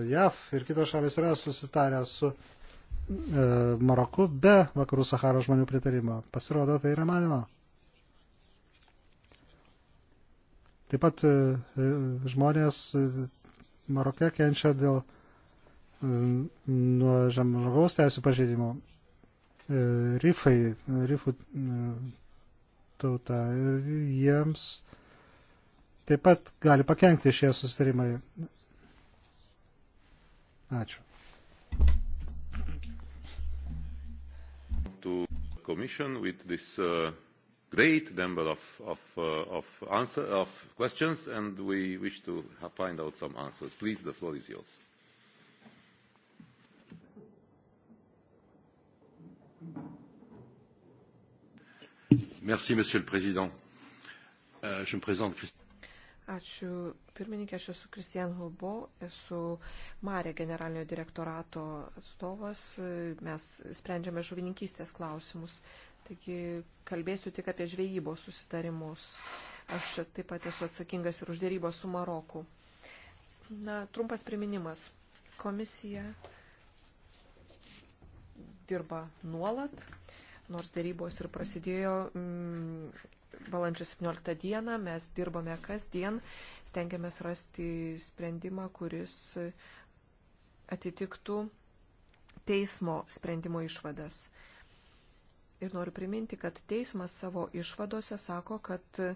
JAV ir kitos šalis yra susitarę su e, Maroku be vakarų Saharo žmonių pritarimo. Pasirodo, tai yra manima. Taip pat e, e žmonės e, Marokė kenčia dėl e, nuo žmogaus teisų pažeidimų. Rifai, rifų tautą ir jiems taip pat gali pakengti šie susitarimai. Ačiū. To commission with this uh, great number of, of, uh, of, answer, of questions and we wish to find out some answers. Please, the floor is yours. Merci, monsieur le président. Uh, je me présente, Christian. Ačiū. Pirmininkė, aš esu Kristijan Hubo, esu Marė generalinio direktorato atstovas. Mes sprendžiame žuvininkystės klausimus. Taigi kalbėsiu tik apie žvejybos susitarimus. Aš taip pat esu atsakingas ir už dėrybą su Maroku. Na, trumpas priminimas. Komisija dirba nuolat. Uh, nors dėrybos ir prasidėjo mm, balandžio 17 dieną, mes dirbame kasdien, stengiamės rasti sprendimą, kuris atitiktų teismo sprendimo išvadas. Ir noriu priminti, kad teismas savo išvadose sako, kad e,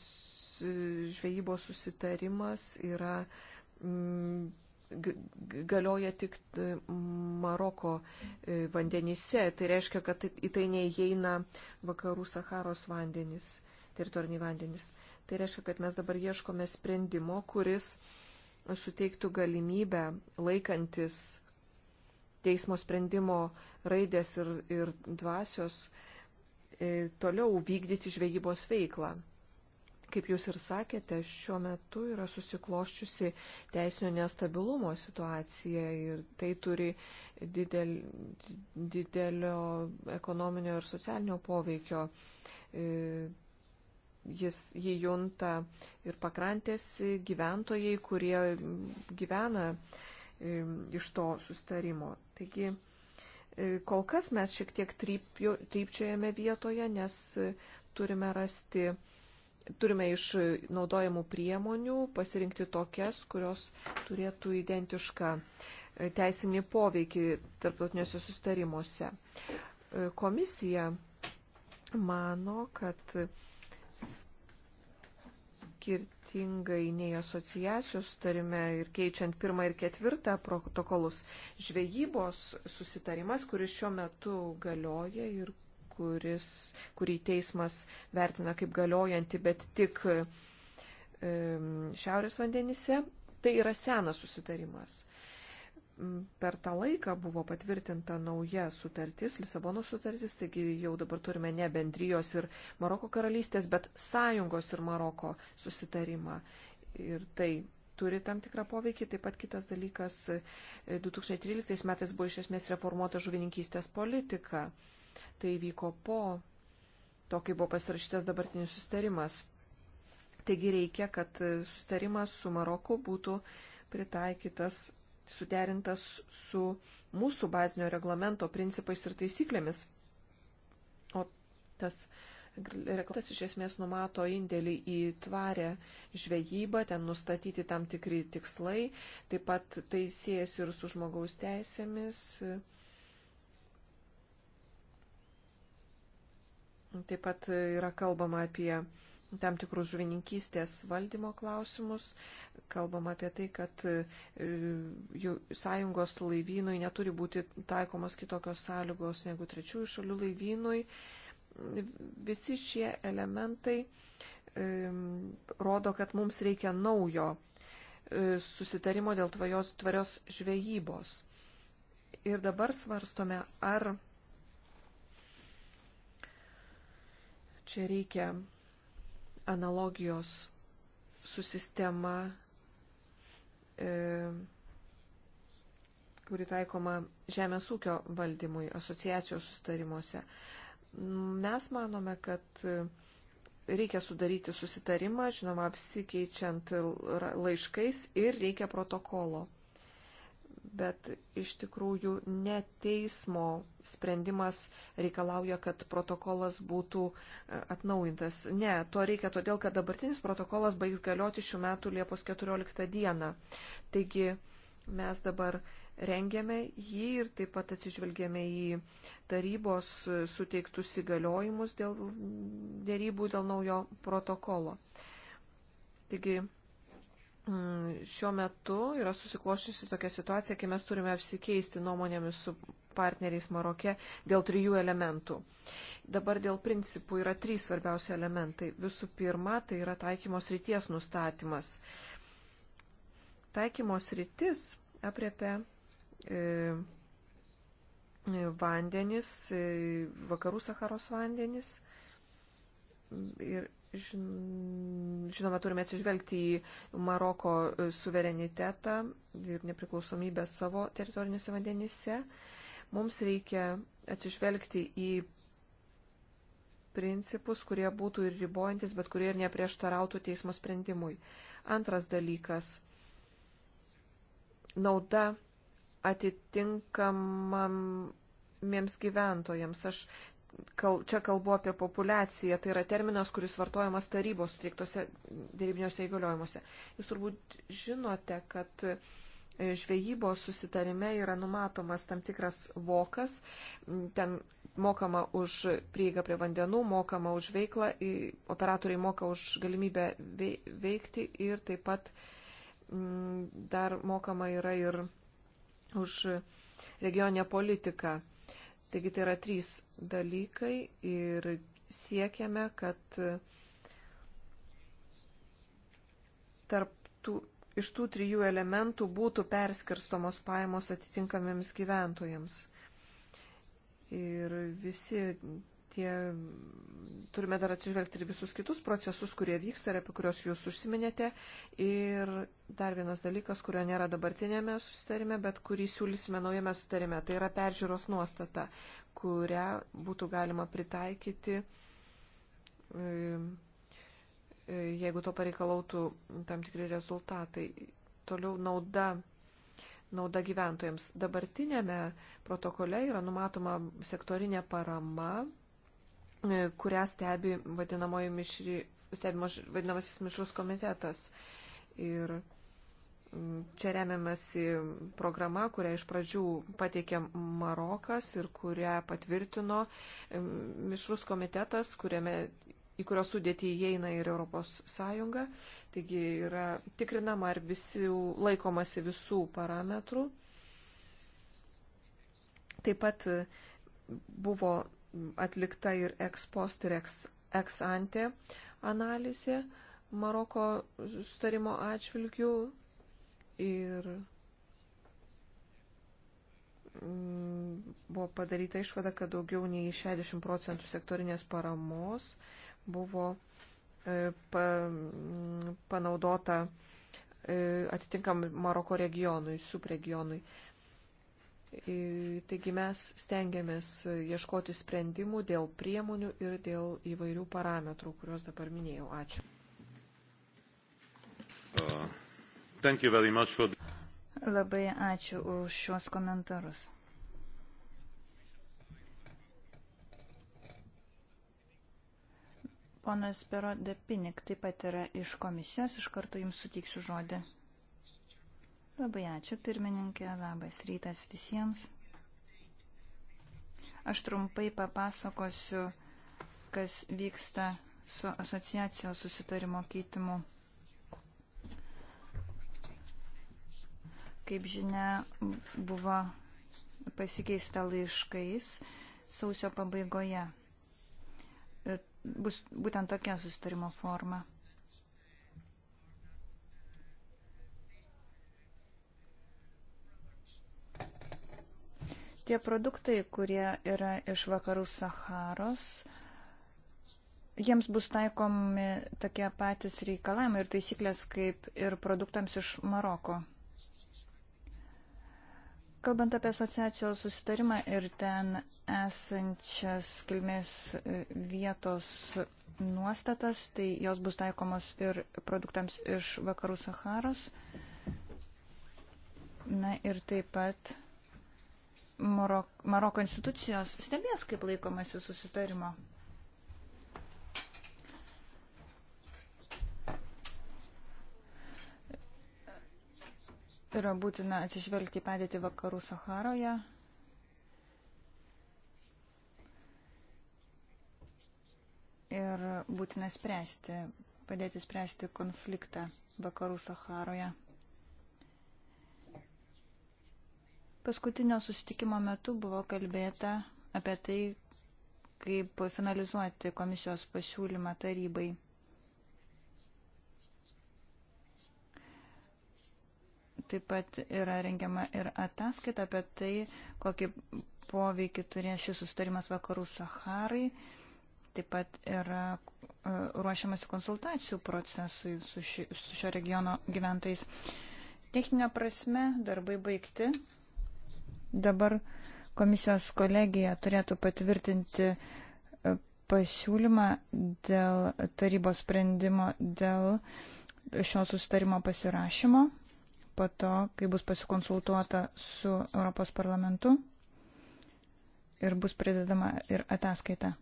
žvejybos susitarimas yra mm, galioja tik e, Maroko e, vandenyse. Tai reiškia, kad tai, į tai neįeina vakarų Saharos vandenys, teritoriniai vandenys. Tai reiškia, kad mes dabar ieškome sprendimo, kuris suteiktų galimybę laikantis teismo sprendimo raidės ir, ir dvasios e, toliau vykdyti žvejybos veiklą. Kaip jūs ir sakėte, šiuo metu yra susikloščiusi teisinio nestabilumo situacija ir tai turi didel, didelio ekonominio ir socialinio poveikio. E, jis jį junta ir pakrantės gyventojai, kurie gyvena e, iš to sustarimo. Taigi, e, kol kas mes šiek tiek trypčiojame vietoje, nes turime rasti turime iš naudojamų priemonių pasirinkti tokias, kurios turėtų identišką e, teisinį poveikį tarptautiniuose sustarimuose. E, komisija mano, kad skirtingai nei asociacijos sutarime ir keičiant pirmą ir ketvirtą protokolus, žvejybos susitarimas, kuris šiuo metu galioja ir kuris, kurį teismas vertina kaip galiojantį, bet tik e, Šiaurės vandenyse, tai yra senas susitarimas. Per tą laiką buvo patvirtinta nauja sutartis, Lisabono sutartis, taigi jau dabar turime ne bendrijos ir Maroko karalystės, bet sąjungos ir Maroko susitarimą. Ir tai turi tam tikrą poveikį. Taip pat kitas dalykas, e, 2013 metais buvo iš esmės reformuota žuvininkystės politika. Tai vyko po to, kai buvo pasirašytas dabartinis sustarimas. Taigi reikia, kad sustarimas su Maroku būtų pritaikytas, suderintas su mūsų bazinio reglamento principais ir taisyklėmis. O tas reglamentas iš esmės numato indėlį į tvarę žvejybą, ten nustatyti tam tikri tikslai, taip pat tai siejasi ir su žmogaus teisėmis. E, Taip pat yra kalbama apie tam tikrus žuvininkystės valdymo klausimus. Kalbama apie tai, kad e, sąjungos laivynui neturi būti taikomos kitokios sąlygos negu trečiųjų šalių laivynui. Visi šie elementai e, rodo, kad mums reikia naujo e, susitarimo dėl tvarios žvejybos. Ir dabar svarstome, ar Čia reikia analogijos su sistema, e, kuri taikoma žemės ūkio valdymui asociacijos sustarimuose. Mes manome, kad e, reikia sudaryti susitarimą, žinoma, apsikeičiant laiškais ir reikia protokolo bet iš tikrųjų ne teismo sprendimas reikalauja, kad protokolas būtų e, atnaujintas. Ne, to reikia todėl, kad dabartinis protokolas baigs galioti šių metų Liepos 14 dieną. Taigi mes dabar rengėme jį ir taip pat atsižvelgėme į tarybos suteiktus įgaliojimus dėl dėrybų dėl naujo protokolo. Taigi Mm, šiuo metu yra susikloščiusi tokia situacija, kai mes turime apsikeisti nuomonėmis su partneriais Marokė dėl trijų elementų. Dabar dėl principų yra trys svarbiausi elementai. Visų pirma, tai yra taikymos ryties nustatymas. Taikymos rytis apriepia e, vandenis, e, vakarų Saharos vandenis ir Žinoma, turime atsižvelgti į Maroko e, suverenitetą ir nepriklausomybę savo teritorinėse vandenyse. Mums reikia atsižvelgti į principus, kurie būtų ir ribojantis, bet kurie ir neprieštarautų teismo sprendimui. Antras dalykas - nauda atitinkamamiems gyventojams. Aš kal, čia kalbu apie populaciją, tai yra terminas, kuris vartojamas tarybos suteiktose dėrybiniuose įgaliojimuose. Jūs turbūt žinote, kad e, žvejybos susitarime yra numatomas tam tikras vokas, ten mokama už prieigą prie vandenų, mokama už veiklą, operatoriai moka už galimybę veikti ir taip pat dar mokama yra ir už regioninę politiką Taigi tai yra trys dalykai ir siekiame, kad tarp tų, iš tų trijų elementų būtų perskirstomos pajamos atitinkamiems gyventojams. Ir visi tie, turime dar atsižvelgti ir visus kitus procesus, kurie vyksta ir apie kuriuos jūs užsiminėte. Ir dar vienas dalykas, kurio nėra dabartinėme susitarime, bet kurį siūlysime naujame susitarime, tai yra peržiūros nuostata, kurią būtų galima pritaikyti, jeigu to pareikalautų tam tikri rezultatai. Toliau nauda nauda gyventojams. Dabartinėme protokole yra numatoma sektorinė parama E, kurią stebi vadinamoji mišri, stebimas vadinamasis mišrus komitetas. Ir mm, čia remiamasi programa, kurią iš pradžių pateikė Marokas ir kurią patvirtino e, mišrus komitetas, kuriame, į kurio sudėtį įeina ir Europos Sąjunga. Taigi yra tikrinama, ar visi laikomasi visų parametrų. Taip pat e, buvo atlikta ir ex post ir ex, ex ante analizė Maroko sustarimo atžvilgių ir mm, buvo padaryta išvada, kad daugiau nei 60 procentų sektorinės paramos buvo e, pa, mm, panaudota e, atitinkam Maroko regionui, subregionui. Taigi mes stengiamės ieškoti sprendimų dėl priemonių ir dėl įvairių parametrų, kuriuos dabar minėjau. Ačiū. Uh, for... Labai ačiū už šios komentarus. Ponas Pero Depinik taip pat yra iš komisijos, iš karto jums suteiksiu žodį. Labai ačiū pirmininkė, labas rytas visiems. Aš trumpai papasakosiu, kas vyksta su asociacijos susitarimo keitimu. Kaip žinia, buvo pasikeista laiškais sausio pabaigoje. Bus būtent tokia susitarimo forma. Tie produktai, kurie yra iš vakarų Saharos, jiems bus taikomi tokie patys reikalavimai ir taisyklės kaip ir produktams iš Maroko. Kalbant apie asociacijos susitarimą ir ten esančias kilmės e, vietos nuostatas, tai jos bus taikomos ir produktams iš vakarų Saharos. Na ir taip pat Maroko, Maroko institucijos stebės, kaip laikomasi susitarimo. Yra būtina atsižvelgti padėti vakarų Saharoje. Ir būtina spręsti, padėti spręsti konfliktą vakarų Saharoje. Paskutinio susitikimo metu buvo kalbėta apie tai, kaip finalizuoti komisijos pasiūlymą tarybai. Taip pat yra rengiama ir ataskaita apie tai, kokį poveikį turės šis sustarimas vakarų Saharai. Taip pat yra e, ruošiamasi konsultacijų procesui su, ši, su šio regiono gyventojais. Techninio prasme darbai baigti Dabar komisijos kolegija turėtų patvirtinti e, pasiūlymą dėl tarybos sprendimo dėl šio susitarimo pasirašymo po to, kai bus pasikonsultuota su Europos parlamentu ir bus pridedama ir ataskaita.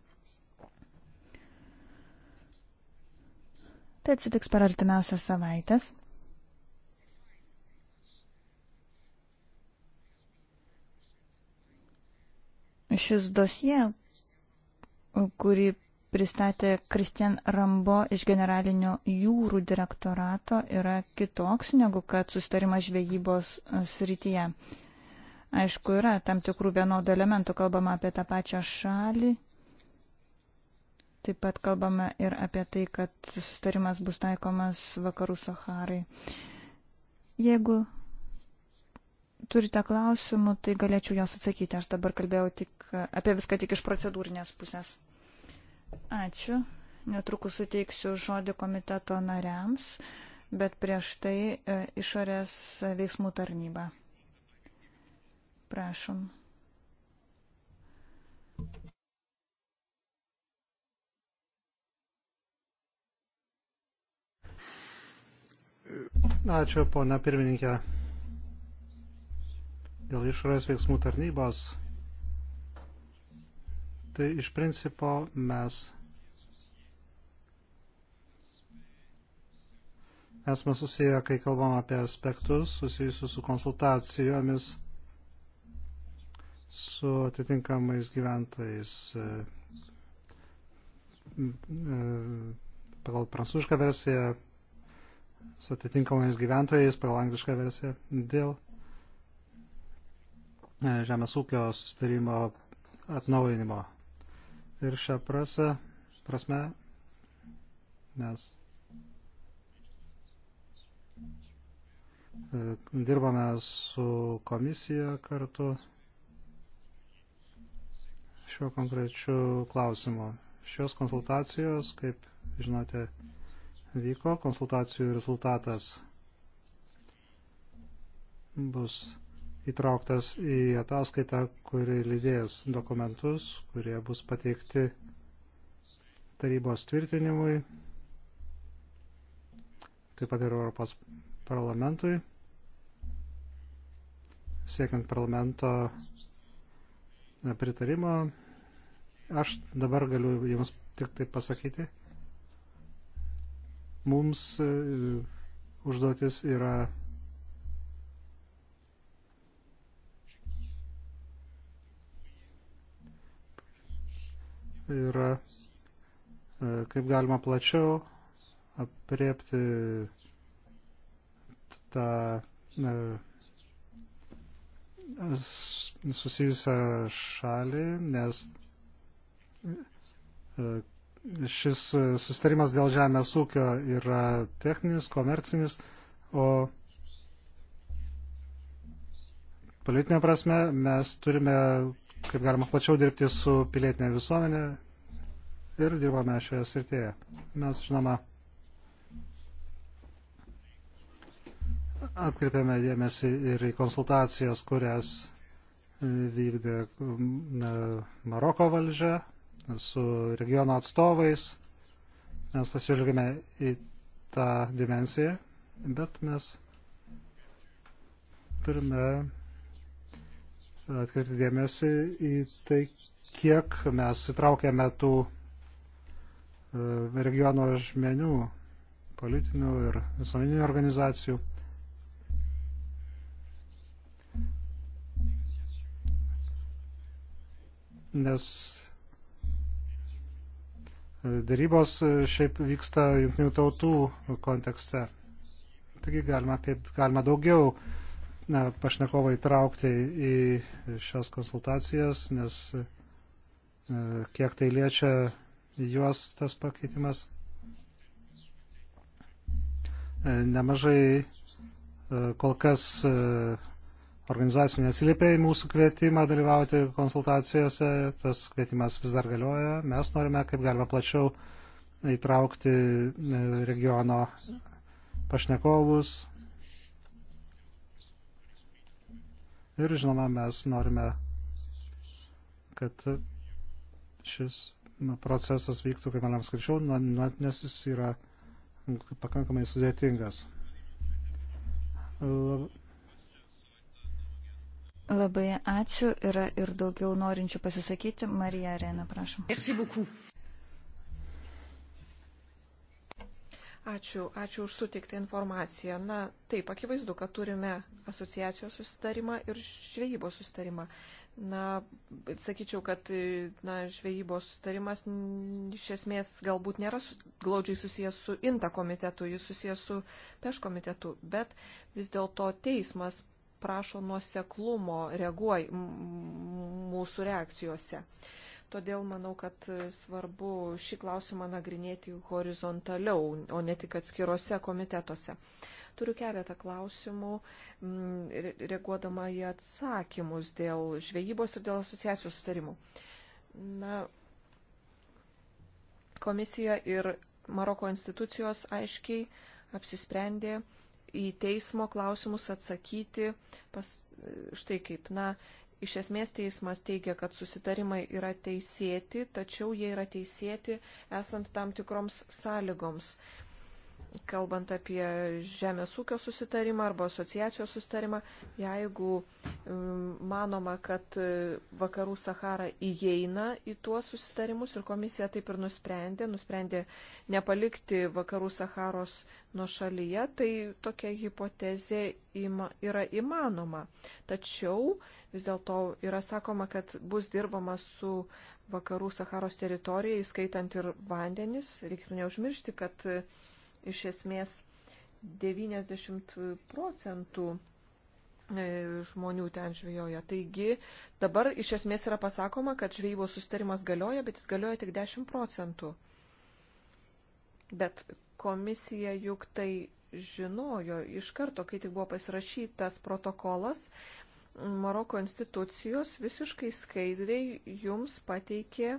Tai atsitiks per artimiausias savaitės. Šis dosie, kurį pristatė Kristian Rambo iš generalinio jūrų direktorato, yra kitoks negu kad sustarimas žvejybos e, srityje. Aišku, yra tam tikrų vienodų elementų, kalbama apie tą pačią šalį. Taip pat kalbame ir apie tai, kad sustarimas bus taikomas vakarų Saharai. Jeigu turite klausimų, tai galėčiau juos atsakyti. Aš dabar kalbėjau tik apie viską tik iš procedūrinės pusės. Ačiū. Netrukus suteiksiu žodį komiteto nariams, bet prieš tai e, išorės veiksmų tarnyba. Prašom. Ačiū, ponia pirmininkė dėl išorės veiksmų tarnybos, tai iš principo mes esame susiję, kai kalbam apie aspektus susijusius su konsultacijomis su atitinkamais gyventojais e, e, pagal prancūzišką versiją, su atitinkamais gyventojais pagal anglišką versiją dėl žemės ūkio sustarimo atnaujinimo. Ir šią prasą, prasme mes e, dirbame su komisija kartu šiuo konkrečiu klausimu. Šios konsultacijos, kaip žinote, vyko. Konsultacijų rezultatas bus įtrauktas į ataskaitą, kuri lydės dokumentus, kurie bus pateikti tarybos tvirtinimui, taip pat ir Europos parlamentui, siekiant parlamento pritarimo. Aš dabar galiu Jums tik tai pasakyti. Mums e, užduotis yra Tai yra e, kaip galima plačiau apriepti tą e, susijusią šalį, nes e, šis sustarimas dėl žemės ūkio yra techninis, komercinis, o politinė prasme mes turime kaip galima plačiau dirbti su pilietinė visuomenė ir dirbame šioje srityje. Mes, žinoma, atkreipiame dėmesį ir į konsultacijas, kurias vykdė Maroko valdžia su regiono atstovais. Mes atsižvelgime į tą dimensiją, bet mes turime atkreipti dėmesį į tai, kiek mes įtraukėme tų e, regiono žmenių, politinių ir visuomeninių organizacijų. Nes e, darybos šiaip vyksta jungtinių tautų kontekste. Taigi galima, kaip galima daugiau uh, na, pašnekovą įtraukti į šias konsultacijas, nes e, kiek tai liečia juos tas pakeitimas. E, nemažai e, kol kas e, organizacijų neatsiliepia į mūsų kvietimą dalyvauti konsultacijose. Tas kvietimas vis dar galioja. Mes norime kaip galima plačiau įtraukti e, regiono pašnekovus, Ir žinoma, mes norime, kad šis procesas vyktų kaip manams skaičiau, nes jis yra pakankamai sudėtingas. Lab... Labai ačiū. Yra ir daugiau norinčių pasisakyti. Marija Arena, prašom. Ačiū, ačiū už suteiktą informaciją. Na, taip, akivaizdu, kad turime asociacijos susitarimą ir žvejybos susitarimą. Na, sakyčiau, kad na, žvejybos susitarimas iš esmės galbūt nėra glaudžiai susijęs su INTA komitetu, jis susijęs su PEŠ komitetu, bet vis dėlto teismas prašo nuoseklumo reaguoj mūsų reakcijose. Uh, Todėl manau, kad svarbu šį klausimą nagrinėti horizontaliau, o ne tik atskiruose komitetuose. Turiu keletą klausimų, reaguodama į atsakymus dėl žvejybos ir dėl asociacijos sutarimų. Na, komisija ir Maroko institucijos aiškiai apsisprendė į teismo klausimus atsakyti pas, štai kaip, na, Iš esmės teismas teigia, kad susitarimai yra teisėti, tačiau jie yra teisėti esant tam tikroms sąlygoms kalbant apie žemės ūkio susitarimą arba asociacijos susitarimą, jeigu mm, manoma, kad e, vakarų Sahara įeina į tuos susitarimus ir komisija taip ir nusprendė, nusprendė nepalikti vakarų Saharos nuo šalyje, tai tokia hipotezė yra įmanoma. Tačiau vis dėlto yra sakoma, kad bus dirbama su vakarų Saharos teritorija, įskaitant ir vandenis. Reikėtų neužmiršti, kad iš esmės 90 procentų e, žmonių ten žvėjoja. Taigi dabar iš esmės yra pasakoma, kad žvejybos sustarimas galioja, bet jis galioja tik 10 procentų. Bet komisija juk tai žinojo iš karto, kai tik buvo pasirašytas protokolas, Maroko institucijos visiškai skaidriai jums pateikė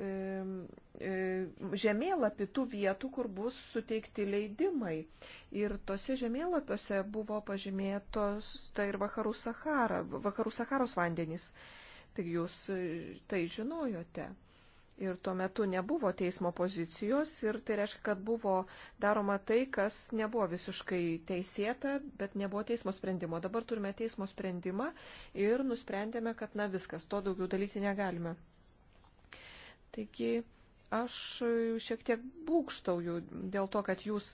žemėlapį tų vietų, kur bus suteikti leidimai. Ir tose žemėlapiuose buvo pažymėtos tai ir vakarų, Sahara, vakarų Saharos vandenys. Taigi jūs e, tai žinojote. Ir tuo metu nebuvo teismo pozicijos ir tai reiškia, kad buvo daroma tai, kas nebuvo visiškai teisėta, bet nebuvo teismo sprendimo. Dabar turime teismo sprendimą ir nusprendėme, kad na viskas, to daugiau dalyti negalime. Taigi aš šiek tiek būkštauju dėl to, kad jūs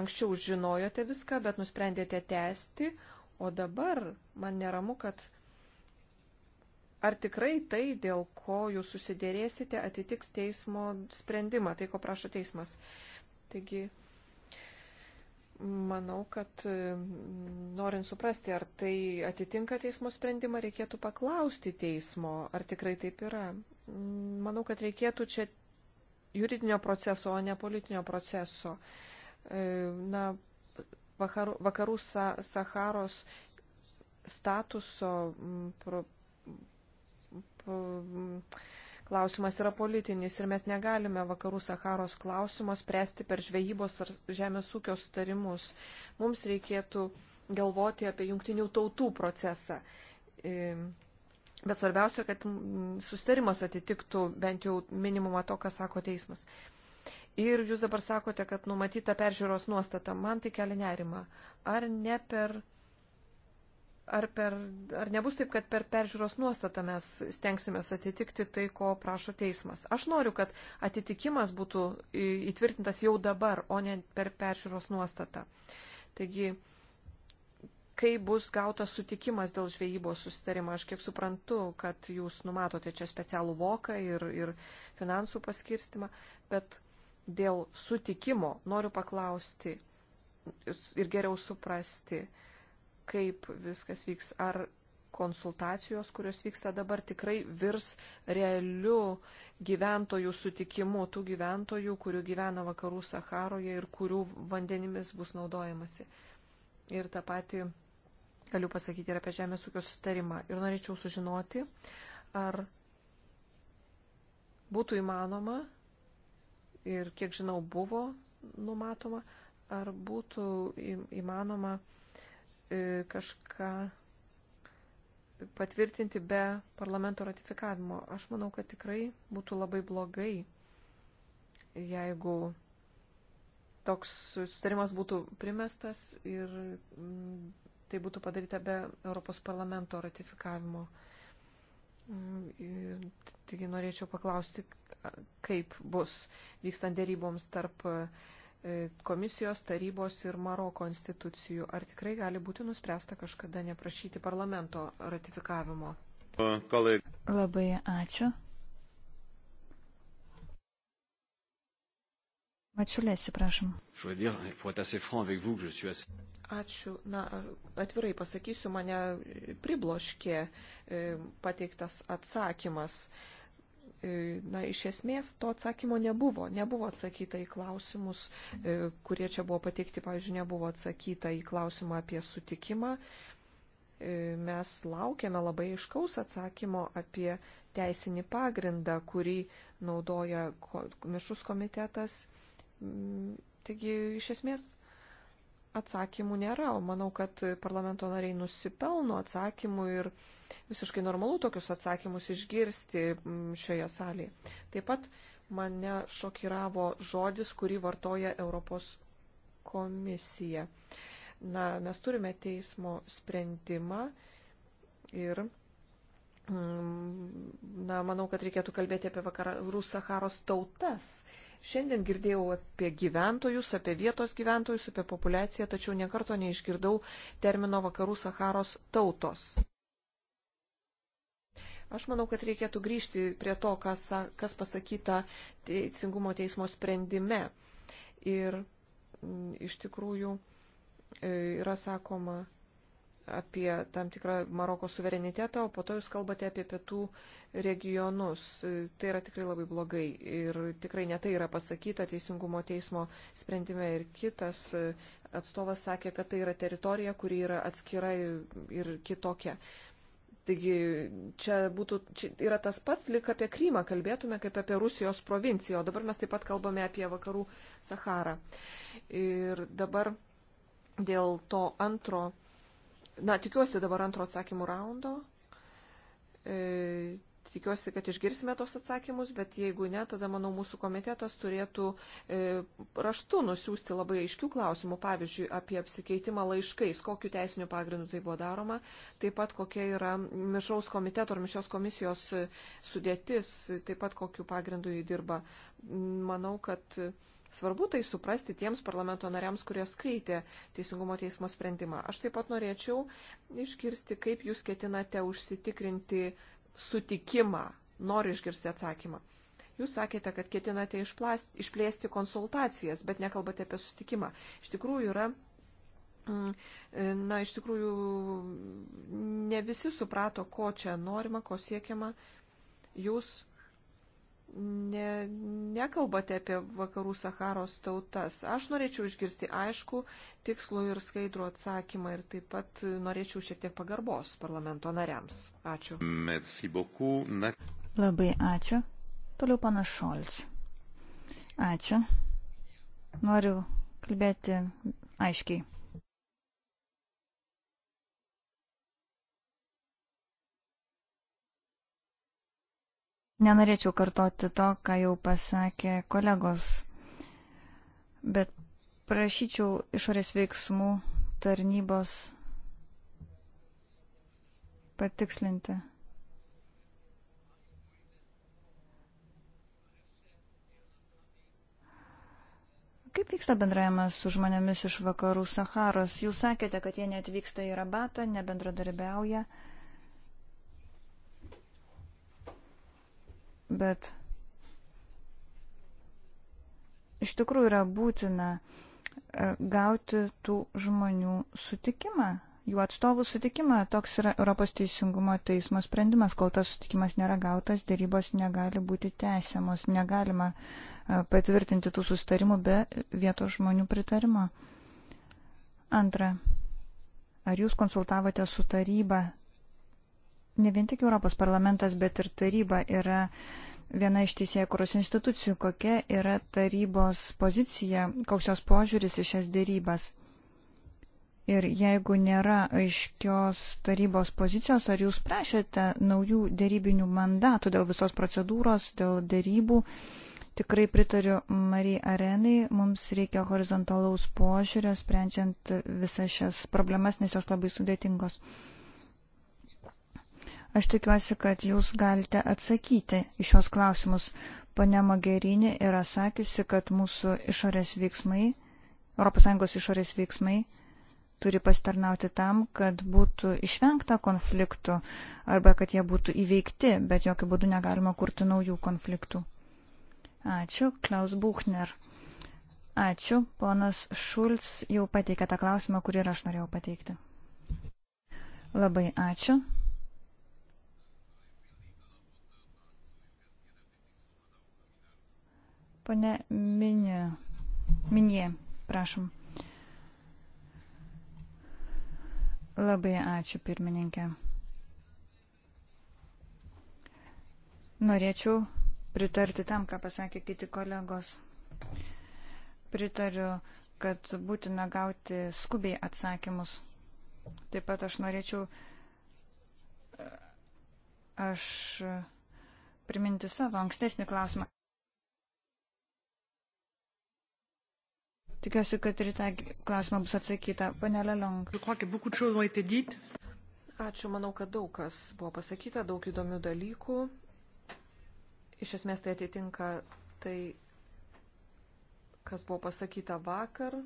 anksčiau žinojote viską, bet nusprendėte tęsti, o dabar man neramu, kad ar tikrai tai, dėl ko jūs susidėrėsite, atitiks teismo sprendimą, tai ko prašo teismas. Taigi manau, kad mm, norint suprasti, ar tai atitinka teismo sprendimą, reikėtų paklausti teismo, ar tikrai taip yra manau, kad reikėtų čia juridinio proceso, o ne politinio proceso. E, na, vakarų, vakarų Saharos statuso pro, pro, klausimas yra politinis ir mes negalime vakarų Saharos klausimo spręsti per žvejybos ar žemės ūkio sutarimus. Mums reikėtų galvoti apie jungtinių tautų procesą. E, Bet svarbiausia, kad sustarimas atitiktų bent jau minimumą to, ką sako teismas. Ir jūs dabar sakote, kad numatyta peržiūros nuostata. Man tai kelia nerima. Ar ne per. Ar, per, ar nebus taip, kad per peržiūros nuostatą mes stengsime atitikti tai, ko prašo teismas? Aš noriu, kad atitikimas būtų įtvirtintas jau dabar, o ne per peržiūros nuostatą. Taigi, uh, kai bus gautas sutikimas dėl žvejybos susitarimo. Aš kiek suprantu, kad jūs numatote čia specialų voką ir, ir finansų paskirstimą, bet dėl sutikimo noriu paklausti ir geriau suprasti, kaip viskas vyks. Ar konsultacijos, kurios vyksta dabar, tikrai virs realiu gyventojų sutikimu, tų gyventojų, kurių gyvena vakarų Saharoje ir kurių vandenimis bus naudojamasi. Ir tą patį galiu pasakyti ir apie žemės ūkio sustarimą. Ir norėčiau sužinoti, ar būtų įmanoma ir kiek žinau buvo numatoma, ar būtų įmanoma e, kažką patvirtinti be parlamento ratifikavimo. Aš manau, kad tikrai būtų labai blogai, jeigu toks sutarimas būtų primestas ir tai būtų padaryta be Europos parlamento ratifikavimo. Mm, taigi norėčiau paklausti, kaip bus vykstant dėryboms tarp e, komisijos, tarybos ir Maroko institucijų. Ar tikrai gali būti nuspręsta kažkada neprašyti parlamento ratifikavimo? Labai ačiū. Mačiulėsi, prašom. Ačiū. Na, atvirai pasakysiu, mane pribloškė e, pateiktas atsakymas. E, na, iš esmės to atsakymo nebuvo. Nebuvo atsakyta į klausimus, e, kurie čia buvo pateikti, pavyzdžiui, nebuvo atsakyta į klausimą apie sutikimą. Mes laukiame labai iškaus atsakymo apie teisinį pagrindą, kurį naudoja mišus komitetas Mm, taigi, iš esmės, atsakymų nėra, o manau, kad parlamento nariai nusipelno atsakymų ir visiškai normalu tokius atsakymus išgirsti mm, šioje salėje. Taip pat mane šokiravo žodis, kurį vartoja Europos komisija. Na, mes turime teismo sprendimą ir, mm, na, manau, kad reikėtų kalbėti apie vakarų Saharos tautas Šiandien girdėjau apie gyventojus, apie vietos gyventojus, apie populaciją, tačiau niekarto neišgirdau termino vakarų Saharos tautos. Aš manau, kad reikėtų grįžti prie to, kas, kas pasakyta teisingumo teismo sprendime. Ir m, mm, iš tikrųjų e, yra sakoma, apie tam tikrą Maroko suverenitetą, o po to jūs kalbate apie pietų regionus. Tai yra tikrai labai blogai ir tikrai netai yra pasakyta Teisingumo teismo sprendime ir kitas e, atstovas sakė, kad tai yra teritorija, kuri yra atskira ir kitokia. Taigi čia būtų, čia yra tas pats, lik apie Krymą kalbėtume kaip apie Rusijos provinciją, o dabar mes taip pat kalbame apie vakarų Saharą. Ir dabar dėl to antro Na, tikiuosi dabar antro atsakymų raundo. E, tikiuosi, kad išgirsime tos atsakymus, bet jeigu ne, tada, manau, mūsų komitetas turėtų e, raštu nusiųsti labai aiškių klausimų, pavyzdžiui, apie apsikeitimą laiškais, kokiu teisiniu pagrindu tai buvo daroma, taip pat kokia yra mišaus komiteto ar mišios komisijos e, sudėtis, taip pat kokiu pagrindu jį dirba. Manau, kad Svarbu tai suprasti tiems parlamento nariams, kurie skaitė Teisingumo teismo sprendimą. Aš taip pat norėčiau išgirsti, kaip jūs ketinate užsitikrinti sutikimą. Noriu išgirsti atsakymą. Jūs sakėte, kad ketinate išplėsti konsultacijas, bet nekalbate apie sustikimą. Iš tikrųjų yra mm, na, iš tikrųjų ne visi suprato, ko čia norima, ko siekiama. Jūs ne, nekalbate apie vakarų Saharos tautas. Aš norėčiau išgirsti aišku, tikslų ir skaidrų atsakymą ir taip pat norėčiau šiek tiek pagarbos parlamento nariams. Ačiū. Merci beaucoup. Na... Labai ačiū. Toliau panas Šolts. Ačiū. Noriu kalbėti aiškiai. Nenorėčiau kartoti to, ką jau pasakė kolegos, bet prašyčiau išorės veiksmų tarnybos patikslinti. Kaip vyksta bendravimas su žmonėmis iš vakarų Saharos? Jūs sakėte, kad jie neatvyksta į rabatą, nebendradarbiauja. Uh, bet iš tikrųjų yra būtina e, gauti tų žmonių sutikimą, jų atstovų sutikimą. Toks yra Europos teisingumo teismo sprendimas. Kol tas sutikimas nėra gautas, dėrybos negali būti tęsiamos, negalima e, patvirtinti tų sustarimų be vietos žmonių pritarimo. Antra, ar jūs konsultavote su taryba ne vien tik Europos parlamentas, bet ir taryba yra viena iš teisėkuros institucijų. Kokia yra tarybos pozicija, koks jos požiūris į šias dėrybas? Ir jeigu nėra aiškios tarybos pozicijos, ar jūs prašėte naujų dėrybinių mandatų dėl visos procedūros, dėl dėrybų? Tikrai pritariu Marijai Arenai, mums reikia horizontalaus požiūrio, sprendžiant visas šias problemas, nes jos labai sudėtingos. Aš tikiuosi, kad jūs galite atsakyti iš šios klausimus. Pane Magerinė yra sakiusi, kad mūsų išorės veiksmai, ES išorės veiksmai turi pastarnauti tam, kad būtų išvengta konfliktų arba kad jie būtų įveikti, bet jokių būdų negalima kurti naujų konfliktų. Ačiū, Klaus Buchner. Ačiū, ponas Šulc jau pateikė tą klausimą, kurį ir aš norėjau pateikti. Labai ačiū. Pone Minė, Minė, prašom. Labai ačiū, pirmininkė. Norėčiau pritarti tam, ką pasakė kiti kolegos. Pritariu, kad būtina gauti skubiai atsakymus. Taip pat aš norėčiau aš priminti savo ankstesnį klausimą. Tikiuosi, kad ir tą klausimą bus atsakyta. Pane Lelong. Ačiū, manau, kad daug kas buvo pasakyta, daug įdomių dalykų. Iš esmės tai atitinka tai, kas buvo pasakyta vakar,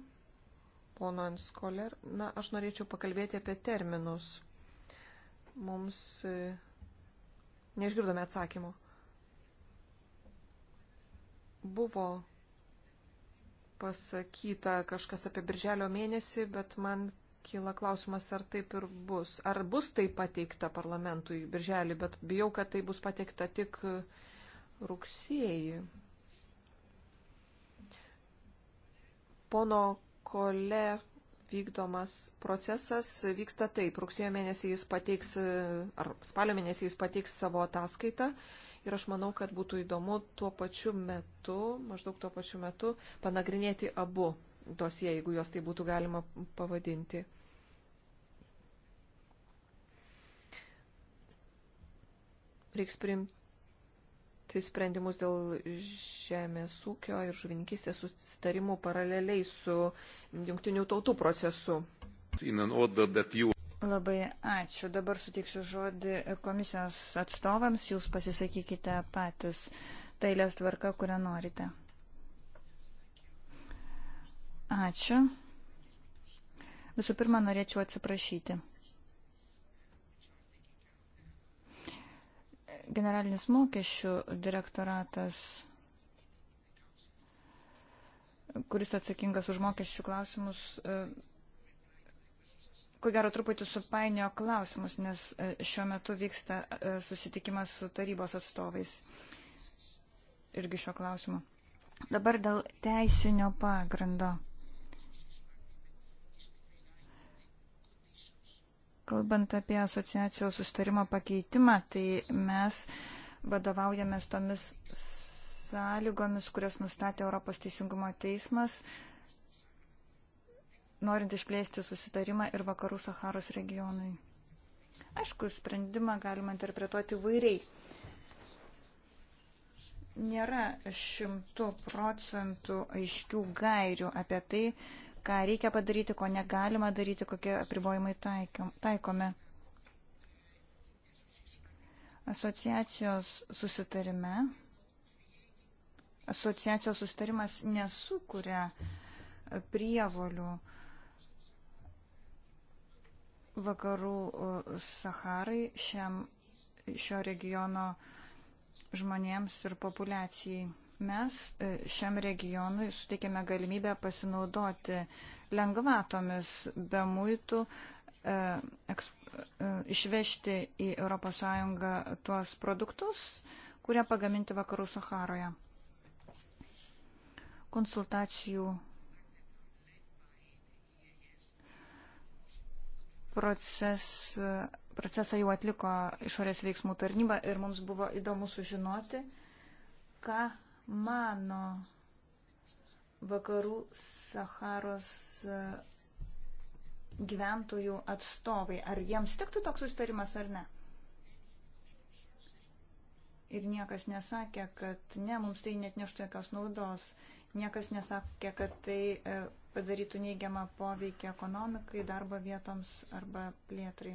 pono Anskoler. Na, aš norėčiau pakalbėti apie terminus. Mums e, neišgirdome atsakymo. Buvo pasakyta kažkas apie birželio mėnesį, bet man kyla klausimas, ar taip ir bus. Ar bus tai pateikta parlamentui birželį, bet bijau, kad tai bus pateikta tik rugsėjį. Pono kole vykdomas procesas vyksta taip. Rugsėjo mėnesį jis pateiks, ar spalio mėnesį jis pateiks savo ataskaitą. Uh, ir aš manau, kad būtų įdomu tuo pačiu metu, maždaug tuo pačiu metu, panagrinėti abu dosie, jeigu juos tai būtų galima pavadinti. Reiks priimti sprendimus dėl žemės ūkio ir žuvininkystės susitarimų paraleliai su jungtinių tautų procesu. In an order that you Labai ačiū. Dabar suteiksiu žodį komisijos atstovams. Jūs pasisakykite patys tailės tvarka, kurią norite. Ačiū. Visų pirma, norėčiau atsiprašyti. Generalinis mokesčių direktoratas, kuris atsakingas už mokesčių klausimus, ko gero truputį supainio klausimus, nes e, šiuo metu vyksta e, susitikimas su tarybos atstovais irgi šio klausimu. Dabar dėl teisinio pagrindo. Kalbant apie asociacijos sustarimo pakeitimą, tai mes vadovaujamės tomis sąlygomis, kurias nustatė Europos teisingumo teismas norint išplėsti susitarimą ir vakarų Saharos regionui. Aišku, sprendimą galima interpretuoti vairiai. Nėra šimtų procentų aiškių gairių apie tai, ką reikia padaryti, ko negalima daryti, kokie apribojimai taikome. Asociacijos susitarime. Asociacijos susitarimas nesukuria prievolių uh, vakarų Saharai, šiam, šio regiono žmonėms ir populiacijai. Mes e, šiam regionui suteikėme galimybę pasinaudoti lengvatomis be muitų, e, e, išvežti į ES tuos produktus, kurie pagaminti vakarų Saharoje. Konsultacijų proces, procesą jau atliko išorės veiksmų tarnyba ir mums buvo įdomu sužinoti, ką mano vakarų Saharos e, gyventojų atstovai. Ar jiems tiktų toks sustarimas ar ne? Ir niekas nesakė, kad ne, mums tai net neštų jokios naudos. Niekas nesakė, kad tai e, padarytų neigiamą poveikį ekonomikai, darbo vietoms arba plėtrai.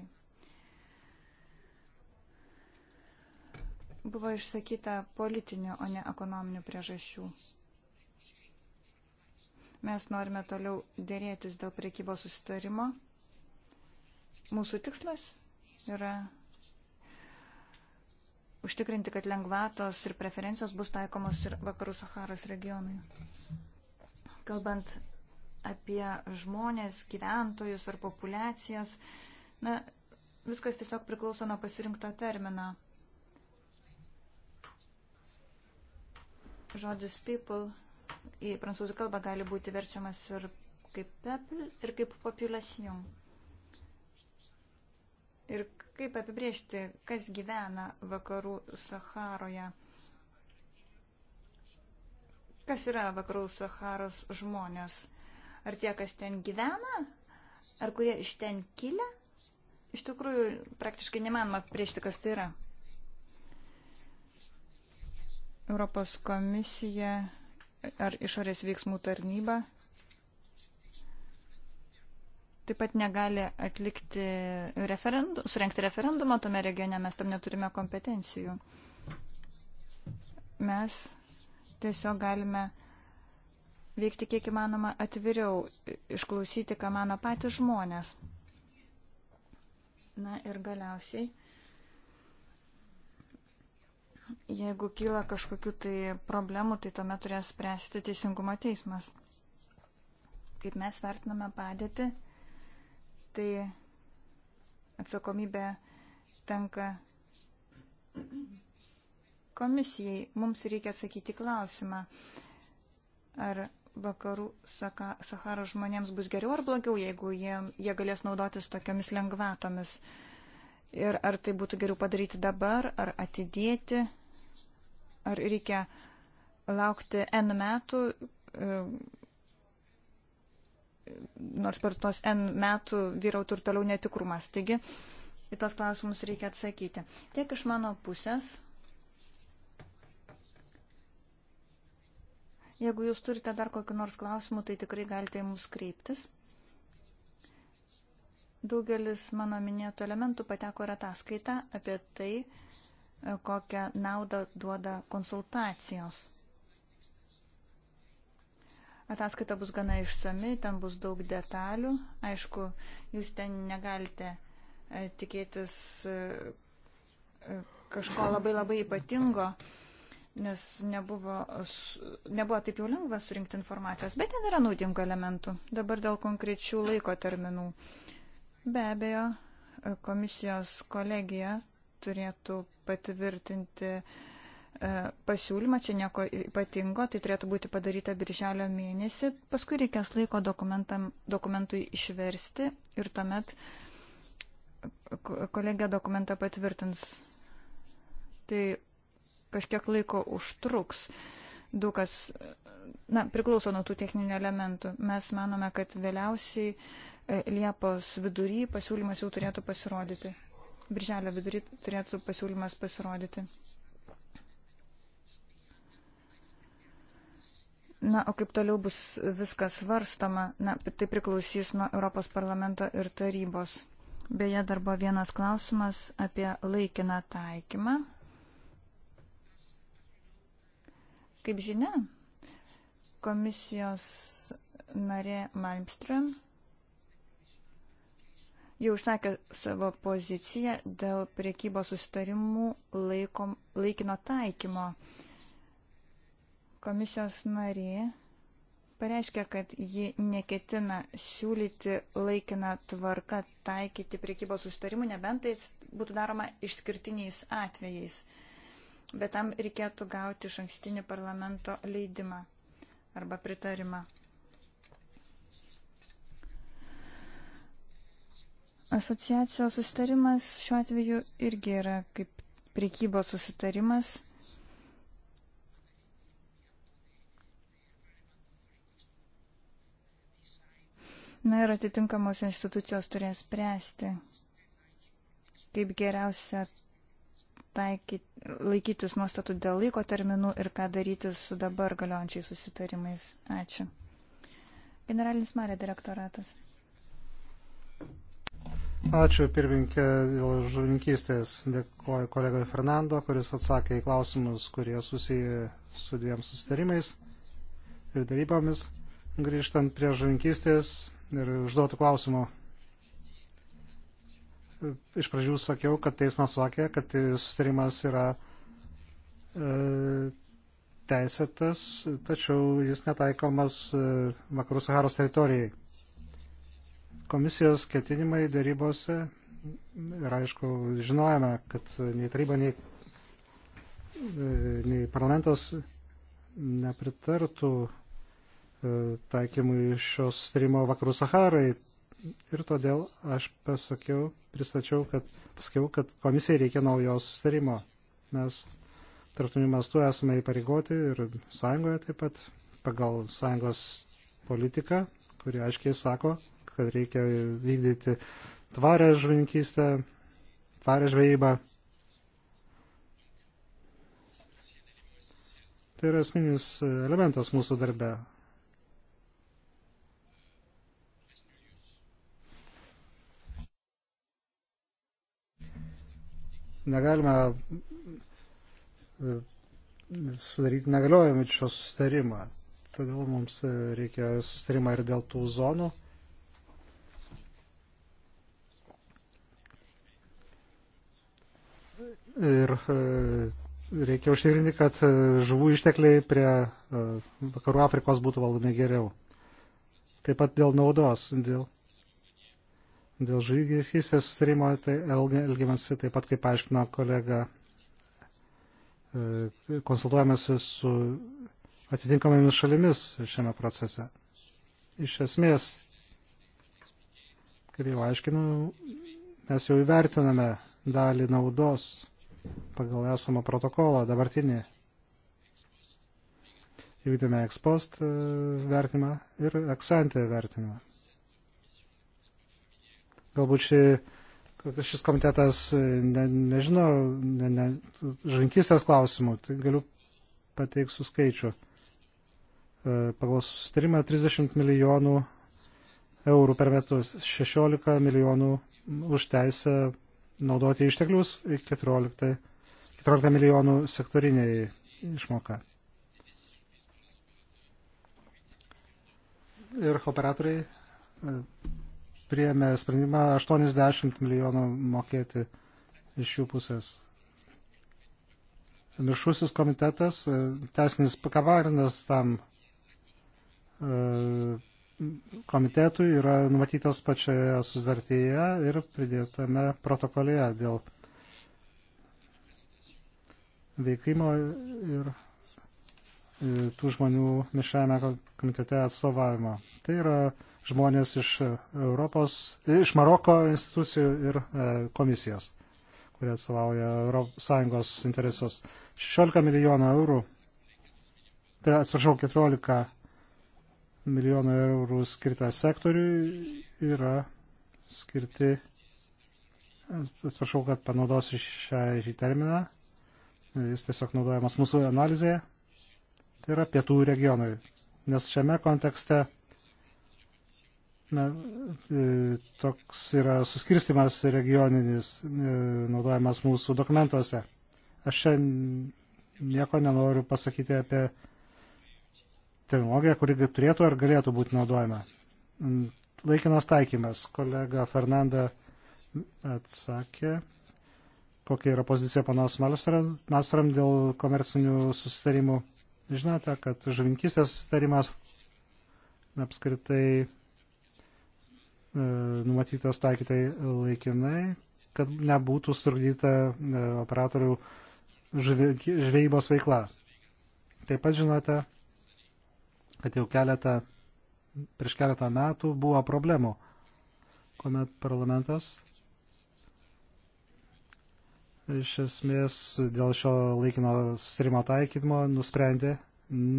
Buvo išsakyta politinių, o ne ekonominių priežasčių. Mes norime toliau dėrėtis dėl priekybos susitarimo. Mūsų tikslas yra užtikrinti, kad lengvatos ir preferencijos bus taikomos ir vakarų Saharos regionui. Kalbant apie žmonės, gyventojus ar populiacijas. Na, viskas tiesiog priklauso nuo pasirinkto termino. Žodis people į prancūzų kalbą gali būti verčiamas ir kaip people ir kaip population. Ir kaip apibriežti, kas gyvena vakarų Saharoje kas yra vakarų Saharos žmonės ar tie, kas ten gyvena, ar kurie iš ten kilę, iš tikrųjų praktiškai nemanoma apibriežti, kas tai yra. Europos komisija ar išorės veiksmų tarnyba taip pat negali atlikti referendum, surenkti referendumą tome regione, mes tam neturime kompetencijų. Mes tiesiog galime veikti kiek įmanoma atviriau, išklausyti, ką mano patys žmonės. Na ir galiausiai, jeigu kyla kažkokiu tai problemu, tai tame turės spręsti teisingumo teismas. Kaip mes vertiname padėtį, tai atsakomybė tenka komisijai. Mums reikia atsakyti klausimą, ar vakarų Saharos žmonėms bus geriau ar blogiau, jeigu jie, jie galės naudotis tokiamis lengvatomis. Ir ar tai būtų geriau padaryti dabar, ar atidėti, ar reikia laukti N metų, e, nors per tuos N metų vyrautų ir toliau netikrumas. Taigi, į tos klausimus reikia atsakyti. Tiek iš mano pusės. Jeigu jūs turite dar kokiu nors klausimu, tai tikrai galite į mus kreiptis. Daugelis mano minėtų elementų pateko ir ataskaita apie tai, e, kokią naudą duoda konsultacijos. Ataskaita bus gana išsami, ten bus daug detalių. Aišku, jūs ten negalite e, tikėtis e, kažko labai labai ypatingo nes nebuvo, nebuvo taip jau lengva surinkti informacijos, bet ten yra naudingų elementų. Dabar dėl konkrečių laiko terminų. Be abejo, komisijos kolegija turėtų patvirtinti e, pasiūlymą, čia nieko ypatingo, tai turėtų būti padaryta birželio mėnesį, paskui reikės laiko dokumentui išversti ir tuomet kolegija dokumentą patvirtins. Tai kažkiek laiko užtruks. Daug kas, na, priklauso nuo tų techninių elementų. Mes manome, kad vėliausiai e, Liepos vidury pasiūlymas jau turėtų pasirodyti. Birželio vidury turėtų pasiūlymas pasirodyti. Na, o kaip toliau bus viskas svarstama, na, tai priklausys nuo Europos parlamento ir tarybos. Beje, dar buvo vienas klausimas apie laikiną taikymą. Kaip žinia, komisijos narė Malmström jau išsakė savo poziciją dėl priekybos susitarimų laikom, laikino taikymo. Komisijos narė pareiškia, kad ji neketina siūlyti laikiną tvarką taikyti priekybos susitarimų, nebent tai būtų daroma išskirtiniais atvejais. Uh, bet tam reikėtų gauti iš ankstinį parlamento leidimą arba pritarimą. Asociacijos susitarimas šiuo atveju irgi yra kaip priekybos susitarimas. Na ir atitinkamos institucijos turės spręsti, kaip geriausia taikyti, laikytis nuostatų dėl laiko terminų ir ką daryti su dabar galiojančiais susitarimais. Ačiū. Generalinis Marė direktoratas. Ačiū pirmininkė dėl žuvininkystės. Dėkuoju kolegai Fernando, kuris atsakė į klausimus, kurie susiję su dviem susitarimais ir darybomis. Grįžtant prie žuvininkystės ir užduotų klausimų iš pradžių sakiau, kad teismas sakė, kad susitarimas yra e, teisėtas, tačiau jis netaikomas e, Vakarų Saharos teritorijai. Komisijos ketinimai dėrybose ir aišku, žinojame, kad nei taryba, nei, e, nei parlamentas nepritartų e, taikymui šios strimo vakarų Saharai, ir todėl aš pasakiau, pristačiau, kad, pasakiau, kad komisijai reikia naujo sustarimo. Mes tarptautiniu mastu esame įpareigoti ir sąjungoje taip pat pagal sąjungos politiką, kuri aiškiai sako, kad reikia vykdyti tvarę žvininkystę, tvarę žvejybą. Tai yra esminis elementas mūsų darbe. negalime sudaryti negaliojamičio sustarimą. Todėl mums e, reikia sustarimą ir dėl tų zonų. Ir e, reikia užtikrinti, kad e, žuvų ištekliai prie vakarų Afrikos būtų valdomi geriau. Taip pat dėl naudos, dėl Dėl žvygysės sustarimo tai elgiamasi taip pat, kaip aiškino kolega, e, konsultuojamasi su atitinkamomis šalimis šiame procese. Iš esmės, kaip jau aiškinau, mes jau įvertiname dalį naudos pagal esamą protokolą dabartinį. Įvykdėme ekspost e, vertimą ir eksantę vertimą. Galbūt ši, šis komitetas e, ne, nežino ne, ne, žankystės klausimų, tai galiu pateiksiu skaičių. E, pagal susitarimą 30 milijonų eurų per metus, 16 milijonų už teisę naudoti išteklius, 14, 14 milijonų sektoriniai išmoka. ir operatoriai e, priemė sprendimą 80 milijonų mokėti iš jų pusės. Mišusis komitetas, e, tesnis pakavarinas tam e, komitetui yra numatytas pačioje susidartyje ir pridėtame protokolėje dėl veikimo ir e, tų žmonių mišame komitete atstovavimo. Tai yra žmonės iš e, Europos, e, iš Maroko institucijų ir e, komisijas, kurie atstovauja Sąjungos interesus. 16 milijonų eurų, tai atsiprašau, 14 milijonų eurų skirta sektoriui yra skirti, atsiprašau, kad panaudosiu šią, šį terminą, jis tiesiog naudojamas mūsų analizėje, tai yra pietų regionui, nes šiame kontekste Na, tai toks yra suskirstimas regioninis, e, naudojamas mūsų dokumentuose. Aš čia nieko nenoriu pasakyti apie terminologiją, kuri turėtų ar galėtų būti naudojama. Laikinas taikymas. Kolega Fernanda atsakė, kokia yra pozicija panos Malmström dėl komercinių susitarimų. Žinote, kad žuvinkistės susitarimas apskritai E, numatytas taikytai laikinai, kad nebūtų surgdyta e, operatorių žvejybos veikla. Taip pat žinote, kad jau keletą, prieš keletą metų buvo problemų, kuomet parlamentas iš esmės dėl šio laikino susirimo taikymo nusprendė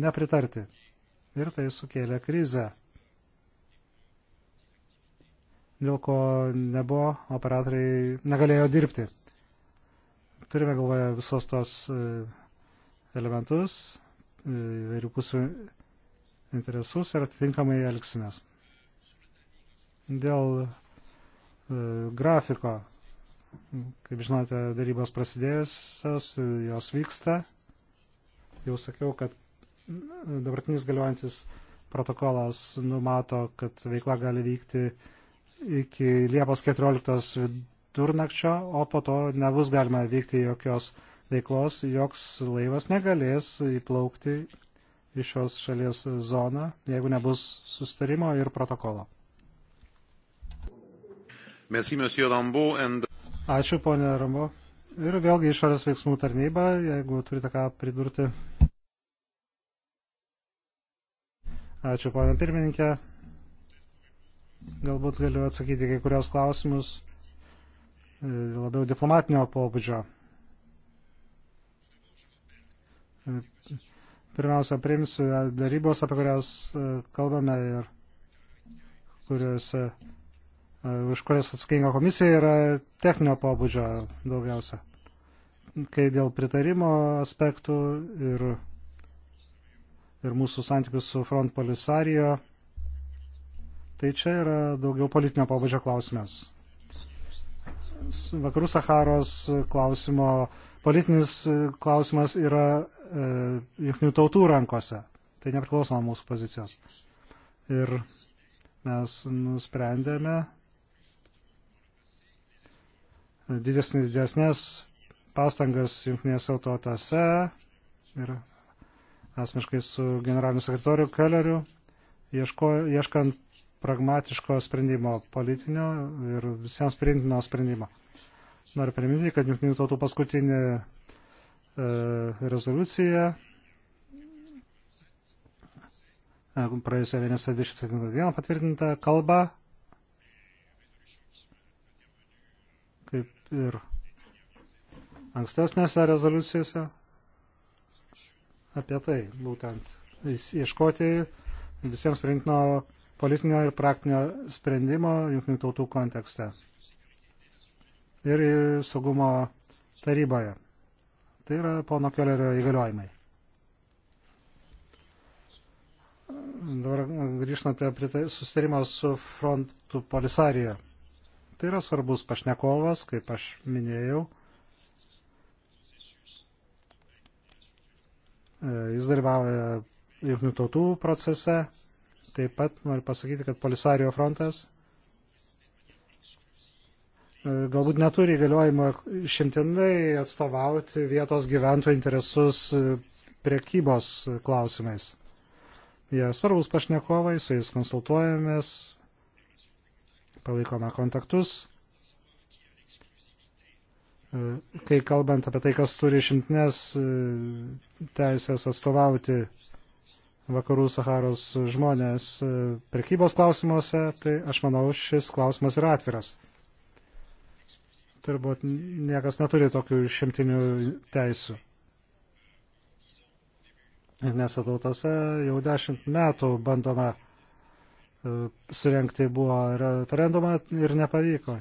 nepritarti. Ir tai sukėlė krizę dėl ko nebuvo operatoriai negalėjo dirbti. Turime galvoje visos tos e, elementus, e, įvairių pusių interesus ir atitinkamai elgsimės. Dėl e, grafiko, kaip žinote, darybos prasidėjusios, jos vyksta. Jau sakiau, kad dabartinis galiojantis protokolas numato, kad veikla gali vykti iki Liepos 14 vidurnakčio, o po to nebus galima vykti jokios veiklos, joks laivas negalės įplaukti į šios šalies zoną, jeigu nebus sustarimo ir protokolo. Merci, and... Ačiū, ponė Rambo. Ir vėlgi išorės veiksmų tarnyba, jeigu turite ką pridurti. Ačiū, ponė pirmininkė galbūt galiu atsakyti kai kurios klausimus e, labiau diplomatinio pobūdžio. E, pirmiausia, priimsiu darybos, apie kurias e, kalbame ir kuriuose, už kurias atsakinga komisija yra techninio pobūdžio daugiausia. Kai dėl pritarimo aspektų ir, ir mūsų santykių su Front Polisario Tai čia yra daugiau politinio pabudžio klausimas. Vakarų Saharos klausimo, politinis klausimas yra e, jungtinių tautų rankose. Tai nepriklausoma mūsų pozicijos. Ir mes nusprendėme didesnį, didesnės pastangas jungtinėse tautose ir asmeniškai su generaliniu sekretoriu Kelleriu, ieško, ieškant pragmatiško sprendimo politinio ir visiems priimtino sprendimo. Noriu priminti, kad jungtinių tautų paskutinė e, rezoliucija e, praėjusią 27 dieną patvirtinta kalba kaip ir ankstesnėse rezoliucijose apie tai būtent ieškoti visiems priimtino politinio ir praktinio sprendimo jungtinių tautų kontekste ir saugumo taryboje. Tai yra pono Kellerio įgaliojimai. Dabar grįžtant prie susitarimo su frontu Polisarija. Tai yra svarbus pašnekovas, kaip aš minėjau. E, jis dalyvauja jungtinių tautų procese Taip pat noriu pasakyti, kad Polisario frontas e, galbūt neturi įgaliojimo šimtinai atstovauti vietos gyventojų interesus e, priekybos klausimais. Jie svarbus pašnekovai, su jais konsultuojamės, palaikome kontaktus. E, kai kalbant apie tai, kas turi šimtinės teisės atstovauti vakarų Saharos žmonės e, prekybos klausimuose, tai aš manau, šis klausimas yra atviras. Turbūt niekas neturi tokių šimtinių teisų. Nes tautose jau dešimt metų bandoma e, surenkti buvo referendumą ir nepavyko.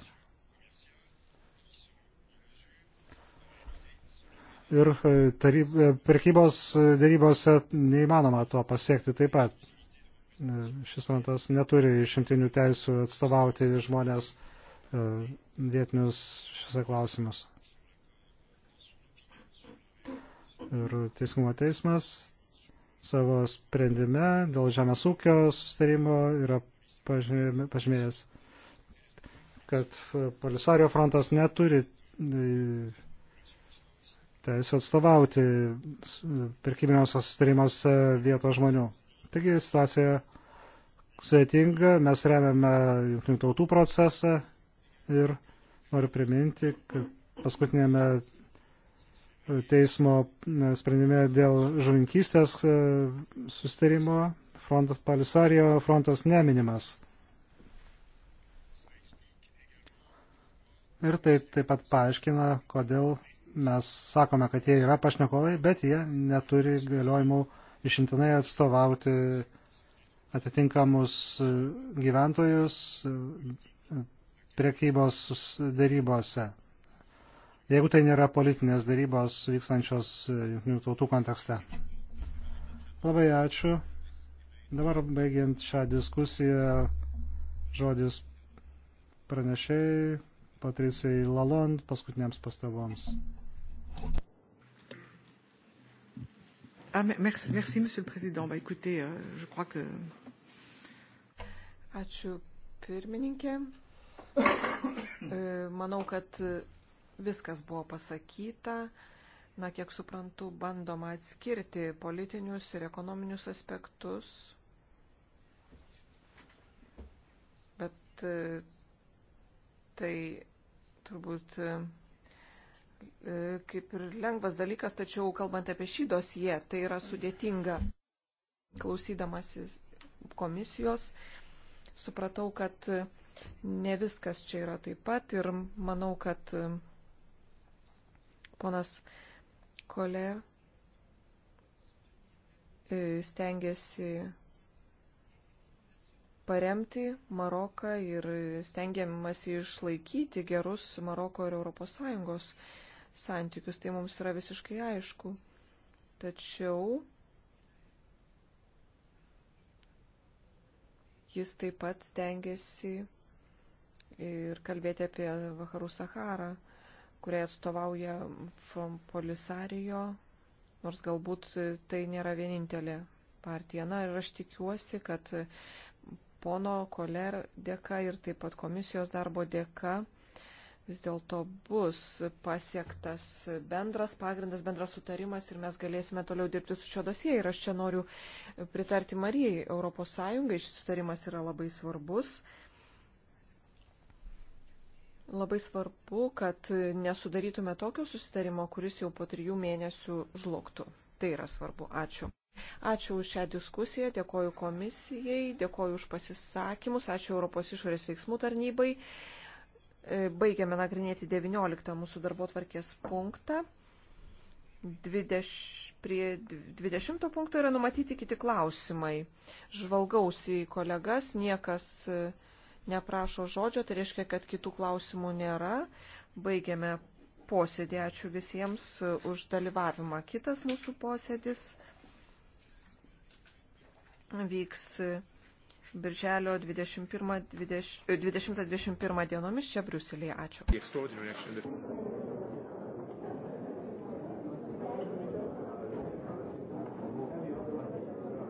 ir e, taryb, e, pirkybos dėrybose neįmanoma to pasiekti taip pat. E, šis momentas neturi išimtinių teisų atstovauti žmonės vietinius šiuose klausimus. Ir Teisingumo teismas savo sprendime dėl žemės ūkio sustarimo yra pažymėjęs, kad Polisario frontas neturi teisę atstovauti pirkiminiuose sustarimuose vietos žmonių. Taigi situacija sudėtinga, mes remiame jungtinių tautų procesą ir noriu priminti, kad paskutinėme teismo sprendime dėl žuvinkystės e, sustarimo frontas Palisarijo frontas neminimas. Ir tai taip pat paaiškina, kodėl mes sakome, kad jie yra pašnekovai, bet jie neturi galiojimų išimtinai atstovauti atitinkamus gyventojus priekybos darybose. Jeigu tai nėra politinės darybos vykstančios jungtinių tautų kontekste. Labai ačiū. Dabar baigiant šią diskusiją, žodis pranešėjai Patricijai Lalond paskutiniams pastaboms. Ah, merci, merci, Monsieur le Président. Bah, écoutez, euh, je crois que. Ačiū, pirmininkė. E, manau, kad viskas buvo pasakyta. Na, kiek suprantu, bandoma atskirti politinius ir ekonominius aspektus. Bet e, tai turbūt E, kaip ir lengvas dalykas, tačiau kalbant apie šį dosiją, tai yra sudėtinga. Klausydamasis komisijos, supratau, kad ne viskas čia yra taip pat ir manau, kad e, ponas Koler e, stengiasi paremti Maroką ir stengiamasi išlaikyti gerus Maroko ir ES santykius, tai mums yra visiškai aišku. Tačiau jis taip pat stengiasi ir kalbėti apie Vakarų Saharą, kuriai atstovauja Polisario, nors galbūt tai nėra vienintelė partija. Na ir aš tikiuosi, kad pono Koler dėka ir taip pat komisijos darbo dėka vis dėlto bus pasiektas bendras pagrindas, bendras sutarimas ir mes galėsime toliau dirbti su šio dosie. Ir aš čia noriu pritarti Marijai, Europos Sąjungai šis sutarimas yra labai svarbus. Labai svarbu, kad nesudarytume tokio susitarimo, kuris jau po trijų mėnesių žlugtų. Tai yra svarbu. Ačiū. Ačiū už šią diskusiją, dėkoju komisijai, dėkoju už pasisakymus, ačiū Europos išorės veiksmų tarnybai. E, baigiame nagrinėti 19 mūsų darbo tvarkės punktą. 20, prie 20 punkto yra numatyti kiti klausimai. Žvalgaus į kolegas, niekas e, neprašo žodžio, tai reiškia, kad kitų klausimų nėra. Baigiame posėdį. Ačiū visiems e, už dalyvavimą. Kitas mūsų posėdis vyks birželio 20-21 dienomis čia Briuselėje. Ačiū.